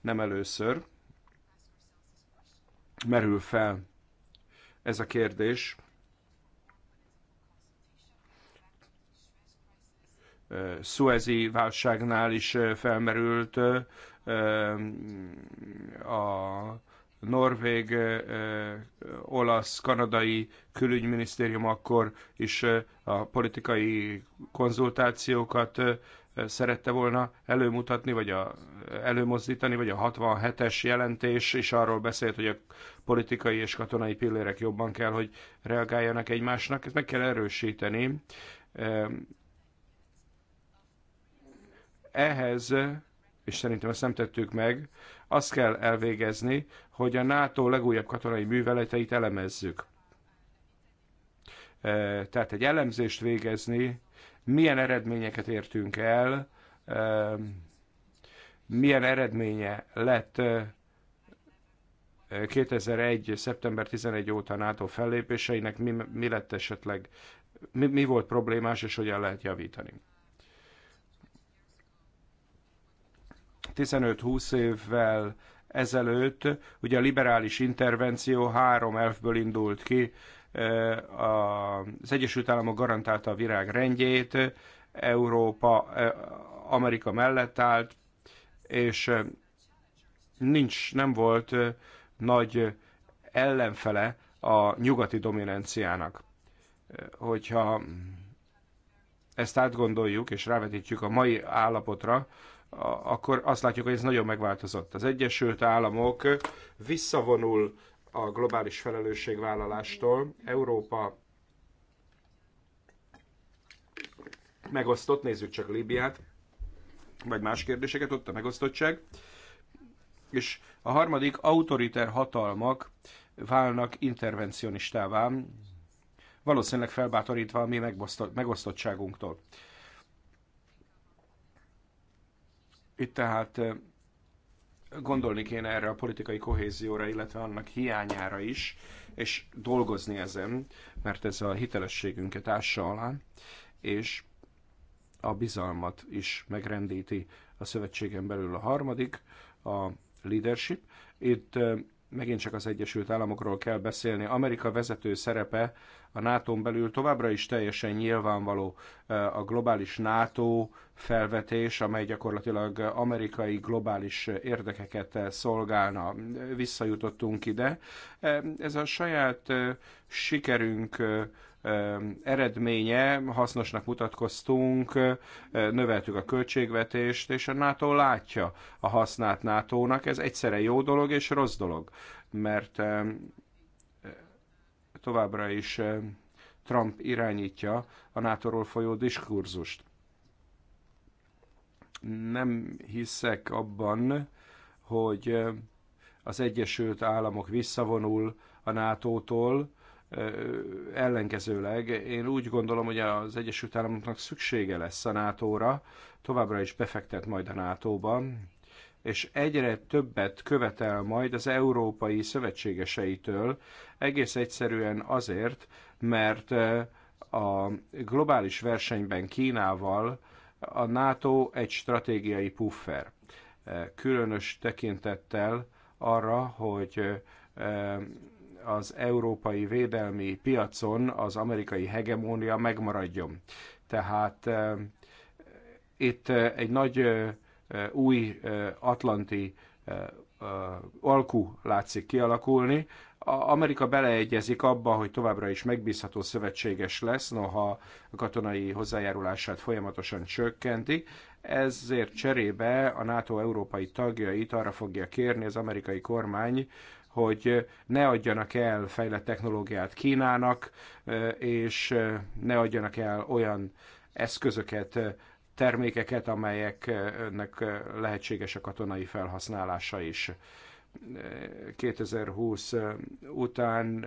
Nem először merül fel ez a kérdés. Suezi válságnál is felmerült a norvég, olasz, kanadai külügyminisztérium akkor is a politikai konzultációkat szerette volna előmutatni, vagy a, előmozdítani, vagy a 67-es jelentés is arról beszélt, hogy a politikai és katonai pillérek jobban kell, hogy reagáljanak egymásnak. Ezt meg kell erősíteni. Ehhez, és szerintem ezt nem tettük meg, azt kell elvégezni, hogy a NATO legújabb katonai műveleteit elemezzük. Tehát egy elemzést végezni milyen eredményeket értünk el, milyen eredménye lett 2001. Eh, szeptember 11 óta NATO fellépéseinek, mi, mi lett esetleg, mi, mi volt problémás, és hogyan lehet javítani. 15-20 évvel ezelőtt ugye a liberális intervenció három elfből indult ki, az Egyesült Államok garantálta a virág rendjét, Európa, Amerika mellett állt, és nincs, nem volt nagy ellenfele a nyugati dominanciának. Hogyha ezt átgondoljuk és rávetítjük a mai állapotra, akkor azt látjuk, hogy ez nagyon megváltozott. Az Egyesült Államok visszavonul a globális felelősségvállalástól. Európa megosztott, nézzük csak Líbiát, vagy más kérdéseket, ott a megosztottság. És a harmadik, autoriter hatalmak válnak intervencionistává, valószínűleg felbátorítva a mi megosztottságunktól. Itt tehát gondolni kéne erre a politikai kohézióra, illetve annak hiányára is, és dolgozni ezen, mert ez a hitelességünket ássa alá, és a bizalmat is megrendíti a szövetségen belül a harmadik, a leadership. Itt megint csak az Egyesült Államokról kell beszélni. Amerika vezető szerepe a nato belül továbbra is teljesen nyilvánvaló eh, a globális NATO felvetés, amely gyakorlatilag amerikai globális érdekeket eh, szolgálna. Visszajutottunk ide. Eh, ez a saját sikerünk eredménye, hasznosnak mutatkoztunk, növeltük a költségvetést, és a NATO látja a hasznát NATO-nak. Ez egyszerre jó dolog és rossz dolog, mert továbbra is Trump irányítja a NATO-ról folyó diskurzust. Nem hiszek abban, hogy az Egyesült Államok visszavonul a NATO-tól, ellenkezőleg én úgy gondolom, hogy az Egyesült Államoknak szüksége lesz a NATO-ra, továbbra is befektet majd a NATO-ban, és egyre többet követel majd az európai szövetségeseitől, egész egyszerűen azért, mert a globális versenyben Kínával a NATO egy stratégiai puffer. Különös tekintettel arra, hogy az európai védelmi piacon az amerikai hegemónia megmaradjon. Tehát itt egy nagy új atlanti alkú látszik kialakulni. Amerika beleegyezik abba, hogy továbbra is megbízható szövetséges lesz, noha a katonai hozzájárulását folyamatosan csökkenti, ezért cserébe a NATO európai tagjait arra fogja kérni az amerikai kormány, hogy ne adjanak el fejlett technológiát Kínának, és ne adjanak el olyan eszközöket termékeket, amelyeknek lehetséges a katonai felhasználása is. 2020 után,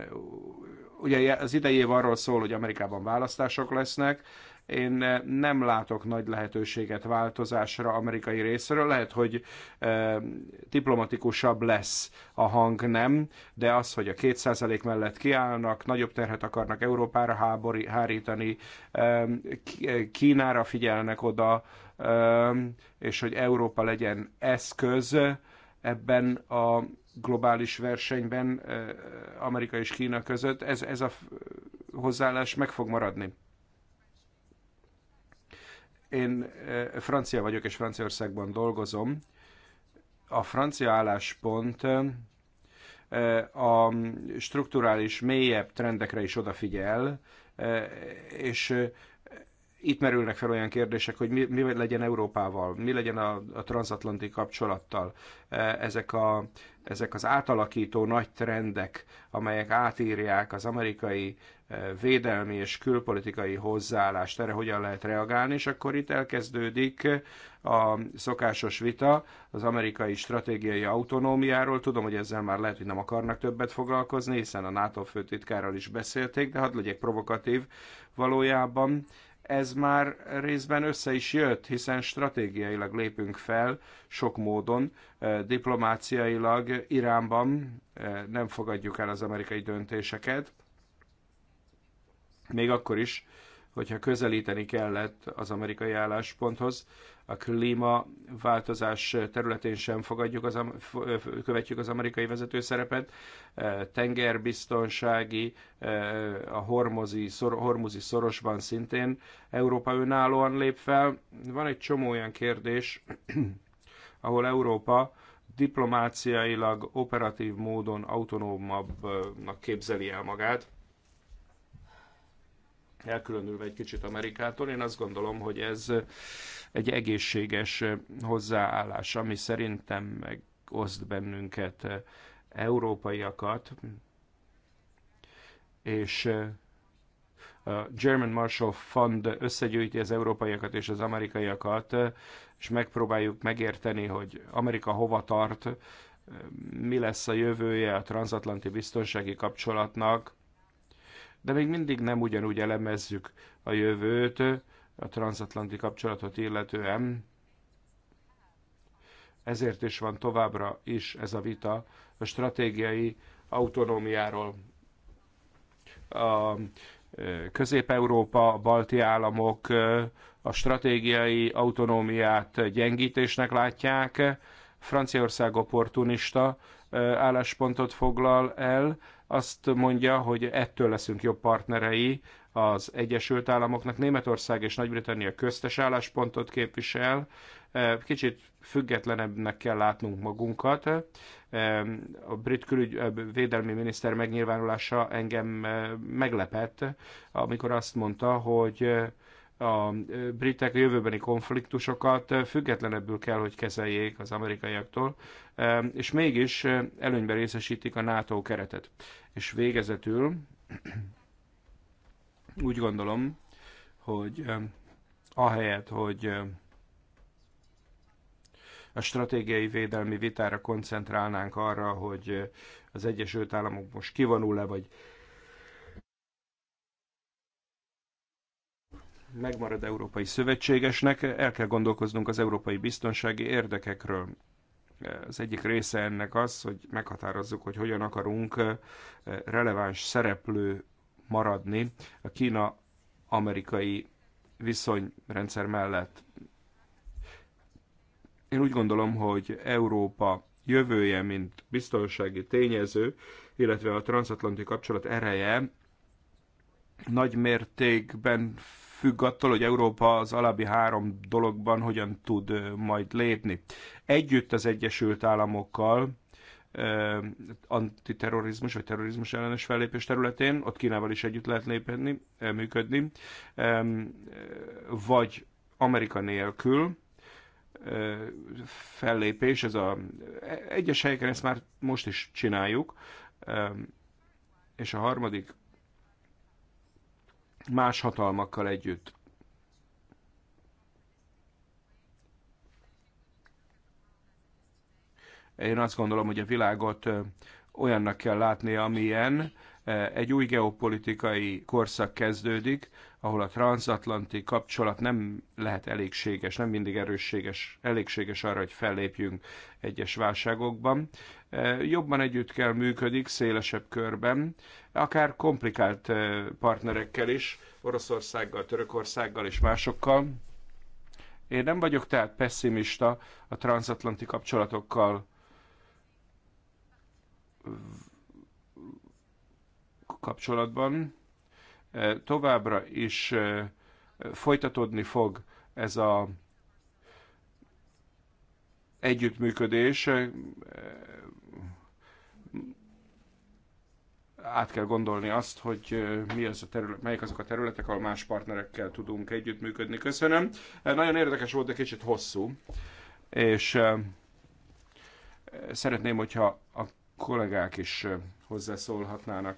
ugye az idei év arról szól, hogy Amerikában választások lesznek, én eh, nem látok nagy lehetőséget változásra amerikai részről. Lehet, hogy e, diplomatikusabb lesz a hang, nem, de az, hogy a kétszázalék mellett kiállnak, nagyobb terhet akarnak Európára hábori, hárítani, e, Kínára figyelnek oda, e, és hogy Európa legyen eszköz ebben a globális versenyben Amerika és Kína között, ez, ez a hozzáállás meg fog maradni. Én eh, francia vagyok, és Franciaországban dolgozom. A francia álláspont eh, a strukturális, mélyebb trendekre is odafigyel, eh, és itt merülnek fel olyan kérdések, hogy mi, mi legyen Európával, mi legyen a, a transatlanti kapcsolattal, e, ezek, a, ezek az átalakító nagy trendek, amelyek átírják az amerikai e, védelmi és külpolitikai hozzáállást, erre hogyan lehet reagálni, és akkor itt elkezdődik a szokásos vita az amerikai stratégiai autonómiáról. Tudom, hogy ezzel már lehet, hogy nem akarnak többet foglalkozni, hiszen a NATO főtitkárral is beszélték, de hadd legyek provokatív valójában ez már részben össze is jött, hiszen stratégiailag lépünk fel sok módon, eh, diplomáciailag Iránban eh, nem fogadjuk el az amerikai döntéseket, még akkor is, hogyha közelíteni kellett az amerikai állásponthoz a klímaváltozás területén sem fogadjuk az, követjük az amerikai vezető szerepet, e, tengerbiztonsági, e, a hormozi, szor, hormozi szorosban szintén Európa önállóan lép fel. Van egy csomó olyan kérdés, ahol Európa diplomáciailag, operatív módon autonómabbnak képzeli el magát, elkülönülve egy kicsit Amerikától. Én azt gondolom, hogy ez egy egészséges hozzáállás, ami szerintem megoszt bennünket, európaiakat, és a German Marshall Fund összegyűjti az európaiakat és az amerikaiakat, és megpróbáljuk megérteni, hogy Amerika hova tart, mi lesz a jövője a transatlanti biztonsági kapcsolatnak, de még mindig nem ugyanúgy elemezzük a jövőt, a transatlanti kapcsolatot illetően. Ezért is van továbbra is ez a vita a stratégiai autonómiáról. A e, Közép-Európa, a balti államok e, a stratégiai autonómiát gyengítésnek látják. Franciaország opportunista e, álláspontot foglal el, azt mondja, hogy ettől leszünk jobb partnerei az Egyesült Államoknak. Németország és Nagy-Britannia köztes álláspontot képvisel. E, kicsit függetlenebbnek kell látnunk magunkat. E, a brit külügy e, védelmi miniszter megnyilvánulása engem meglepett, amikor azt mondta, hogy a britek a jövőbeni konfliktusokat függetlenebbül kell, hogy kezeljék az amerikaiaktól, és mégis előnyben részesítik a NATO keretet. És végezetül úgy gondolom, hogy ahelyett, hogy a stratégiai védelmi vitára koncentrálnánk arra, hogy eh, az Egyesült Államok most kivonul-e, vagy megmarad európai szövetségesnek, el kell gondolkoznunk az európai biztonsági érdekekről. Az egyik része ennek az, hogy meghatározzuk, hogy hogyan akarunk eh, releváns szereplő maradni a Kína-amerikai viszonyrendszer mellett. Én úgy gondolom, hogy Európa jövője, mint biztonsági tényező, illetve a transatlanti kapcsolat ereje nagy mértékben függ attól, hogy Európa az alábbi három dologban hogyan tud majd lépni. Együtt az Egyesült Államokkal Eh, antiterrorizmus vagy terrorizmus ellenes fellépés területén, ott Kínával is együtt lehet lépni, eh, működni, eh, vagy Amerika nélkül, fellépés, ez a, egyes helyeken ezt már most is csináljuk, és a harmadik más hatalmakkal együtt. Én azt gondolom, hogy a világot olyannak kell látni, amilyen. Egy új geopolitikai korszak kezdődik, ahol a transatlanti kapcsolat nem lehet elégséges, nem mindig erősséges, elégséges arra, hogy fellépjünk egyes válságokban. Jobban együtt kell működik, szélesebb körben, akár komplikált partnerekkel is, Oroszországgal, Törökországgal és másokkal. Én nem vagyok tehát pessimista a transatlanti kapcsolatokkal kapcsolatban. E, továbbra is e, folytatódni fog ez a együttműködés. E, át kell gondolni azt, hogy mi az a terület, melyik azok a területek, ahol más partnerekkel tudunk együttműködni. Köszönöm. Nagyon érdekes volt, de kicsit hosszú. És szeretném, hogyha kollégák is hozzászólhatnának.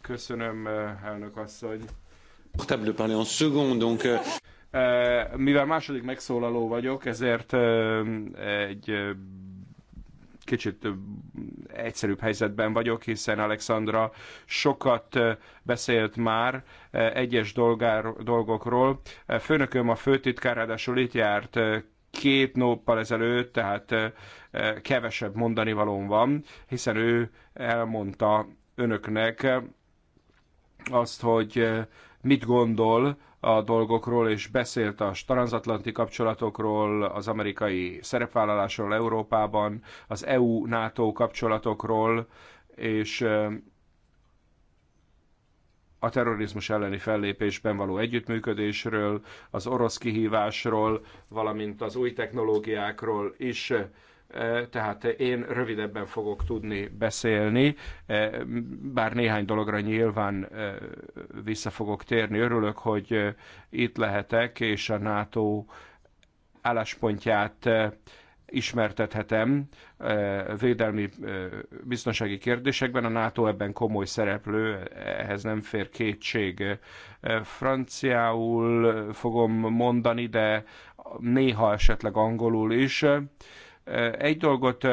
Köszönöm, elnök asszony. Euh, mivel második megszólaló vagyok, ezért egy kicsit egyszerűbb helyzetben vagyok, hiszen Alexandra sokat beszélt már egyes dolgár, dolgokról. Főnököm a főtitkár, ráadásul itt járt két nappal ezelőtt, tehát Eh, kevesebb mondani valón van, hiszen ő elmondta önöknek azt, hogy eh, mit gondol a dolgokról, és beszélt a transatlanti kapcsolatokról, az amerikai szerepvállalásról Európában, az EU-NATO kapcsolatokról, és eh, a terrorizmus elleni fellépésben való együttműködésről, az orosz kihívásról, valamint az új technológiákról is tehát én rövidebben fogok tudni beszélni, bár néhány dologra nyilván vissza fogok térni. Örülök, hogy itt lehetek, és a NATO álláspontját ismertethetem védelmi biztonsági kérdésekben. A NATO ebben komoly szereplő, ehhez nem fér kétség. Franciául fogom mondani, de néha esetleg angolul is. Egy dolgot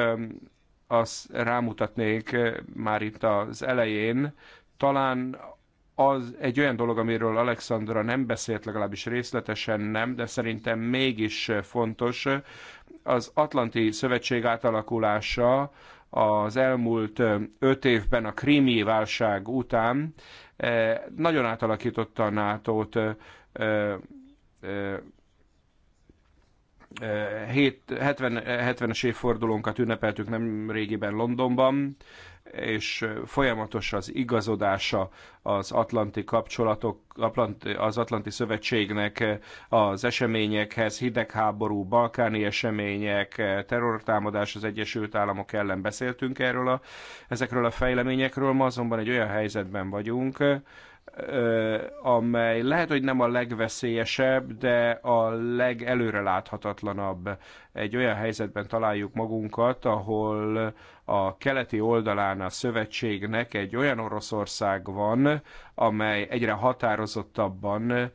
azt rámutatnék már itt az elején, talán az egy olyan dolog, amiről Alexandra nem beszélt, legalábbis részletesen nem, de szerintem mégis fontos, az Atlanti Szövetség átalakulása az elmúlt öt évben a krími válság után nagyon átalakította a NATO-t 70, 70-es évfordulónkat ünnepeltük nem régiben Londonban, és folyamatos az igazodása az Atlanti kapcsolatok, az Atlanti Szövetségnek az eseményekhez, hidegháború, balkáni események, terrortámadás az Egyesült Államok ellen beszéltünk erről a, ezekről a fejleményekről, ma azonban egy olyan helyzetben vagyunk, amely lehet, hogy nem a legveszélyesebb, de a legelőreláthatatlanabb. Egy olyan helyzetben találjuk magunkat, ahol a keleti oldalán a szövetségnek egy olyan Oroszország van, amely egyre határozottabban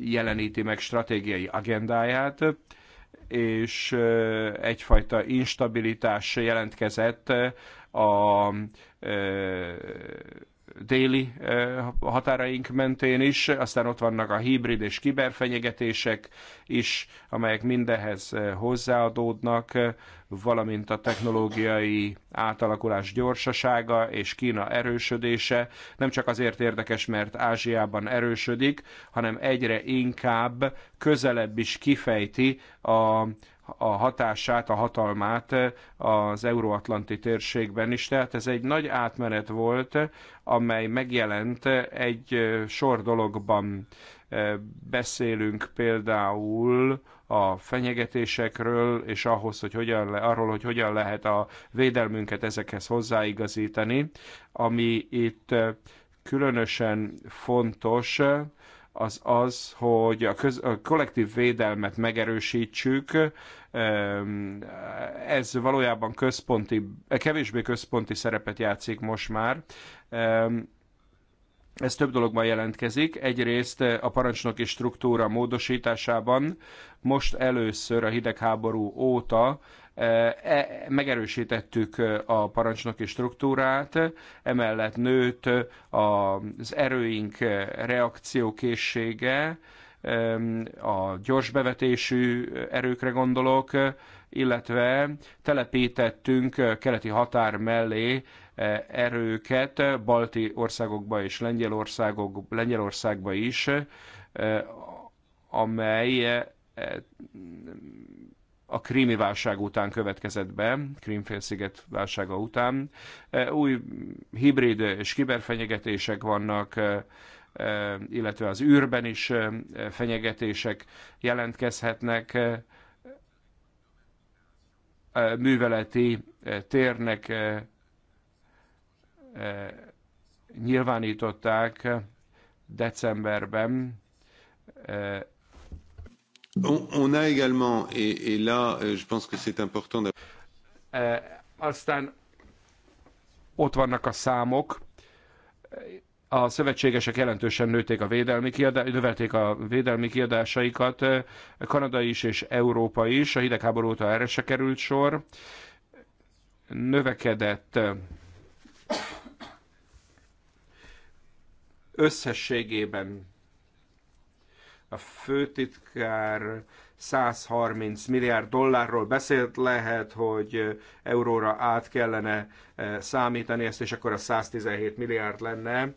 jeleníti meg stratégiai agendáját, és egyfajta instabilitás jelentkezett a déli eh, határaink mentén is, aztán ott vannak a hibrid és kiberfenyegetések is, amelyek mindehhez eh, hozzáadódnak, eh, valamint a technológiai átalakulás gyorsasága és Kína erősödése nem csak azért érdekes, mert Ázsiában erősödik, hanem egyre inkább közelebb is kifejti a a hatását, a hatalmát eh, az euróatlanti térségben is. Tehát ez egy nagy átmenet volt, amely megjelent eh, egy eh, sor dologban. Beszélünk például a fenyegetésekről, és ahhoz, hogy hogyan, arról, hogy hogyan lehet a védelmünket ezekhez hozzáigazítani, ami itt különösen fontos, az az, hogy a, köz, a kollektív védelmet megerősítsük. Ehm, ez valójában központi, kevésbé központi szerepet játszik most már. Ehm, ez több dologban jelentkezik. Egyrészt a parancsnoki struktúra módosításában most először a hidegháború óta E, megerősítettük a parancsnoki struktúrát, emellett nőtt az erőink reakciókészsége, a gyors bevetésű erőkre gondolok, illetve telepítettünk keleti határ mellé erőket balti országokba és Lengyelországok, Lengyelországba is, amely a krími válság után következett be, Krímfélsziget válsága után. E, új hibrid és kiberfenyegetések vannak, e, e, illetve az űrben is fenyegetések jelentkezhetnek műveleti térnek nyilvánították decemberben On, a également, et, et là, euh, je pense que c'est important. Eh, aztán ott vannak a számok. A szövetségesek jelentősen nőtték a védelmi kiadá, növelték a védelmi kiadásaikat. Eh, Kanada is és Európa is. A hidegháború óta erre se került sor. Növekedett eh, összességében a főtitkár 130 milliárd dollárról beszélt, lehet, hogy euróra át kellene e, számítani ezt, és akkor a 117 milliárd lenne.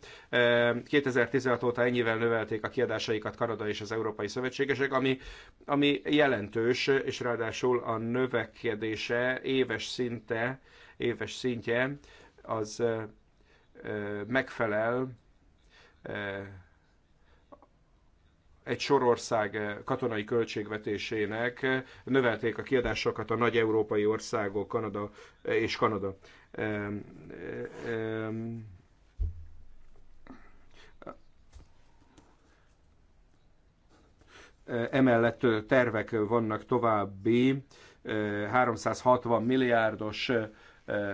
2016 e, óta ennyivel növelték a kiadásaikat Kanada és az Európai Szövetségesek, ami, ami jelentős, és ráadásul a növekedése éves szinte, éves szintje az e, megfelel egy sorország eh, katonai költségvetésének eh, növelték a kiadásokat a nagy európai országok, Kanada eh, és Kanada. Emellett tervek vannak további 360 milliárdos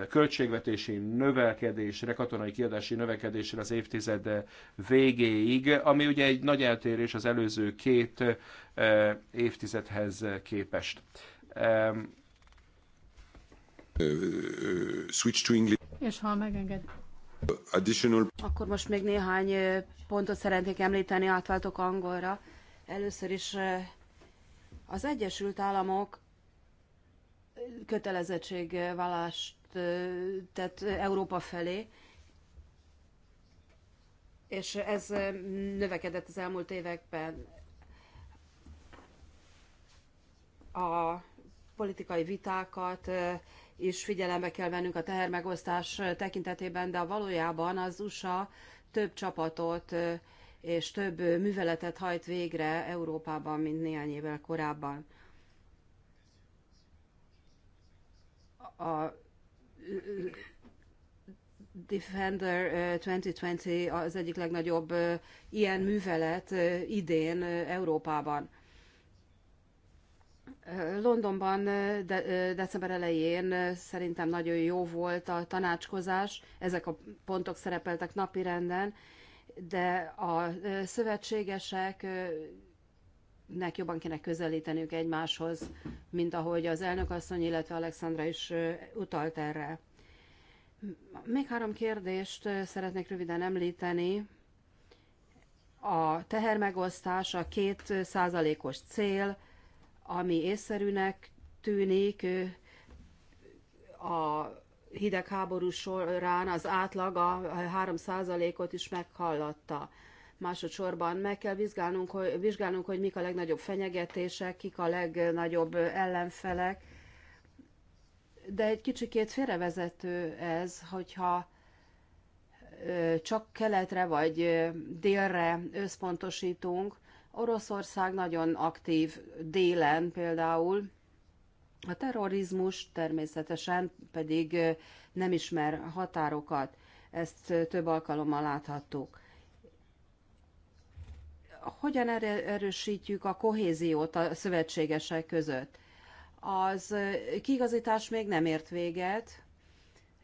költségvetési növekedésre, katonai kiadási növekedésre az évtized végéig, ami ugye egy nagy eltérés az előző két évtizedhez képest. Switch to English. És ha megenged. Additional... Akkor most még néhány pontot szeretnék említeni, átváltok angolra. Először is az Egyesült Államok kötelezettségvállást tett Európa felé, és ez növekedett az elmúlt években. A politikai vitákat is figyelembe kell vennünk a tehermegosztás tekintetében, de valójában az USA több csapatot és több műveletet hajt végre Európában, mint néhány évvel korábban. A Defender 2020 eh, az egyik legnagyobb eh, ilyen művelet eh, idén Európában. Londonban de, december elején szerintem nagyon jó volt a tanácskozás, ezek a pontok szerepeltek napirenden, de a szövetségesek nek jobban kéne közelíteniük egymáshoz, mint ahogy az elnök asszony, illetve Alexandra is utalt erre. Még három kérdést szeretnék röviden említeni. A tehermegosztás, a két százalékos cél, ami észszerűnek tűnik, a hidegháború során az átlag a 3 ot is meghallatta. Másodszorban meg kell vizsgálnunk hogy, vizsgálnunk, hogy mik a legnagyobb fenyegetések, kik a legnagyobb ellenfelek. De egy kicsikét félrevezető ez, hogyha csak keletre vagy délre összpontosítunk. Oroszország nagyon aktív délen például. A terrorizmus természetesen pedig nem ismer határokat. Ezt több alkalommal láthattuk hogyan erősítjük a kohéziót a szövetségesek között. Az kigazítás még nem ért véget,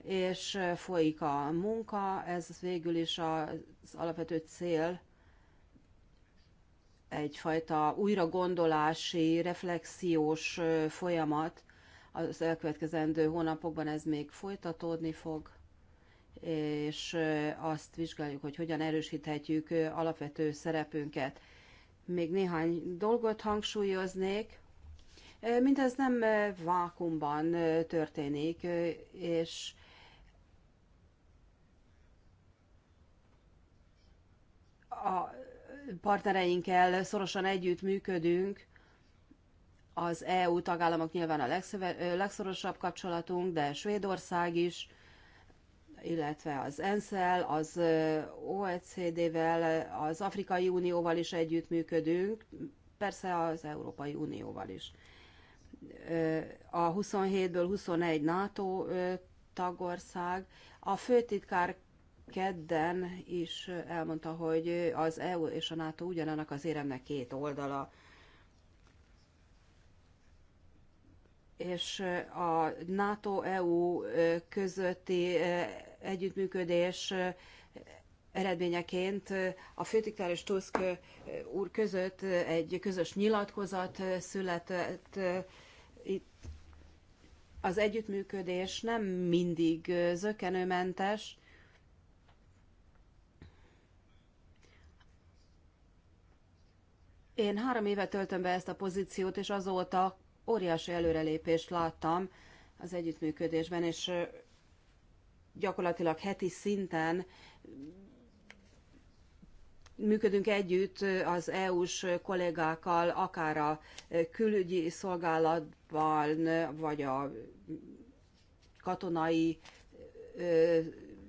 és folyik a munka, ez végül is az alapvető cél, egyfajta újragondolási, reflexiós folyamat. Az elkövetkezendő hónapokban ez még folytatódni fog és azt vizsgáljuk, hogy hogyan erősíthetjük alapvető szerepünket. Még néhány dolgot hangsúlyoznék. Mindez nem vákumban történik, és a partnereinkkel szorosan együtt működünk, az EU tagállamok nyilván a legszorosabb kapcsolatunk, de Svédország is illetve az ensz e az OECD-vel, az Afrikai Unióval is együttműködünk, persze az Európai Unióval is. A 27-ből 21 NATO tagország. A főtitkár kedden is elmondta, hogy az EU és a NATO ugyanannak az éremnek két oldala. és a NATO-EU közötti együttműködés eredményeként a főtitkár és Tusk úr között egy közös nyilatkozat született. Itt az együttműködés nem mindig zökenőmentes, Én három éve töltöm be ezt a pozíciót, és azóta óriási előrelépést láttam az együttműködésben, és gyakorlatilag heti szinten működünk együtt az EU-s kollégákkal, akár a külügyi szolgálatban, vagy a katonai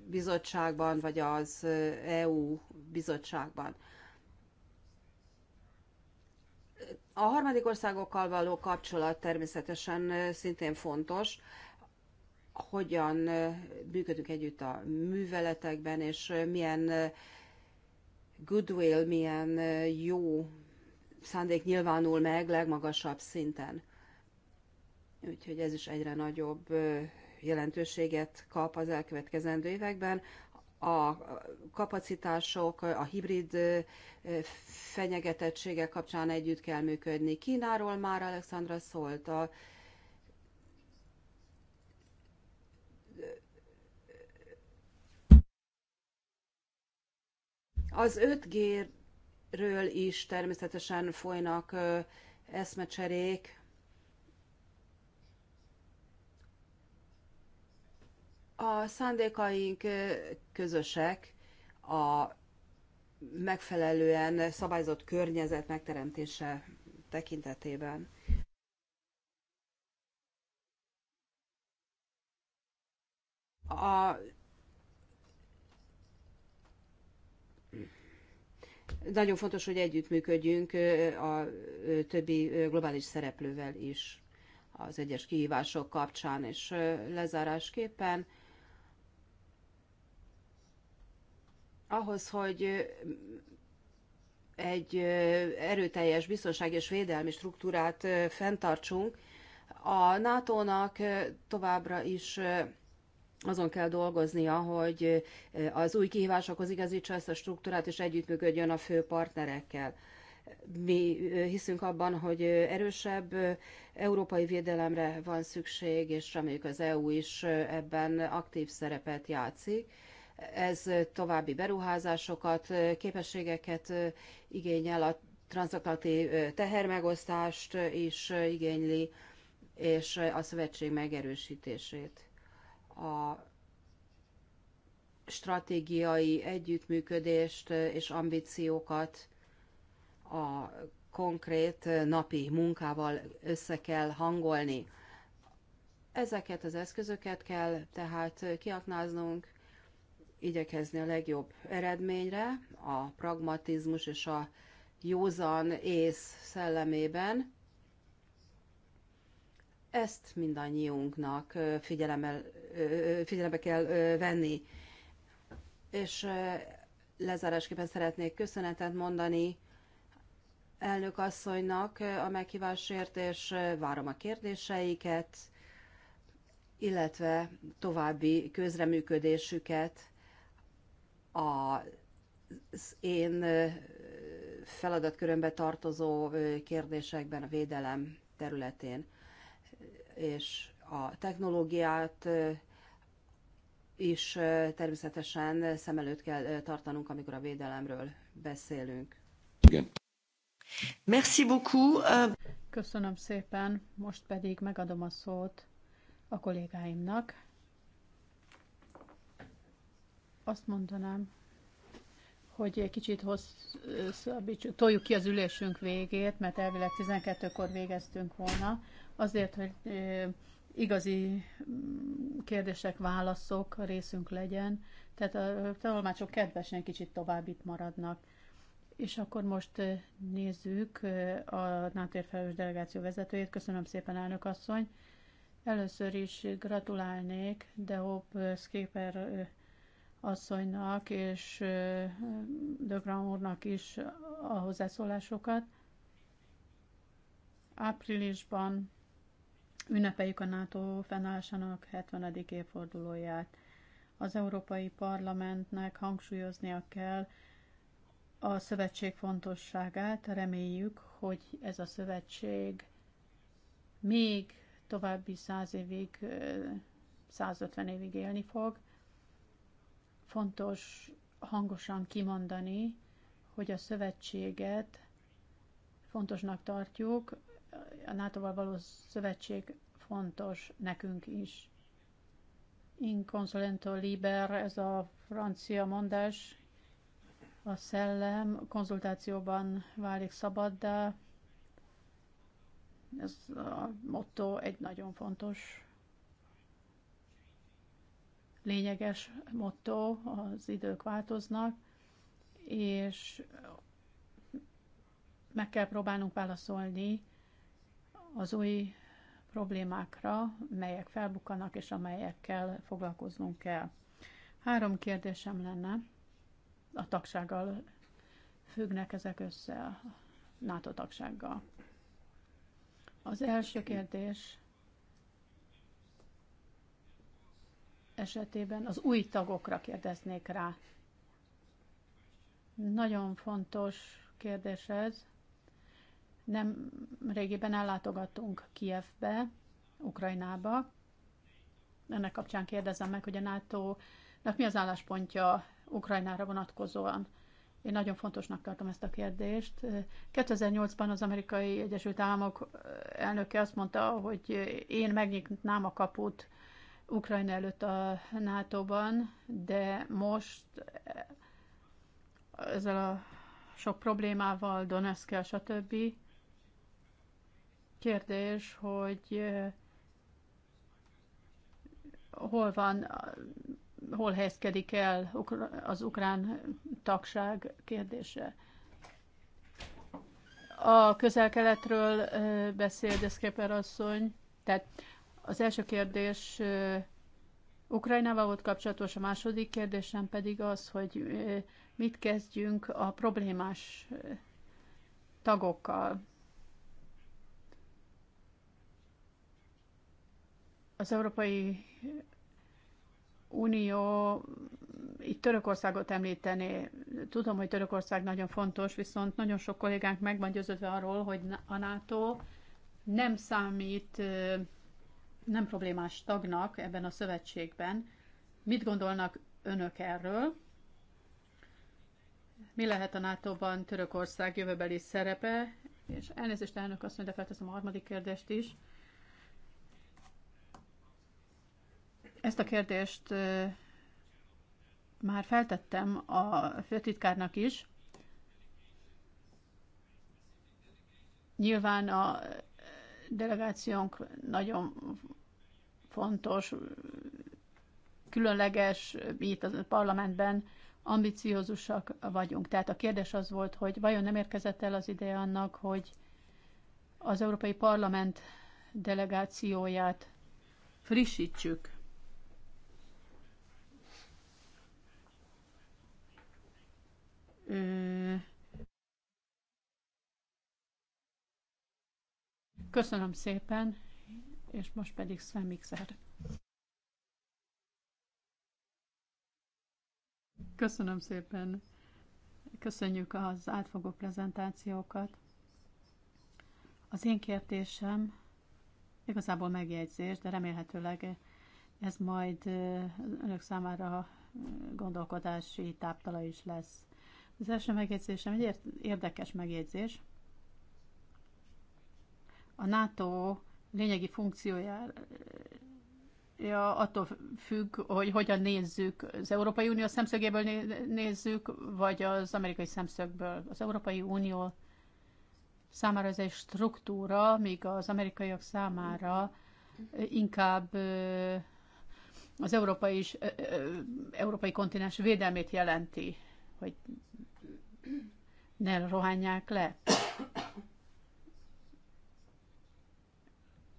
bizottságban, vagy az EU bizottságban. A harmadik országokkal való kapcsolat természetesen szintén fontos, hogyan működünk együtt a műveletekben, és milyen goodwill, milyen jó szándék nyilvánul meg legmagasabb szinten. Úgyhogy ez is egyre nagyobb jelentőséget kap az elkövetkezendő években a kapacitások, a hibrid fenyegetettsége kapcsán együtt kell működni. Kínáról már Alexandra szólt, a Az 5G-ről is természetesen folynak eszmecserék, A szándékaink közösek, a megfelelően szabályozott környezet megteremtése tekintetében. A Nagyon fontos, hogy együttműködjünk a többi globális szereplővel is az egyes kihívások kapcsán, és lezárásképpen ahhoz, hogy egy erőteljes biztonság és védelmi struktúrát fenntartsunk, a NATO-nak továbbra is azon kell dolgoznia, hogy az új kihívásokhoz igazítsa ezt a struktúrát, és együttműködjön a fő partnerekkel. Mi hiszünk abban, hogy erősebb európai védelemre van szükség, és reméljük az EU is ebben aktív szerepet játszik ez további beruházásokat, képességeket igényel, a transatlanti tehermegosztást is igényli, és a szövetség megerősítését. A stratégiai együttműködést és ambíciókat a konkrét napi munkával össze kell hangolni. Ezeket az eszközöket kell tehát kiaknáznunk, igyekezni a legjobb eredményre, a pragmatizmus és a józan ész szellemében. Ezt mindannyiunknak figyelembe kell venni. És lezárásképpen szeretnék köszönetet mondani elnök asszonynak a meghívásért, és várom a kérdéseiket, illetve további közreműködésüket az én feladatkörömbe tartozó kérdésekben, a védelem területén, és a technológiát is természetesen szem előtt kell tartanunk, amikor a védelemről beszélünk. Igen. Merci beaucoup. Köszönöm szépen, most pedig megadom a szót a kollégáimnak. Azt mondanám, hogy egy kicsit hosszabbítsuk, toljuk ki az ülésünk végét, mert elvileg 12-kor végeztünk volna, azért, hogy igazi mm, kérdések, válaszok részünk legyen, tehát a tanulmányok kedvesen kicsit tovább itt maradnak. És akkor most nézzük a NATO felelős delegáció vezetőjét. Köszönöm szépen, elnök asszony. Először is gratulálnék Dehop Sképer asszonynak és Dögram úrnak is a hozzászólásokat. Áprilisban ünnepeljük a NATO fennállásának 70. évfordulóját. Az Európai Parlamentnek hangsúlyoznia kell a szövetség fontosságát. Reméljük, hogy ez a szövetség még további száz évig, 150 évig élni fog. Fontos hangosan kimondani, hogy a szövetséget fontosnak tartjuk, a NATO-val való szövetség fontos nekünk is. Inconsolento liber, ez a francia mondás, a szellem konzultációban válik szabaddá. Ez a motto egy nagyon fontos lényeges motto, az idők változnak, és meg kell próbálnunk válaszolni az új problémákra, melyek felbukkanak, és amelyekkel foglalkoznunk kell. Három kérdésem lenne, a tagsággal függnek ezek össze, a NATO tagsággal. Az első kérdés, esetében az új tagokra kérdeznék rá. Nagyon fontos kérdés ez. Nem régiben ellátogattunk Kievbe, Ukrajnába. Ennek kapcsán kérdezem meg, hogy a NATO-nak mi az álláspontja Ukrajnára vonatkozóan. Én nagyon fontosnak tartom ezt a kérdést. 2008-ban az amerikai Egyesült Államok elnöke azt mondta, hogy én megnyitnám a kaput Ukrajna előtt a NATO-ban, de most ezzel a sok problémával, Donetskkel, stb. Kérdés, hogy eh, hol van, hol helyezkedik el az ukrán tagság kérdése. A közel-keletről eh, beszél Deszkeper asszony, tehát az első kérdés Ukrajnával volt kapcsolatos, a második kérdésem pedig az, hogy mit kezdjünk a problémás tagokkal. Az Európai Unió itt Törökországot említené. Tudom, hogy Törökország nagyon fontos, viszont nagyon sok kollégánk meg van győződve arról, hogy a NATO nem számít nem problémás tagnak ebben a szövetségben. Mit gondolnak önök erről? Mi lehet a NATO-ban Törökország jövőbeli szerepe? És elnézést, elnök azt mondja, felteszem a harmadik kérdést is. Ezt a kérdést már feltettem a főtitkárnak is. Nyilván a delegációnk nagyon fontos, különleges, itt a parlamentben ambiciózusak vagyunk. Tehát a kérdés az volt, hogy vajon nem érkezett el az ideje annak, hogy az Európai Parlament delegációját frissítsük. Köszönöm szépen és most pedig Sven Mixer. Köszönöm szépen, köszönjük az átfogó prezentációkat. Az én kérdésem igazából megjegyzés, de remélhetőleg ez majd önök számára gondolkodási táptala is lesz. Az első megjegyzésem egy érdekes megjegyzés. A NATO lényegi funkciója attól függ, hogy hogyan nézzük, az Európai Unió szemszögéből nézzük, vagy az amerikai szemszögből. Az Európai Unió számára ez egy struktúra, míg az amerikaiak számára inkább az európai, is, európai kontinens védelmét jelenti, hogy ne rohanják le.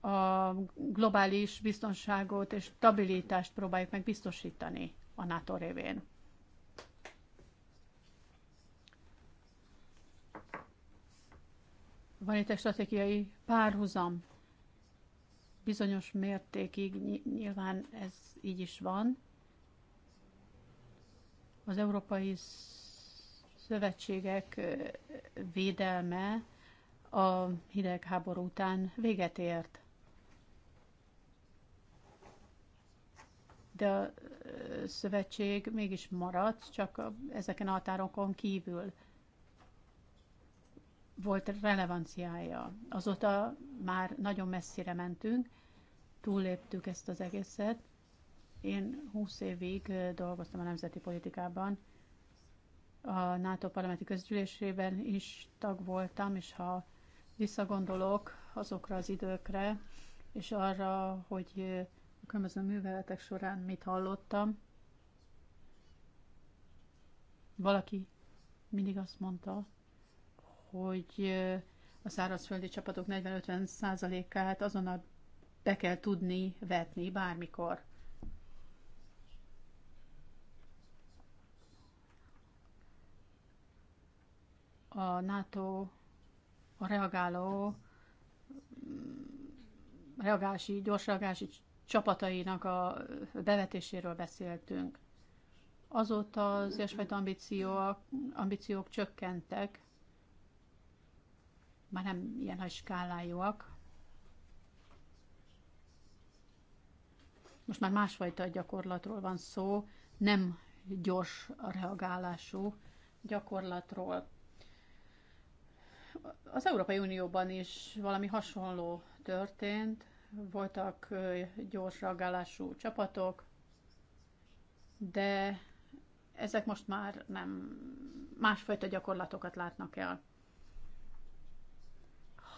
a globális biztonságot és stabilitást próbáljuk meg biztosítani a NATO révén. Van itt egy stratégiai párhuzam. Bizonyos mértékig nyilván ez így is van. Az európai szövetségek védelme a hidegháború után véget ért. de a szövetség mégis maradt, csak ezeken a határokon kívül volt relevanciája. Azóta már nagyon messzire mentünk, túlléptük ezt az egészet. Én 20 évig dolgoztam a nemzeti politikában, a NATO parlamenti közgyűlésében is tag voltam, és ha visszagondolok azokra az időkre, és arra, hogy különböző műveletek során mit hallottam. Valaki mindig azt mondta, hogy a szárazföldi csapatok 40-50%-át azonnal be kell tudni vetni bármikor. A NATO a reagáló reagási, gyors reagási csapatainak a bevetéséről beszéltünk. Azóta az ilyesfajta ambíciók, ambíciók csökkentek, már nem ilyen nagy skálájúak. Most már másfajta gyakorlatról van szó, nem gyors a reagálású gyakorlatról. Az Európai Unióban is valami hasonló történt, voltak gyors reagálású csapatok, de ezek most már nem másfajta gyakorlatokat látnak el.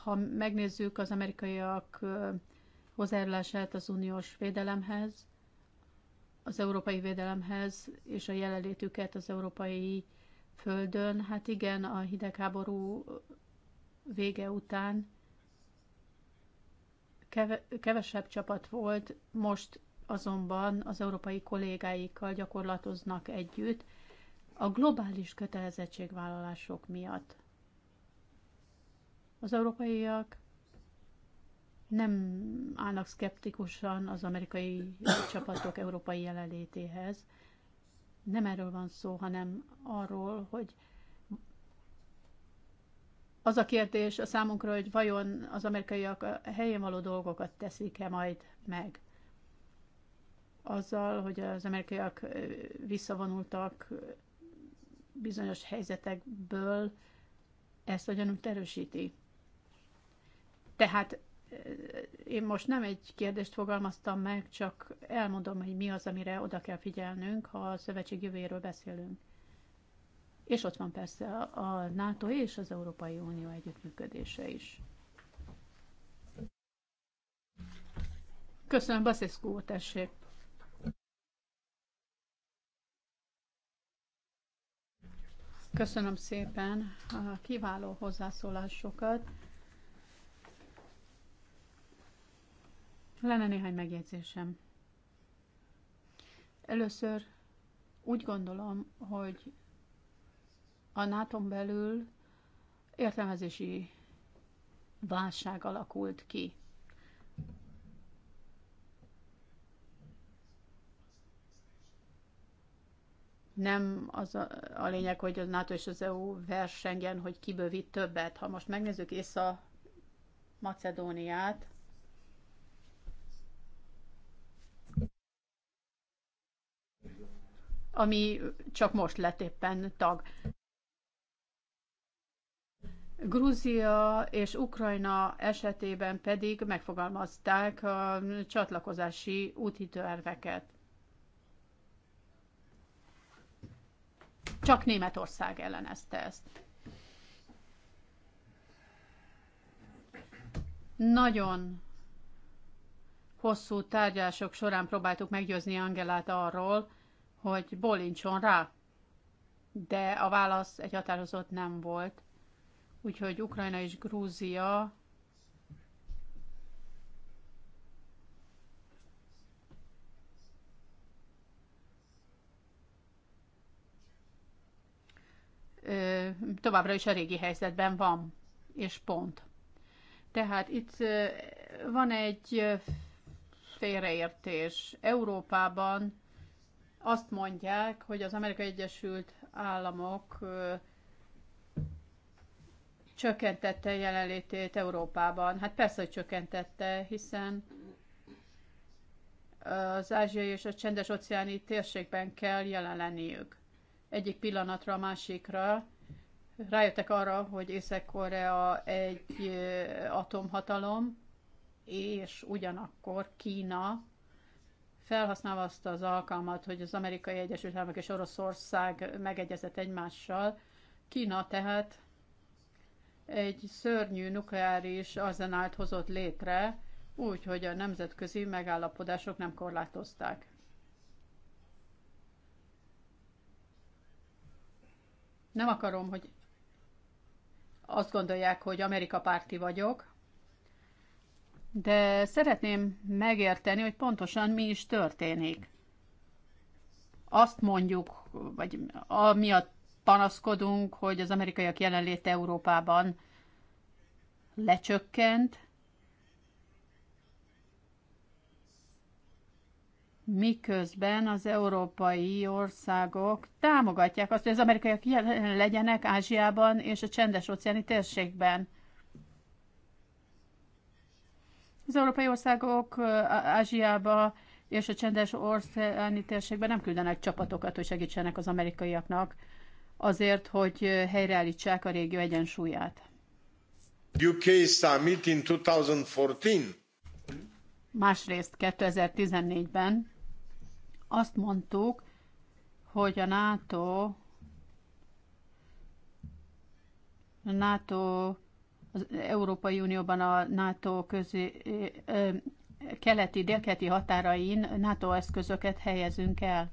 Ha megnézzük az amerikaiak hozzájárulását az uniós védelemhez, az európai védelemhez és a jelenlétüket az európai földön, hát igen, a hidegháború vége után kevesebb csapat volt, most azonban az európai kollégáikkal gyakorlatoznak együtt a globális kötelezettségvállalások miatt. Az európaiak nem állnak szkeptikusan az amerikai csapatok európai jelenlétéhez. Nem erről van szó, hanem arról, hogy az a kérdés a számunkra, hogy vajon az amerikaiak a helyén való dolgokat teszik-e majd meg. Azzal, hogy az amerikaiak visszavonultak bizonyos helyzetekből, ezt a gyanút erősíti. Tehát én most nem egy kérdést fogalmaztam meg, csak elmondom, hogy mi az, amire oda kell figyelnünk, ha a szövetség jövőjéről beszélünk. És ott van persze a NATO és az Európai Unió együttműködése is. Köszönöm, Baszeszkó, tessék! Köszönöm szépen a kiváló hozzászólásokat. Lenne néhány megjegyzésem. Először úgy gondolom, hogy a nato belül értelmezési válság alakult ki. nem az a, a lényeg, hogy a NATO és az EU versengen, hogy kibővít többet. Ha most megnézzük Észak-Macedóniát, ami csak most lett éppen tag. Grúzia és Ukrajna esetében pedig megfogalmazták a csatlakozási útitörveket. Csak Németország ellenezte ezt. Nagyon hosszú tárgyások során próbáltuk meggyőzni Angelát arról, hogy bolincson rá, de a válasz egy határozott nem volt. Úgyhogy Ukrajna és Grúzia továbbra is a régi helyzetben van, és pont. Tehát itt van egy félreértés. Európában azt mondják, hogy az Amerikai Egyesült Államok csökkentette jelenlétét Európában. Hát persze, hogy csökkentette, hiszen az ázsiai és a csendes óceáni térségben kell jelen lenniük. Egyik pillanatra a másikra rájöttek arra, hogy Észak-Korea egy atomhatalom, és ugyanakkor Kína felhasználva azt az alkalmat, hogy az amerikai Egyesült Államok és Oroszország megegyezett egymással, Kína tehát egy szörnyű nukleáris arzenált hozott létre, úgy, hogy a nemzetközi megállapodások nem korlátozták. Nem akarom, hogy azt gondolják, hogy Amerika párti vagyok, de szeretném megérteni, hogy pontosan mi is történik. Azt mondjuk, vagy amiatt panaszkodunk, hogy az amerikaiak jelenléte Európában lecsökkent, miközben az európai országok támogatják azt, hogy az amerikaiak jelen legyenek Ázsiában és a csendes-óceáni térségben. Az európai országok Ázsiába és a csendes óceáni térségben nem küldenek csapatokat, hogy segítsenek az amerikaiaknak azért, hogy helyreállítsák a régió egyensúlyát. UK Summit in 2014. Másrészt 2014-ben azt mondtuk, hogy a NATO a NATO az Európai Unióban a NATO közé, keleti, délkeleti határain NATO eszközöket helyezünk el.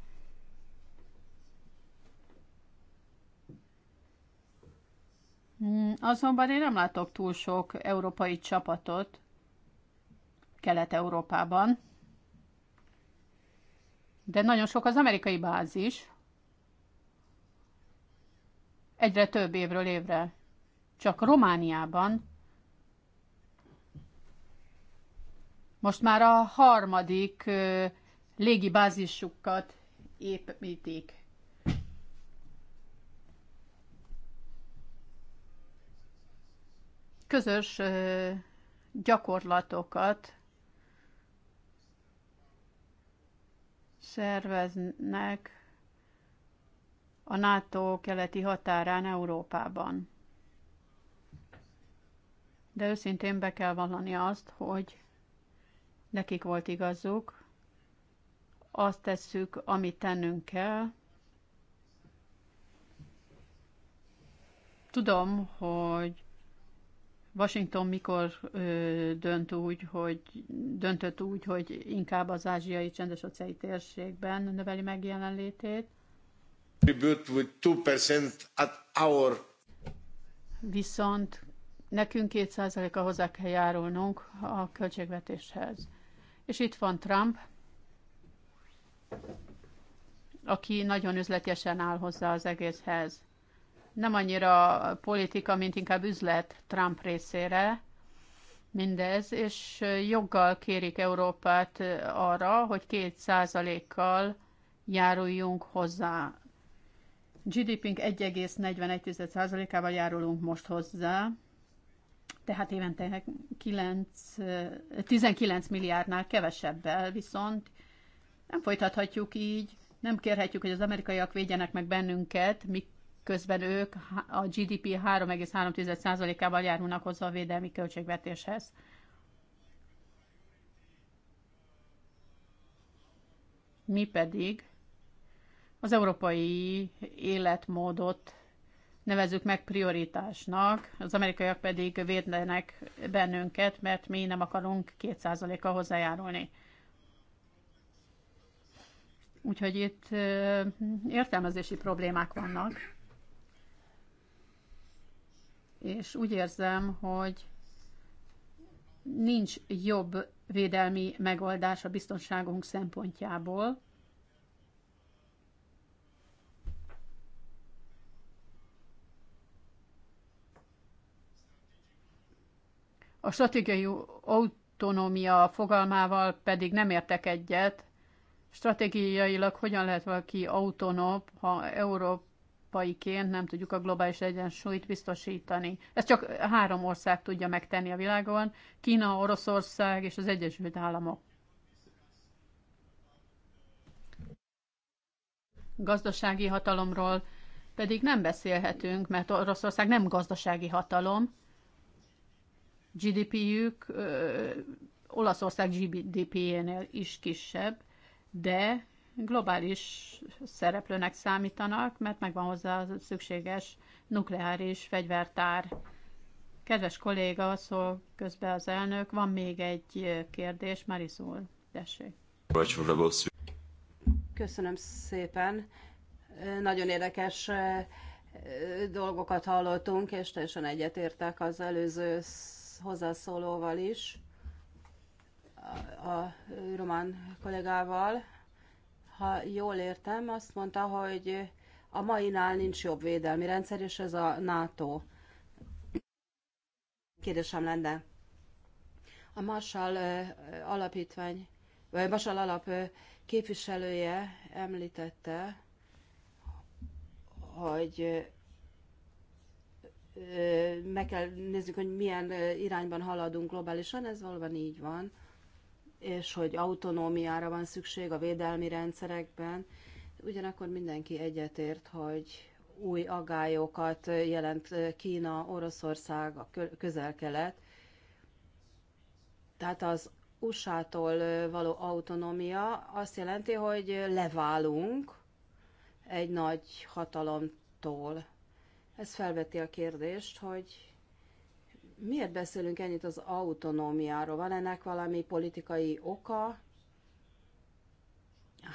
Hmm, azonban én nem látok túl sok európai csapatot Kelet-Európában, de nagyon sok az amerikai bázis. Egyre több évről évre. Csak Romániában most már a harmadik légibázisukat építik. közös gyakorlatokat szerveznek a NATO keleti határán Európában. De őszintén be kell vallani azt, hogy nekik volt igazuk, azt tesszük, amit tennünk kell. Tudom, hogy Washington mikor ö, dönt úgy, hogy, döntött úgy, hogy inkább az ázsiai csendes óceáni térségben növeli meg jelenlétét? Viszont nekünk 2%-a hozzá kell járulnunk a költségvetéshez. És itt van Trump, aki nagyon üzletesen áll hozzá az egészhez nem annyira politika, mint inkább üzlet Trump részére mindez, és joggal kérik Európát arra, hogy két százalékkal járuljunk hozzá. GDP-nk 141 százalékával járulunk most hozzá, tehát évente 9, 19 milliárdnál kevesebbel, viszont nem folytathatjuk így, nem kérhetjük, hogy az amerikaiak védjenek meg bennünket, mi közben ők a GDP 3,3%-ával járulnak hozzá a védelmi költségvetéshez. Mi pedig az európai életmódot nevezzük meg prioritásnak, az amerikaiak pedig védlenek bennünket, mert mi nem akarunk 2 a hozzájárulni. Úgyhogy itt értelmezési problémák vannak és úgy érzem, hogy nincs jobb védelmi megoldás a biztonságunk szempontjából. A stratégiai autonómia fogalmával pedig nem értek egyet. Stratégiailag hogyan lehet valaki autonóm, ha Európa európaiként nem tudjuk a globális egyensúlyt biztosítani. Ezt csak három ország tudja megtenni a világon, Kína, Oroszország és az Egyesült Államok. Gazdasági hatalomról pedig nem beszélhetünk, mert Oroszország nem gazdasági hatalom. GDP-jük Olaszország GDP-jénél is kisebb, de globális szereplőnek számítanak, mert megvan hozzá a szükséges nukleáris fegyvertár. Kedves kolléga, szól közben az elnök, van még egy kérdés, Marisol, tessék. Köszönöm szépen. Nagyon érdekes eh, dolgokat hallottunk, és teljesen egyetértek az előző hozzászólóval is, a román kollégával ha jól értem, azt mondta, hogy a mainál nincs jobb védelmi rendszer, és ez a NATO. Kérdésem lenne. A Marshall alapítvány, vagy Marshall alap képviselője említette, hogy meg kell nézzük, hogy milyen irányban haladunk globálisan, ez valóban így van és hogy autonómiára van szükség a védelmi rendszerekben. Ugyanakkor mindenki egyetért, hogy új agályokat jelent Kína, Oroszország, a közel-kelet. Tehát az USA-tól való autonómia azt jelenti, hogy leválunk egy nagy hatalomtól. Ez felveti a kérdést, hogy Miért beszélünk ennyit az autonómiáról? Van ennek valami politikai oka?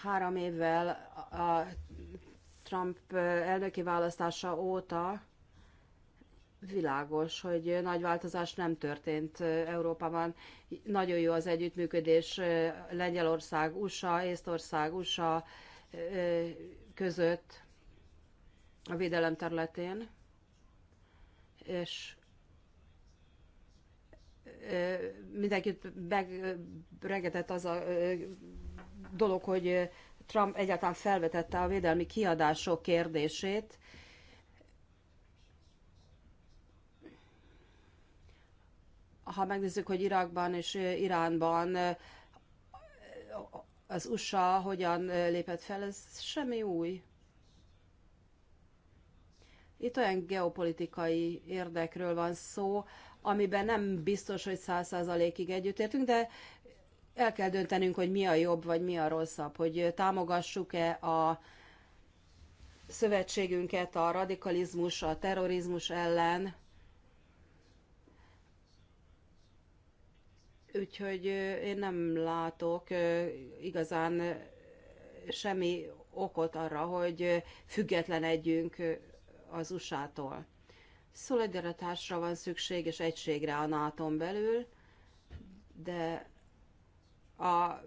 Három évvel a Trump elnöki választása óta világos, hogy nagy változás nem történt Európában. Nagyon jó az együttműködés Lengyelország, USA, Észtország, USA között a védelem területén, és mindenkit megregetett az a dolog, hogy Trump egyáltalán felvetette a védelmi kiadások kérdését. Ha megnézzük, hogy Irakban és Iránban az USA hogyan lépett fel, ez semmi új. Itt olyan geopolitikai érdekről van szó, amiben nem biztos, hogy száz százalékig együttértünk, de el kell döntenünk, hogy mi a jobb, vagy mi a rosszabb, hogy támogassuk-e a szövetségünket a radikalizmus, a terrorizmus ellen. Úgyhogy én nem látok igazán semmi okot arra, hogy függetlenedjünk az USA-tól. Szolidaritásra van szükség és egységre a nato belül, de a,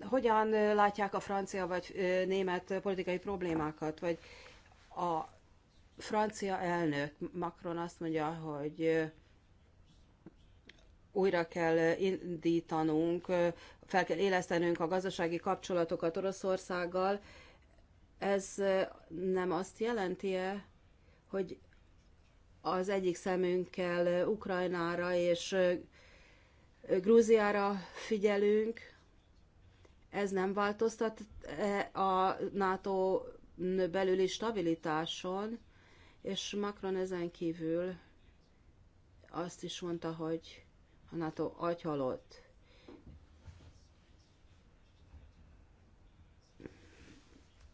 hogyan látják a francia vagy német politikai problémákat, vagy a francia elnök Macron azt mondja, hogy újra kell indítanunk, fel kell élesztenünk a gazdasági kapcsolatokat Oroszországgal. Ez nem azt jelenti -e, hogy az egyik szemünkkel Ukrajnára és Grúziára figyelünk. Ez nem változtat e, a NATO belüli stabilitáson, és Macron ezen kívül azt is mondta, hogy a NATO agyhalott.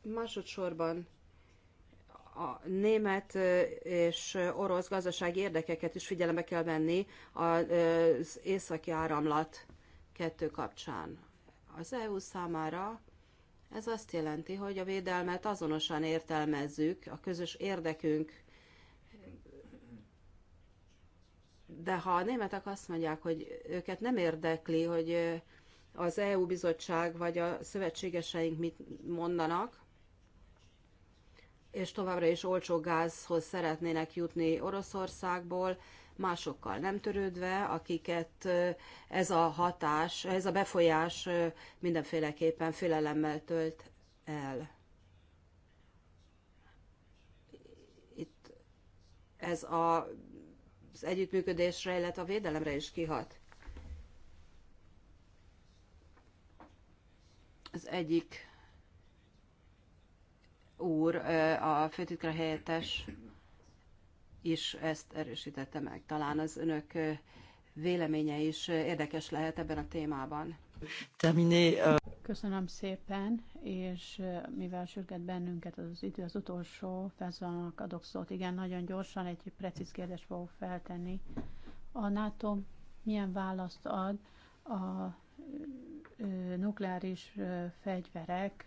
Másodszorban a német és orosz gazdasági érdekeket is figyelembe kell venni az északi áramlat kettő kapcsán. Az EU számára ez azt jelenti, hogy a védelmet azonosan értelmezzük, a közös érdekünk. De ha a németek azt mondják, hogy őket nem érdekli, hogy az EU bizottság vagy a szövetségeseink mit mondanak, és továbbra is olcsó gázhoz szeretnének jutni Oroszországból, másokkal nem törődve, akiket ez a hatás, ez a befolyás mindenféleképpen félelemmel tölt el. Itt ez a, az együttműködésre, illetve a védelemre is kihat. Az egyik úr, a főtitkár helyettes is ezt erősítette meg. Talán az önök véleménye is érdekes lehet ebben a témában. Terminé. Köszönöm szépen, és mivel sürget bennünket az idő, az utolsó felszólalnak adok szót. Igen, nagyon gyorsan egy precíz kérdést fogok feltenni. A NATO milyen választ ad a nukleáris fegyverek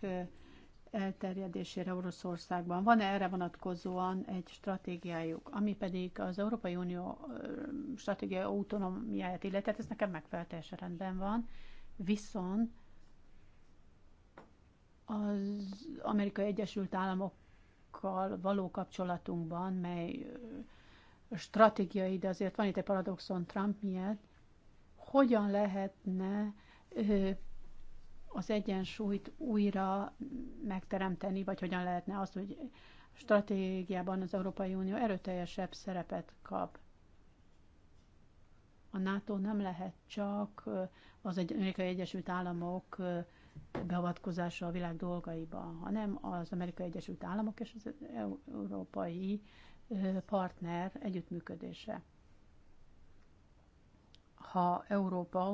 elterjedésére Oroszországban. Van-e erre vonatkozóan egy stratégiájuk, ami pedig az Európai Unió stratégiai autonómiáját illeti, hát ez nekem megfelelően rendben van, viszont az Amerikai Egyesült Államokkal való kapcsolatunkban, mely stratégiai, de azért van itt egy paradoxon Trump miatt, hogyan lehetne az egyensúlyt újra megteremteni, vagy hogyan lehetne azt, hogy stratégiában az Európai Unió erőteljesebb szerepet kap. A NATO nem lehet csak az Amerikai Egyesült Államok beavatkozása a világ dolgaiba, hanem az Amerikai Egyesült Államok és az európai partner együttműködése ha Európa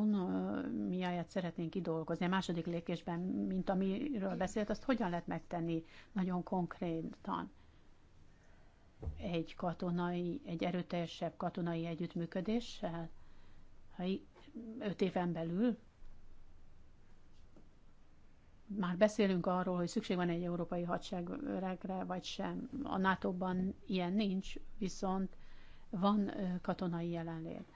miáját szeretnénk kidolgozni, a második lépésben, mint amiről beszélt, azt hogyan lehet megtenni nagyon konkrétan? Egy katonai, egy erőteljesebb katonai együttműködéssel? Ha öt éven belül? Már beszélünk arról, hogy szükség van egy európai hadseregre, vagy sem. A NATO-ban ilyen nincs, viszont van katonai jelenlét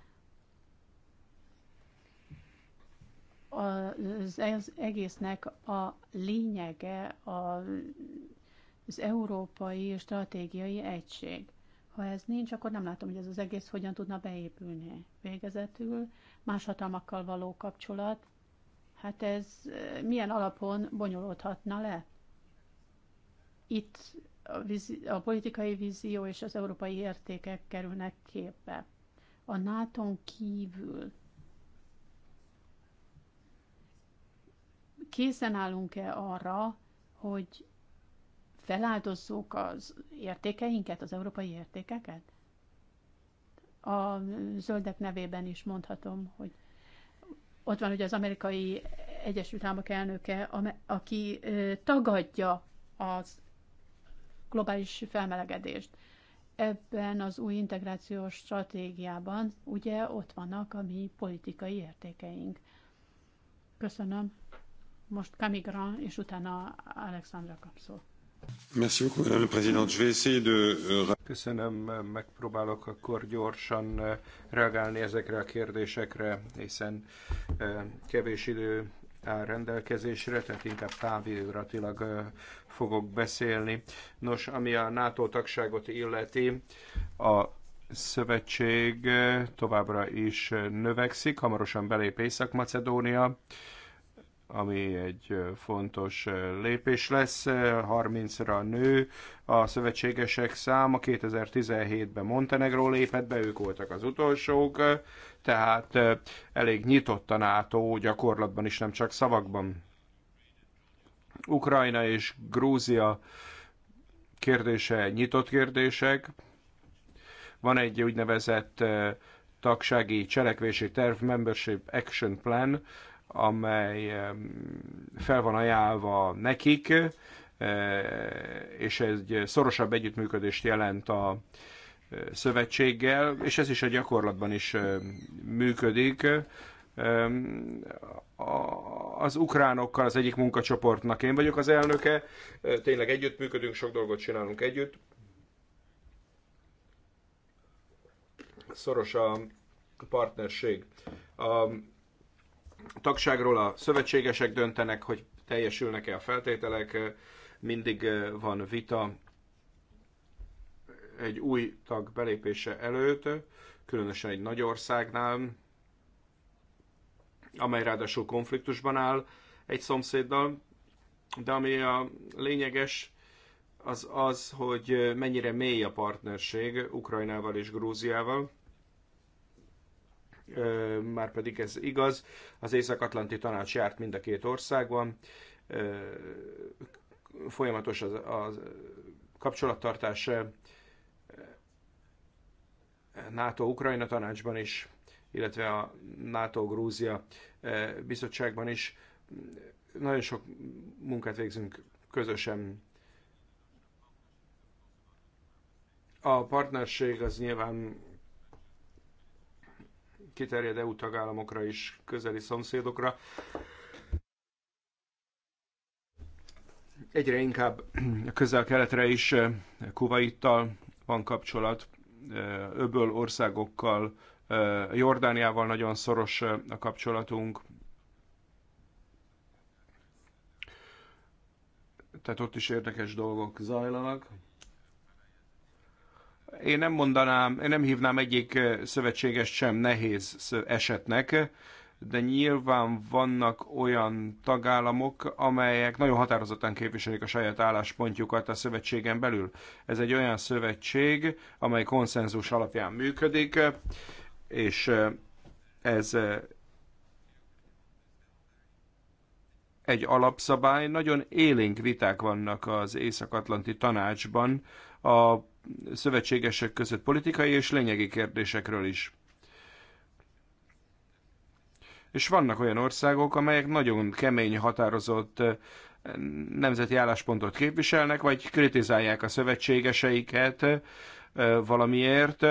az egésznek a lényege az európai stratégiai egység. Ha ez nincs, akkor nem látom, hogy ez az egész hogyan tudna beépülni. Végezetül más hatalmakkal való kapcsolat, hát ez eh, milyen alapon bonyolódhatna le? Itt a, vízi, a politikai vízió és az európai értékek kerülnek képbe. A nato kívül készen állunk-e arra, hogy feláldozzuk az értékeinket, az európai értékeket? A zöldek nevében is mondhatom, hogy ott van ugye az amerikai Egyesült Államok elnöke, aki tagadja az globális felmelegedést. Ebben az új integrációs stratégiában ugye ott vannak a mi politikai értékeink. Köszönöm. Most Camigran, és utána Alexandra kapszó. Euh, Köszönöm, megpróbálok akkor gyorsan eh, reagálni ezekre a kérdésekre, hiszen eh, kevés idő áll rendelkezésre, tehát inkább táviratilag eh, fogok beszélni. Nos, ami a NATO tagságot illeti, a szövetség továbbra is növekszik, hamarosan belép Észak-Macedónia, ami egy fontos lépés lesz. 30-ra nő a szövetségesek száma. 2017-ben Montenegró lépett be, ők voltak az utolsók, tehát elég nyitott a NATO gyakorlatban is, nem csak szavakban. Ukrajna és Grúzia kérdése nyitott kérdések. Van egy úgynevezett tagsági cselekvési terv, Membership Action Plan, amely fel van ajánlva nekik, eh, és egy szorosabb együttműködést jelent a eh, szövetséggel, és ez is a gyakorlatban is eh, működik. Az ukránokkal az egyik munkacsoportnak én vagyok az elnöke, tényleg együttműködünk, sok dolgot csinálunk együtt. Szoros a partnerség. A tagságról a szövetségesek döntenek, hogy teljesülnek-e a feltételek, mindig eh, van vita egy új tag belépése előtt, különösen egy nagy országnál, amely ráadásul konfliktusban áll egy szomszéddal, de ami a lényeges, az az, hogy mennyire mély a partnerség Ukrajnával és Grúziával már pedig ez igaz. Az Észak-Atlanti Tanács járt mind a két országban, folyamatos az, az kapcsolattartás NATO-Ukrajna tanácsban is, illetve a NATO-Grúzia bizottságban is. Nagyon sok munkát végzünk közösen. A partnerség az nyilván kiterjed EU tagállamokra és közeli szomszédokra. Egyre inkább a közel-keletre is eh, Kuwaittal van kapcsolat, eh, öböl országokkal, eh, Jordániával nagyon szoros a kapcsolatunk. Tehát ott is érdekes dolgok zajlanak. Én nem mondanám, én nem hívnám egyik szövetséges sem nehéz esetnek, de nyilván vannak olyan tagállamok, amelyek nagyon határozottan képviselik a saját álláspontjukat a szövetségen belül. Ez egy olyan szövetség, amely konszenzus alapján működik, és ez egy alapszabály. Nagyon élénk viták vannak az Észak-Atlanti Tanácsban a szövetségesek között politikai és lényegi kérdésekről is. És vannak olyan országok, amelyek nagyon kemény, határozott eh, nemzeti álláspontot képviselnek, vagy kritizálják a szövetségeseiket eh, valamiért.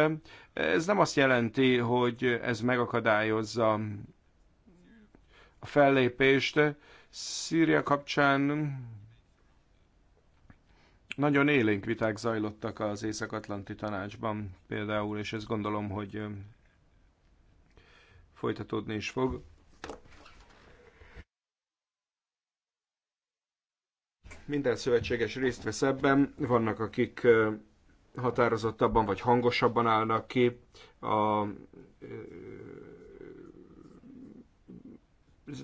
Ez nem azt jelenti, hogy ez megakadályozza a fellépést. Szíria kapcsán nagyon élénk viták zajlottak az Észak-Atlanti Tanácsban például, és ezt gondolom, hogy folytatódni is fog. Minden szövetséges részt vesz ebben, vannak akik határozottabban vagy hangosabban állnak ki a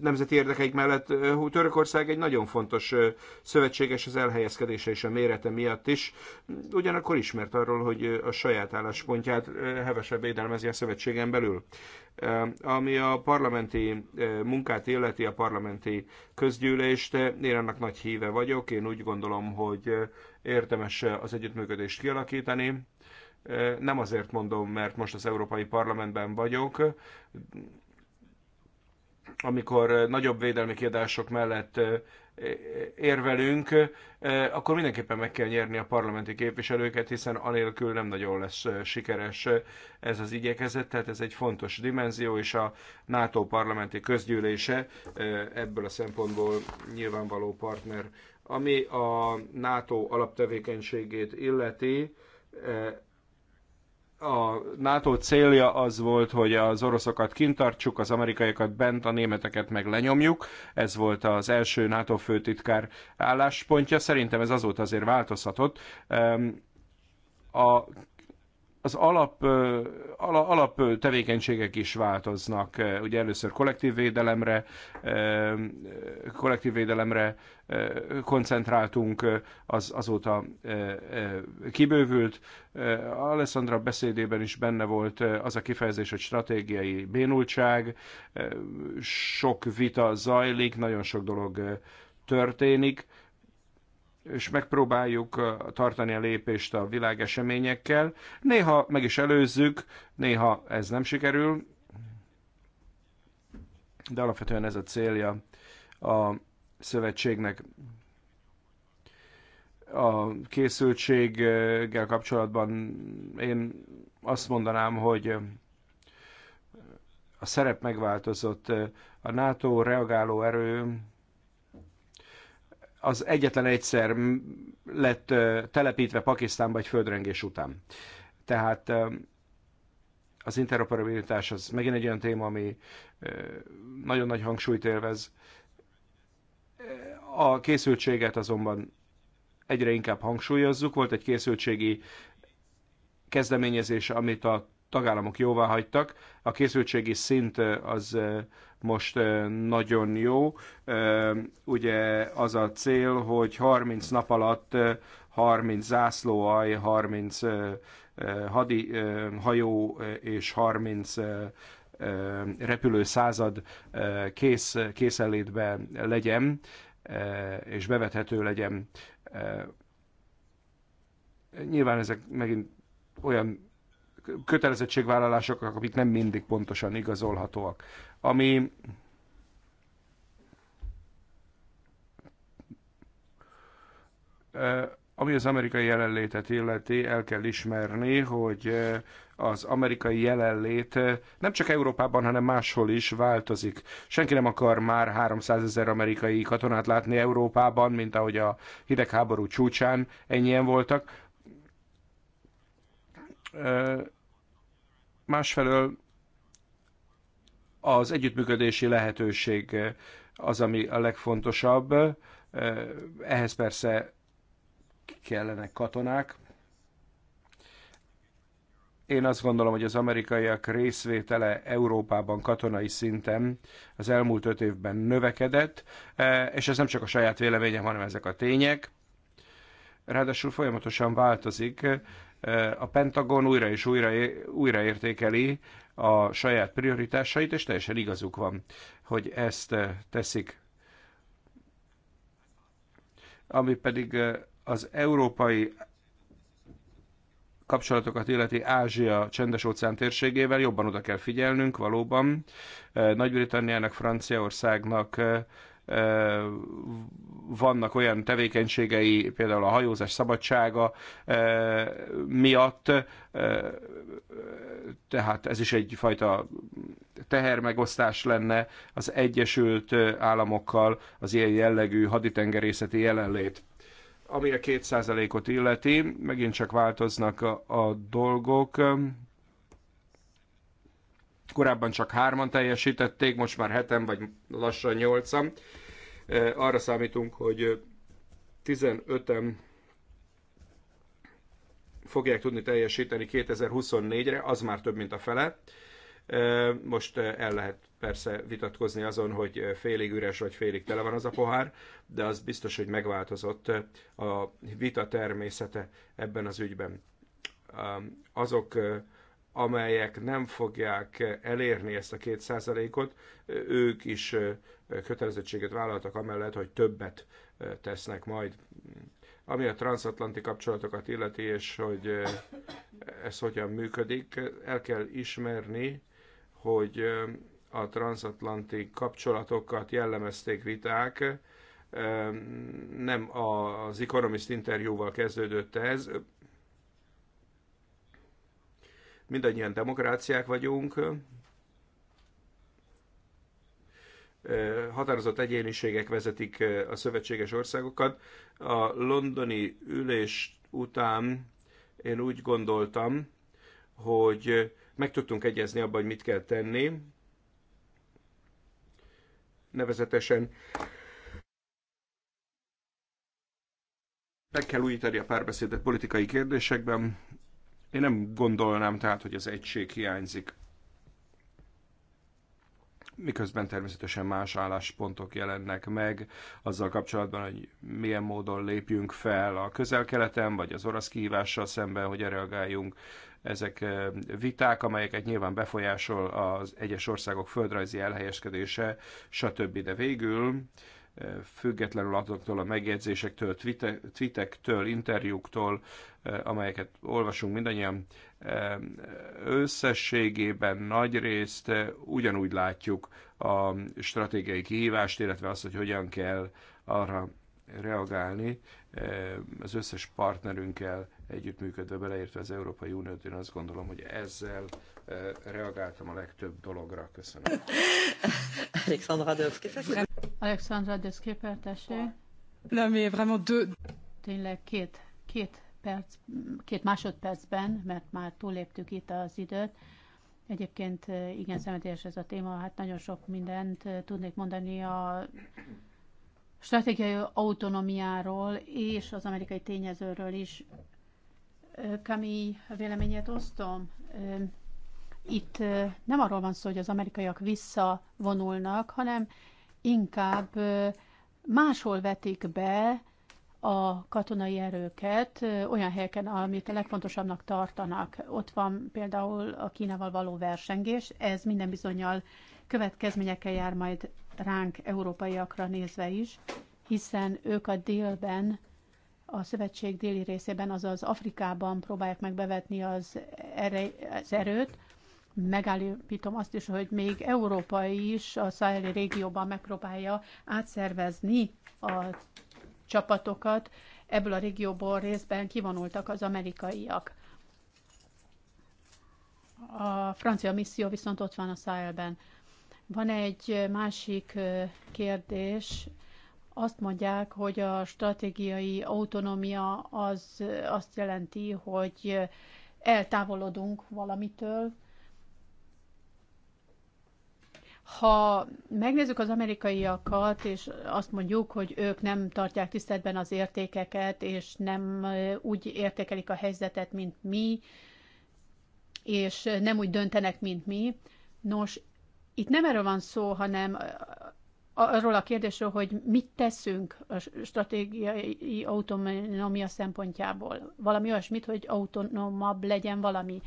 nemzeti érdekeik mellett Törökország egy nagyon fontos szövetséges az elhelyezkedése és a mérete miatt is. Ugyanakkor ismert arról, hogy a saját álláspontját hevesebb védelmezi a szövetségen belül. Ami a parlamenti munkát illeti, a parlamenti közgyűlést, én annak nagy híve vagyok. Én úgy gondolom, hogy érdemes az együttműködést kialakítani. Nem azért mondom, mert most az Európai Parlamentben vagyok, amikor nagyobb védelmi kiadások mellett érvelünk, akkor mindenképpen meg kell nyerni a parlamenti képviselőket, hiszen anélkül nem nagyon lesz sikeres ez az igyekezet, tehát ez egy fontos dimenzió, és a NATO parlamenti közgyűlése ebből a szempontból nyilvánvaló partner. Ami a NATO alaptevékenységét illeti, a NATO célja az volt, hogy az oroszokat kintartsuk, az amerikaiakat bent, a németeket meg lenyomjuk. Ez volt az első NATO főtitkár álláspontja. Szerintem ez azóta azért változhatott. A az alap, ala, alap tevékenységek is változnak. Ugye először kollektív védelemre, kollektív védelemre koncentráltunk, az, azóta kibővült. Alessandra beszédében is benne volt az a kifejezés, hogy stratégiai bénultság, sok vita zajlik, nagyon sok dolog történik és megpróbáljuk tartani a lépést a világ eseményekkel. Néha meg is előzzük, néha ez nem sikerül, de alapvetően ez a célja a szövetségnek. A készültséggel kapcsolatban én azt mondanám, hogy a szerep megváltozott. A NATO reagáló erő az egyetlen egyszer lett telepítve Pakisztánba egy földrengés után. Tehát az interoperabilitás az megint egy olyan téma, ami nagyon nagy hangsúlyt élvez. A készültséget azonban egyre inkább hangsúlyozzuk. Volt egy készültségi kezdeményezés, amit a tagállamok jóvá hagytak. A készültségi szint az most eh, nagyon jó. Eh, ugye az a cél, hogy 30 nap alatt 30 zászlóaj, 30 hadi eh, hajó és 30 repülő század kész, készenlétben legyen, és bevethető legyen. Nyilván ezek megint olyan kötelezettségvállalások, amik nem mindig pontosan igazolhatóak ami eh, ami az amerikai jelenlétet illeti, el kell ismerni, hogy eh, az amerikai jelenlét eh, nem csak Európában, hanem máshol is változik. Senki nem akar már 300 ezer amerikai katonát látni Európában, mint ahogy a hidegháború csúcsán ennyien voltak. Másfelől az együttműködési lehetőség az, ami a legfontosabb. Ehhez persze kellenek katonák. Én azt gondolom, hogy az amerikaiak részvétele Európában katonai szinten az elmúlt öt évben növekedett, és ez nem csak a saját véleményem, hanem ezek a tények. Ráadásul folyamatosan változik. A Pentagon újra és újra, újra értékeli a saját prioritásait, és teljesen igazuk van, hogy ezt eh, teszik. Ami pedig eh, az európai kapcsolatokat illeti Ázsia csendes óceán térségével jobban oda kell figyelnünk valóban. Eh, Nagy-Britanniának, Franciaországnak, vannak olyan tevékenységei, például a hajózás szabadsága miatt, tehát ez is egyfajta tehermegosztás lenne az Egyesült Államokkal az ilyen jellegű haditengerészeti jelenlét. Ami a kétszázalékot illeti, megint csak változnak a, a dolgok. Korábban csak hárman teljesítették, most már heten vagy lassan nyolcan. Arra számítunk, hogy 15-en fogják tudni teljesíteni 2024-re, az már több, mint a fele. Most el lehet persze vitatkozni azon, hogy félig üres vagy félig tele van az a pohár, de az biztos, hogy megváltozott a vita természete ebben az ügyben. Azok, amelyek nem fogják elérni ezt a két százalékot, ők is kötelezettséget vállaltak amellett, hogy többet tesznek majd. Ami a transatlanti kapcsolatokat illeti, és hogy ez hogyan működik, el kell ismerni, hogy a transatlanti kapcsolatokat jellemezték viták, nem az Economist interjúval kezdődött ez, mindannyian demokráciák vagyunk, határozott egyéniségek vezetik a szövetséges országokat. A londoni ülés után én úgy gondoltam, hogy meg tudtunk egyezni abban, hogy mit kell tenni. Nevezetesen meg kell újítani a párbeszédet politikai kérdésekben. Én nem gondolnám tehát, hogy az egység hiányzik miközben természetesen más álláspontok jelennek meg azzal kapcsolatban, hogy milyen módon lépjünk fel a közel-keleten, vagy az orosz kihívással szemben, hogy reagáljunk. Ezek viták, amelyeket nyilván befolyásol az egyes országok földrajzi elhelyezkedése, stb. De végül függetlenül azoktól a megjegyzésektől, tweetektől, interjúktól, eh, amelyeket olvasunk mindannyian, eh, összességében nagy részt eh, ugyanúgy látjuk a stratégiai kihívást, illetve azt, hogy hogyan kell arra reagálni az összes partnerünkkel együttműködve, beleértve az Európai Uniót, én azt gondolom, hogy ezzel reagáltam a legtöbb dologra. Köszönöm. Alexandra Dövke. Alexandra Deszképer, tessék. Nem, vraiment deux. Tényleg két, két perc, két másodpercben, mert már túléptük itt az időt. Egyébként igen szemetélyes ez a téma, hát nagyon sok mindent tudnék mondani a stratégiai autonomiáról és az amerikai tényezőről is. Kami véleményét osztom. Itt nem arról van szó, hogy az amerikaiak visszavonulnak, hanem inkább máshol vetik be a katonai erőket olyan helyeken, amit a legfontosabbnak tartanak. Ott van például a Kínával való versengés, ez minden bizonyal következményekkel jár majd ránk európaiakra nézve is, hiszen ők a délben, a szövetség déli részében, azaz Afrikában próbálják meg bevetni az, erő, az erőt, megállapítom azt is, hogy még Európa is a Szájeli régióban megpróbálja átszervezni a csapatokat. Ebből a régióból részben kivonultak az amerikaiak. A francia misszió viszont ott van a Szájelben. Van egy másik kérdés, azt mondják, hogy a stratégiai autonómia az azt jelenti, hogy eltávolodunk valamitől, ha megnézzük az amerikaiakat, és azt mondjuk, hogy ők nem tartják tiszteletben az értékeket, és nem úgy értékelik a helyzetet, mint mi, és nem úgy döntenek, mint mi. Nos, itt nem erről van szó, hanem arról a kérdésről, hogy mit teszünk a stratégiai autonómia szempontjából. Valami olyasmit, hogy autonómabb legyen valami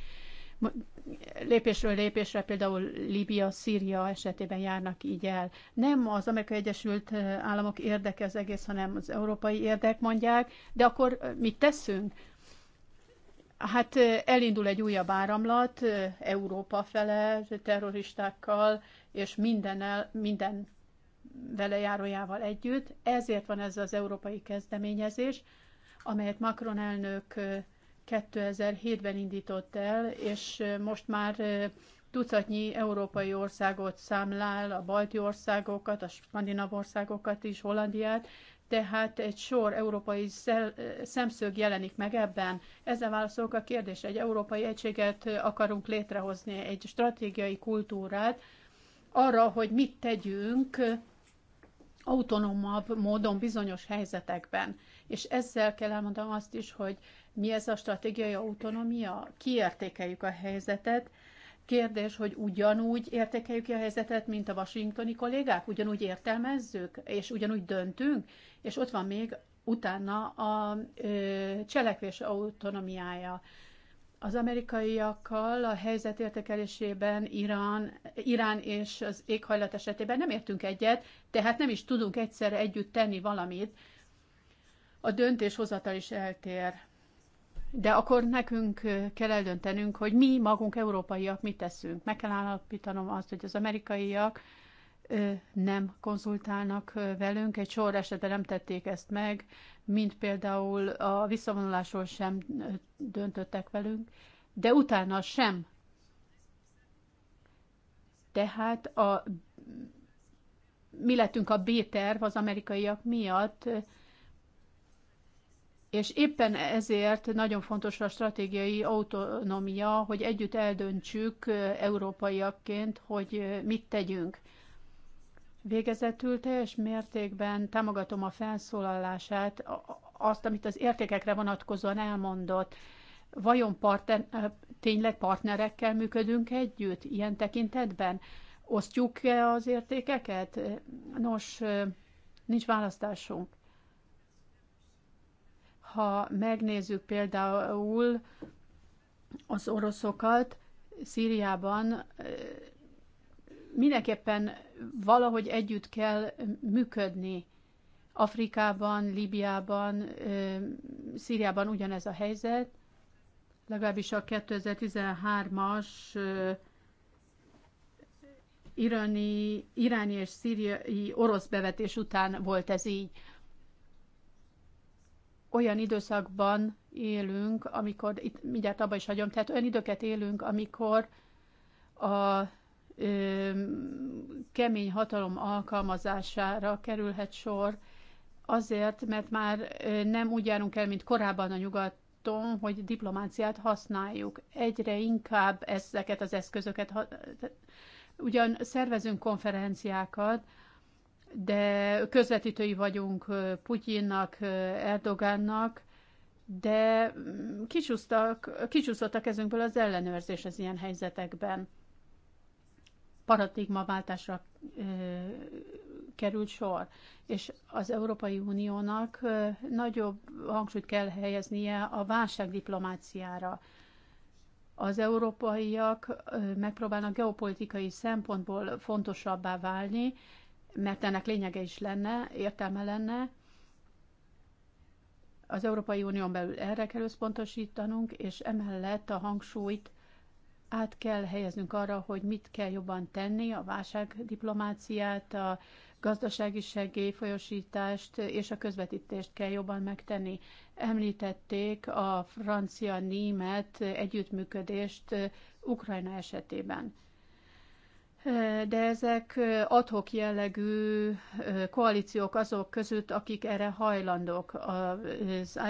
lépésről lépésre, például Líbia, Szíria esetében járnak így el. Nem az Amerikai Egyesült Államok érdeke az egész, hanem az európai érdek mondják, de akkor mit teszünk? Hát elindul egy újabb áramlat Európa fele, terroristákkal és el, minden vele járójával együtt. Ezért van ez az európai kezdeményezés, amelyet Macron elnök 2007-ben indított el, és most már tucatnyi európai országot számlál, a balti országokat, a skandináv országokat is, Hollandiát, tehát egy sor európai szemszög jelenik meg ebben. Ezzel válaszolok a kérdésre. Egy európai egységet akarunk létrehozni, egy stratégiai kultúrát arra, hogy mit tegyünk autonómabb módon bizonyos helyzetekben. És ezzel kell elmondanom azt is, hogy mi ez a stratégiai autonómia? Kiértékeljük a helyzetet. Kérdés, hogy ugyanúgy értékeljük a helyzetet, mint a washingtoni kollégák? Ugyanúgy értelmezzük, és ugyanúgy döntünk? És ott van még utána a ö, cselekvés autonomiája. Az amerikaiakkal a helyzet értékelésében Irán, Irán és az éghajlat esetében nem értünk egyet, tehát nem is tudunk egyszerre együtt tenni valamit. A döntéshozatal is eltér. De akkor nekünk kell eldöntenünk, hogy mi magunk európaiak mit teszünk. Meg kell állapítanom azt, hogy az amerikaiak nem konzultálnak velünk, egy sor esetben nem tették ezt meg, mint például a visszavonulásról sem döntöttek velünk, de utána sem. Tehát a, mi lettünk a B-terv az amerikaiak miatt, és éppen ezért nagyon fontos a stratégiai autonómia, hogy együtt eldöntsük európaiakként, hogy mit tegyünk. Végezetül teljes mértékben támogatom a felszólalását, azt, amit az értékekre vonatkozóan elmondott. Vajon partner, tényleg partnerekkel működünk együtt ilyen tekintetben? Osztjuk-e az értékeket? Nos, nincs választásunk. Ha megnézzük például az oroszokat Szíriában, mindenképpen valahogy együtt kell működni. Afrikában, Líbiában, Szíriában ugyanez a helyzet, legalábbis a 2013-as iráni, iráni és szíriai orosz bevetés után volt ez így olyan időszakban élünk, amikor, itt mindjárt abba is hagyom, tehát olyan időket élünk, amikor a ö, kemény hatalom alkalmazására kerülhet sor, azért, mert már nem úgy járunk el, mint korábban a nyugaton, hogy diplomáciát használjuk. Egyre inkább ezeket az eszközöket, ugyan szervezünk konferenciákat, de közvetítői vagyunk Putyinnak, Erdogánnak, de mm, kicsúszott a kezünkből az ellenőrzés az ilyen helyzetekben. Paradigmaváltásra ö, került sor, és az Európai Uniónak ö, nagyobb hangsúlyt kell helyeznie a válságdiplomáciára. Az európaiak ö, megpróbálnak geopolitikai szempontból fontosabbá válni, mert ennek lényege is lenne, értelme lenne. Az Európai Unión belül erre kell összpontosítanunk, és emellett a hangsúlyt át kell helyeznünk arra, hogy mit kell jobban tenni, a válságdiplomáciát, a gazdasági segélyfolyosítást és a közvetítést kell jobban megtenni. Említették a francia-német együttműködést Ukrajna esetében de ezek adhok jellegű koalíciók azok között, akik erre hajlandók az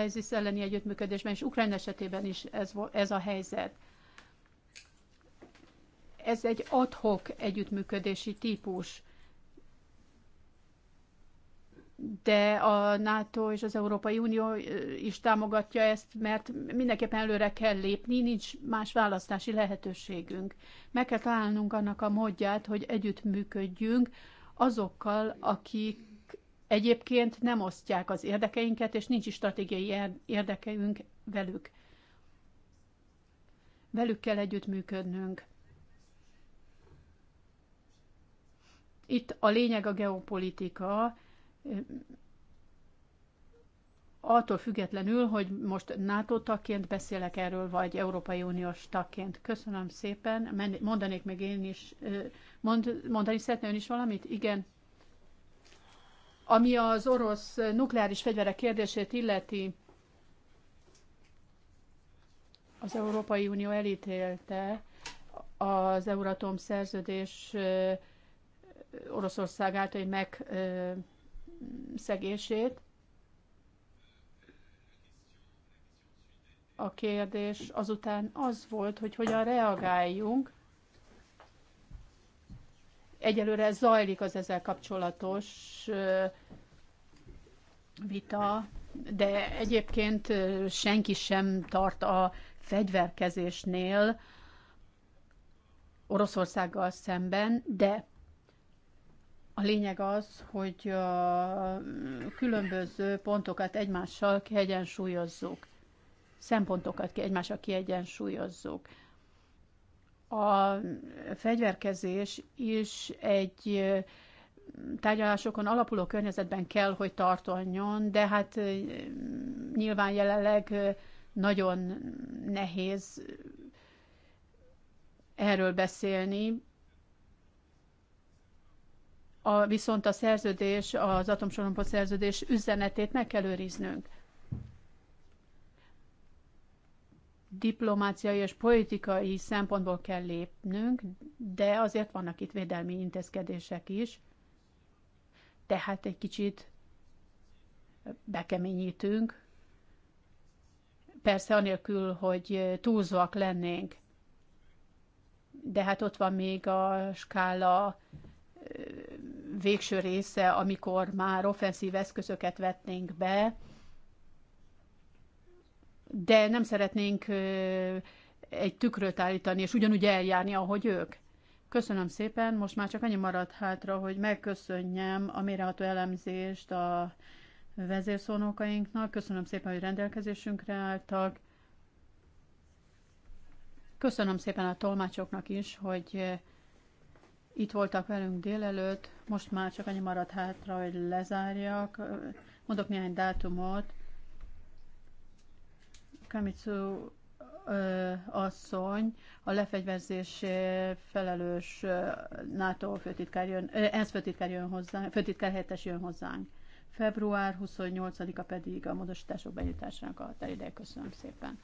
ISIS elleni együttműködésben, és Ukrajna esetében is ez, ez a helyzet. Ez egy adhok együttműködési típus de a NATO és az Európai Unió is támogatja ezt, mert mindenképpen előre kell lépni, nincs más választási lehetőségünk. Meg kell találnunk annak a módját, hogy együttműködjünk azokkal, akik egyébként nem osztják az érdekeinket, és nincs is stratégiai érdekeünk velük. Velük kell együttműködnünk. Itt a lényeg a geopolitika, attól függetlenül, hogy most NATO tagként beszélek erről, vagy Európai Uniós tagként. Köszönöm szépen. Mondanék meg én is. Mond, mondani szeretne ön is valamit? Igen. Ami az orosz nukleáris fegyverek kérdését illeti, az Európai Unió elítélte az Euratom szerződés Oroszország által, hogy meg szegését. A kérdés azután az volt, hogy hogyan reagáljunk. Egyelőre zajlik az ezzel kapcsolatos vita, de egyébként senki sem tart a fegyverkezésnél Oroszországgal szemben, de a lényeg az, hogy a különböző pontokat egymással kiegyensúlyozzuk, szempontokat egymással kiegyensúlyozzuk. A fegyverkezés is egy tárgyalásokon alapuló környezetben kell, hogy tartonjon, de hát nyilván jelenleg nagyon nehéz erről beszélni, a, viszont a szerződés, az atomsorompó szerződés üzenetét meg kell őriznünk. Diplomáciai és politikai szempontból kell lépnünk, de azért vannak itt védelmi intézkedések is, tehát egy kicsit bekeményítünk, persze anélkül, hogy túlzóak lennénk. De hát ott van még a skála végső része, amikor már offenszív eszközöket vetnénk be, de nem szeretnénk egy tükröt állítani, és ugyanúgy eljárni, ahogy ők. Köszönöm szépen, most már csak annyi maradt hátra, hogy megköszönjem a méreható elemzést a vezérszónokainknak. Köszönöm szépen, hogy rendelkezésünkre álltak. Köszönöm szépen a tolmácsoknak is, hogy itt voltak velünk délelőtt, most már csak annyi maradt hátra, hogy lezárjak. Mondok néhány dátumot. Kamitsu asszony, a lefegyverzés felelős NATO főtitkár jön, ENSZ főtitkár jön hozzánk, főtitkár helyettes jön hozzánk. Február 28-a pedig a módosítások benyújtásának a határideje. Köszönöm szépen.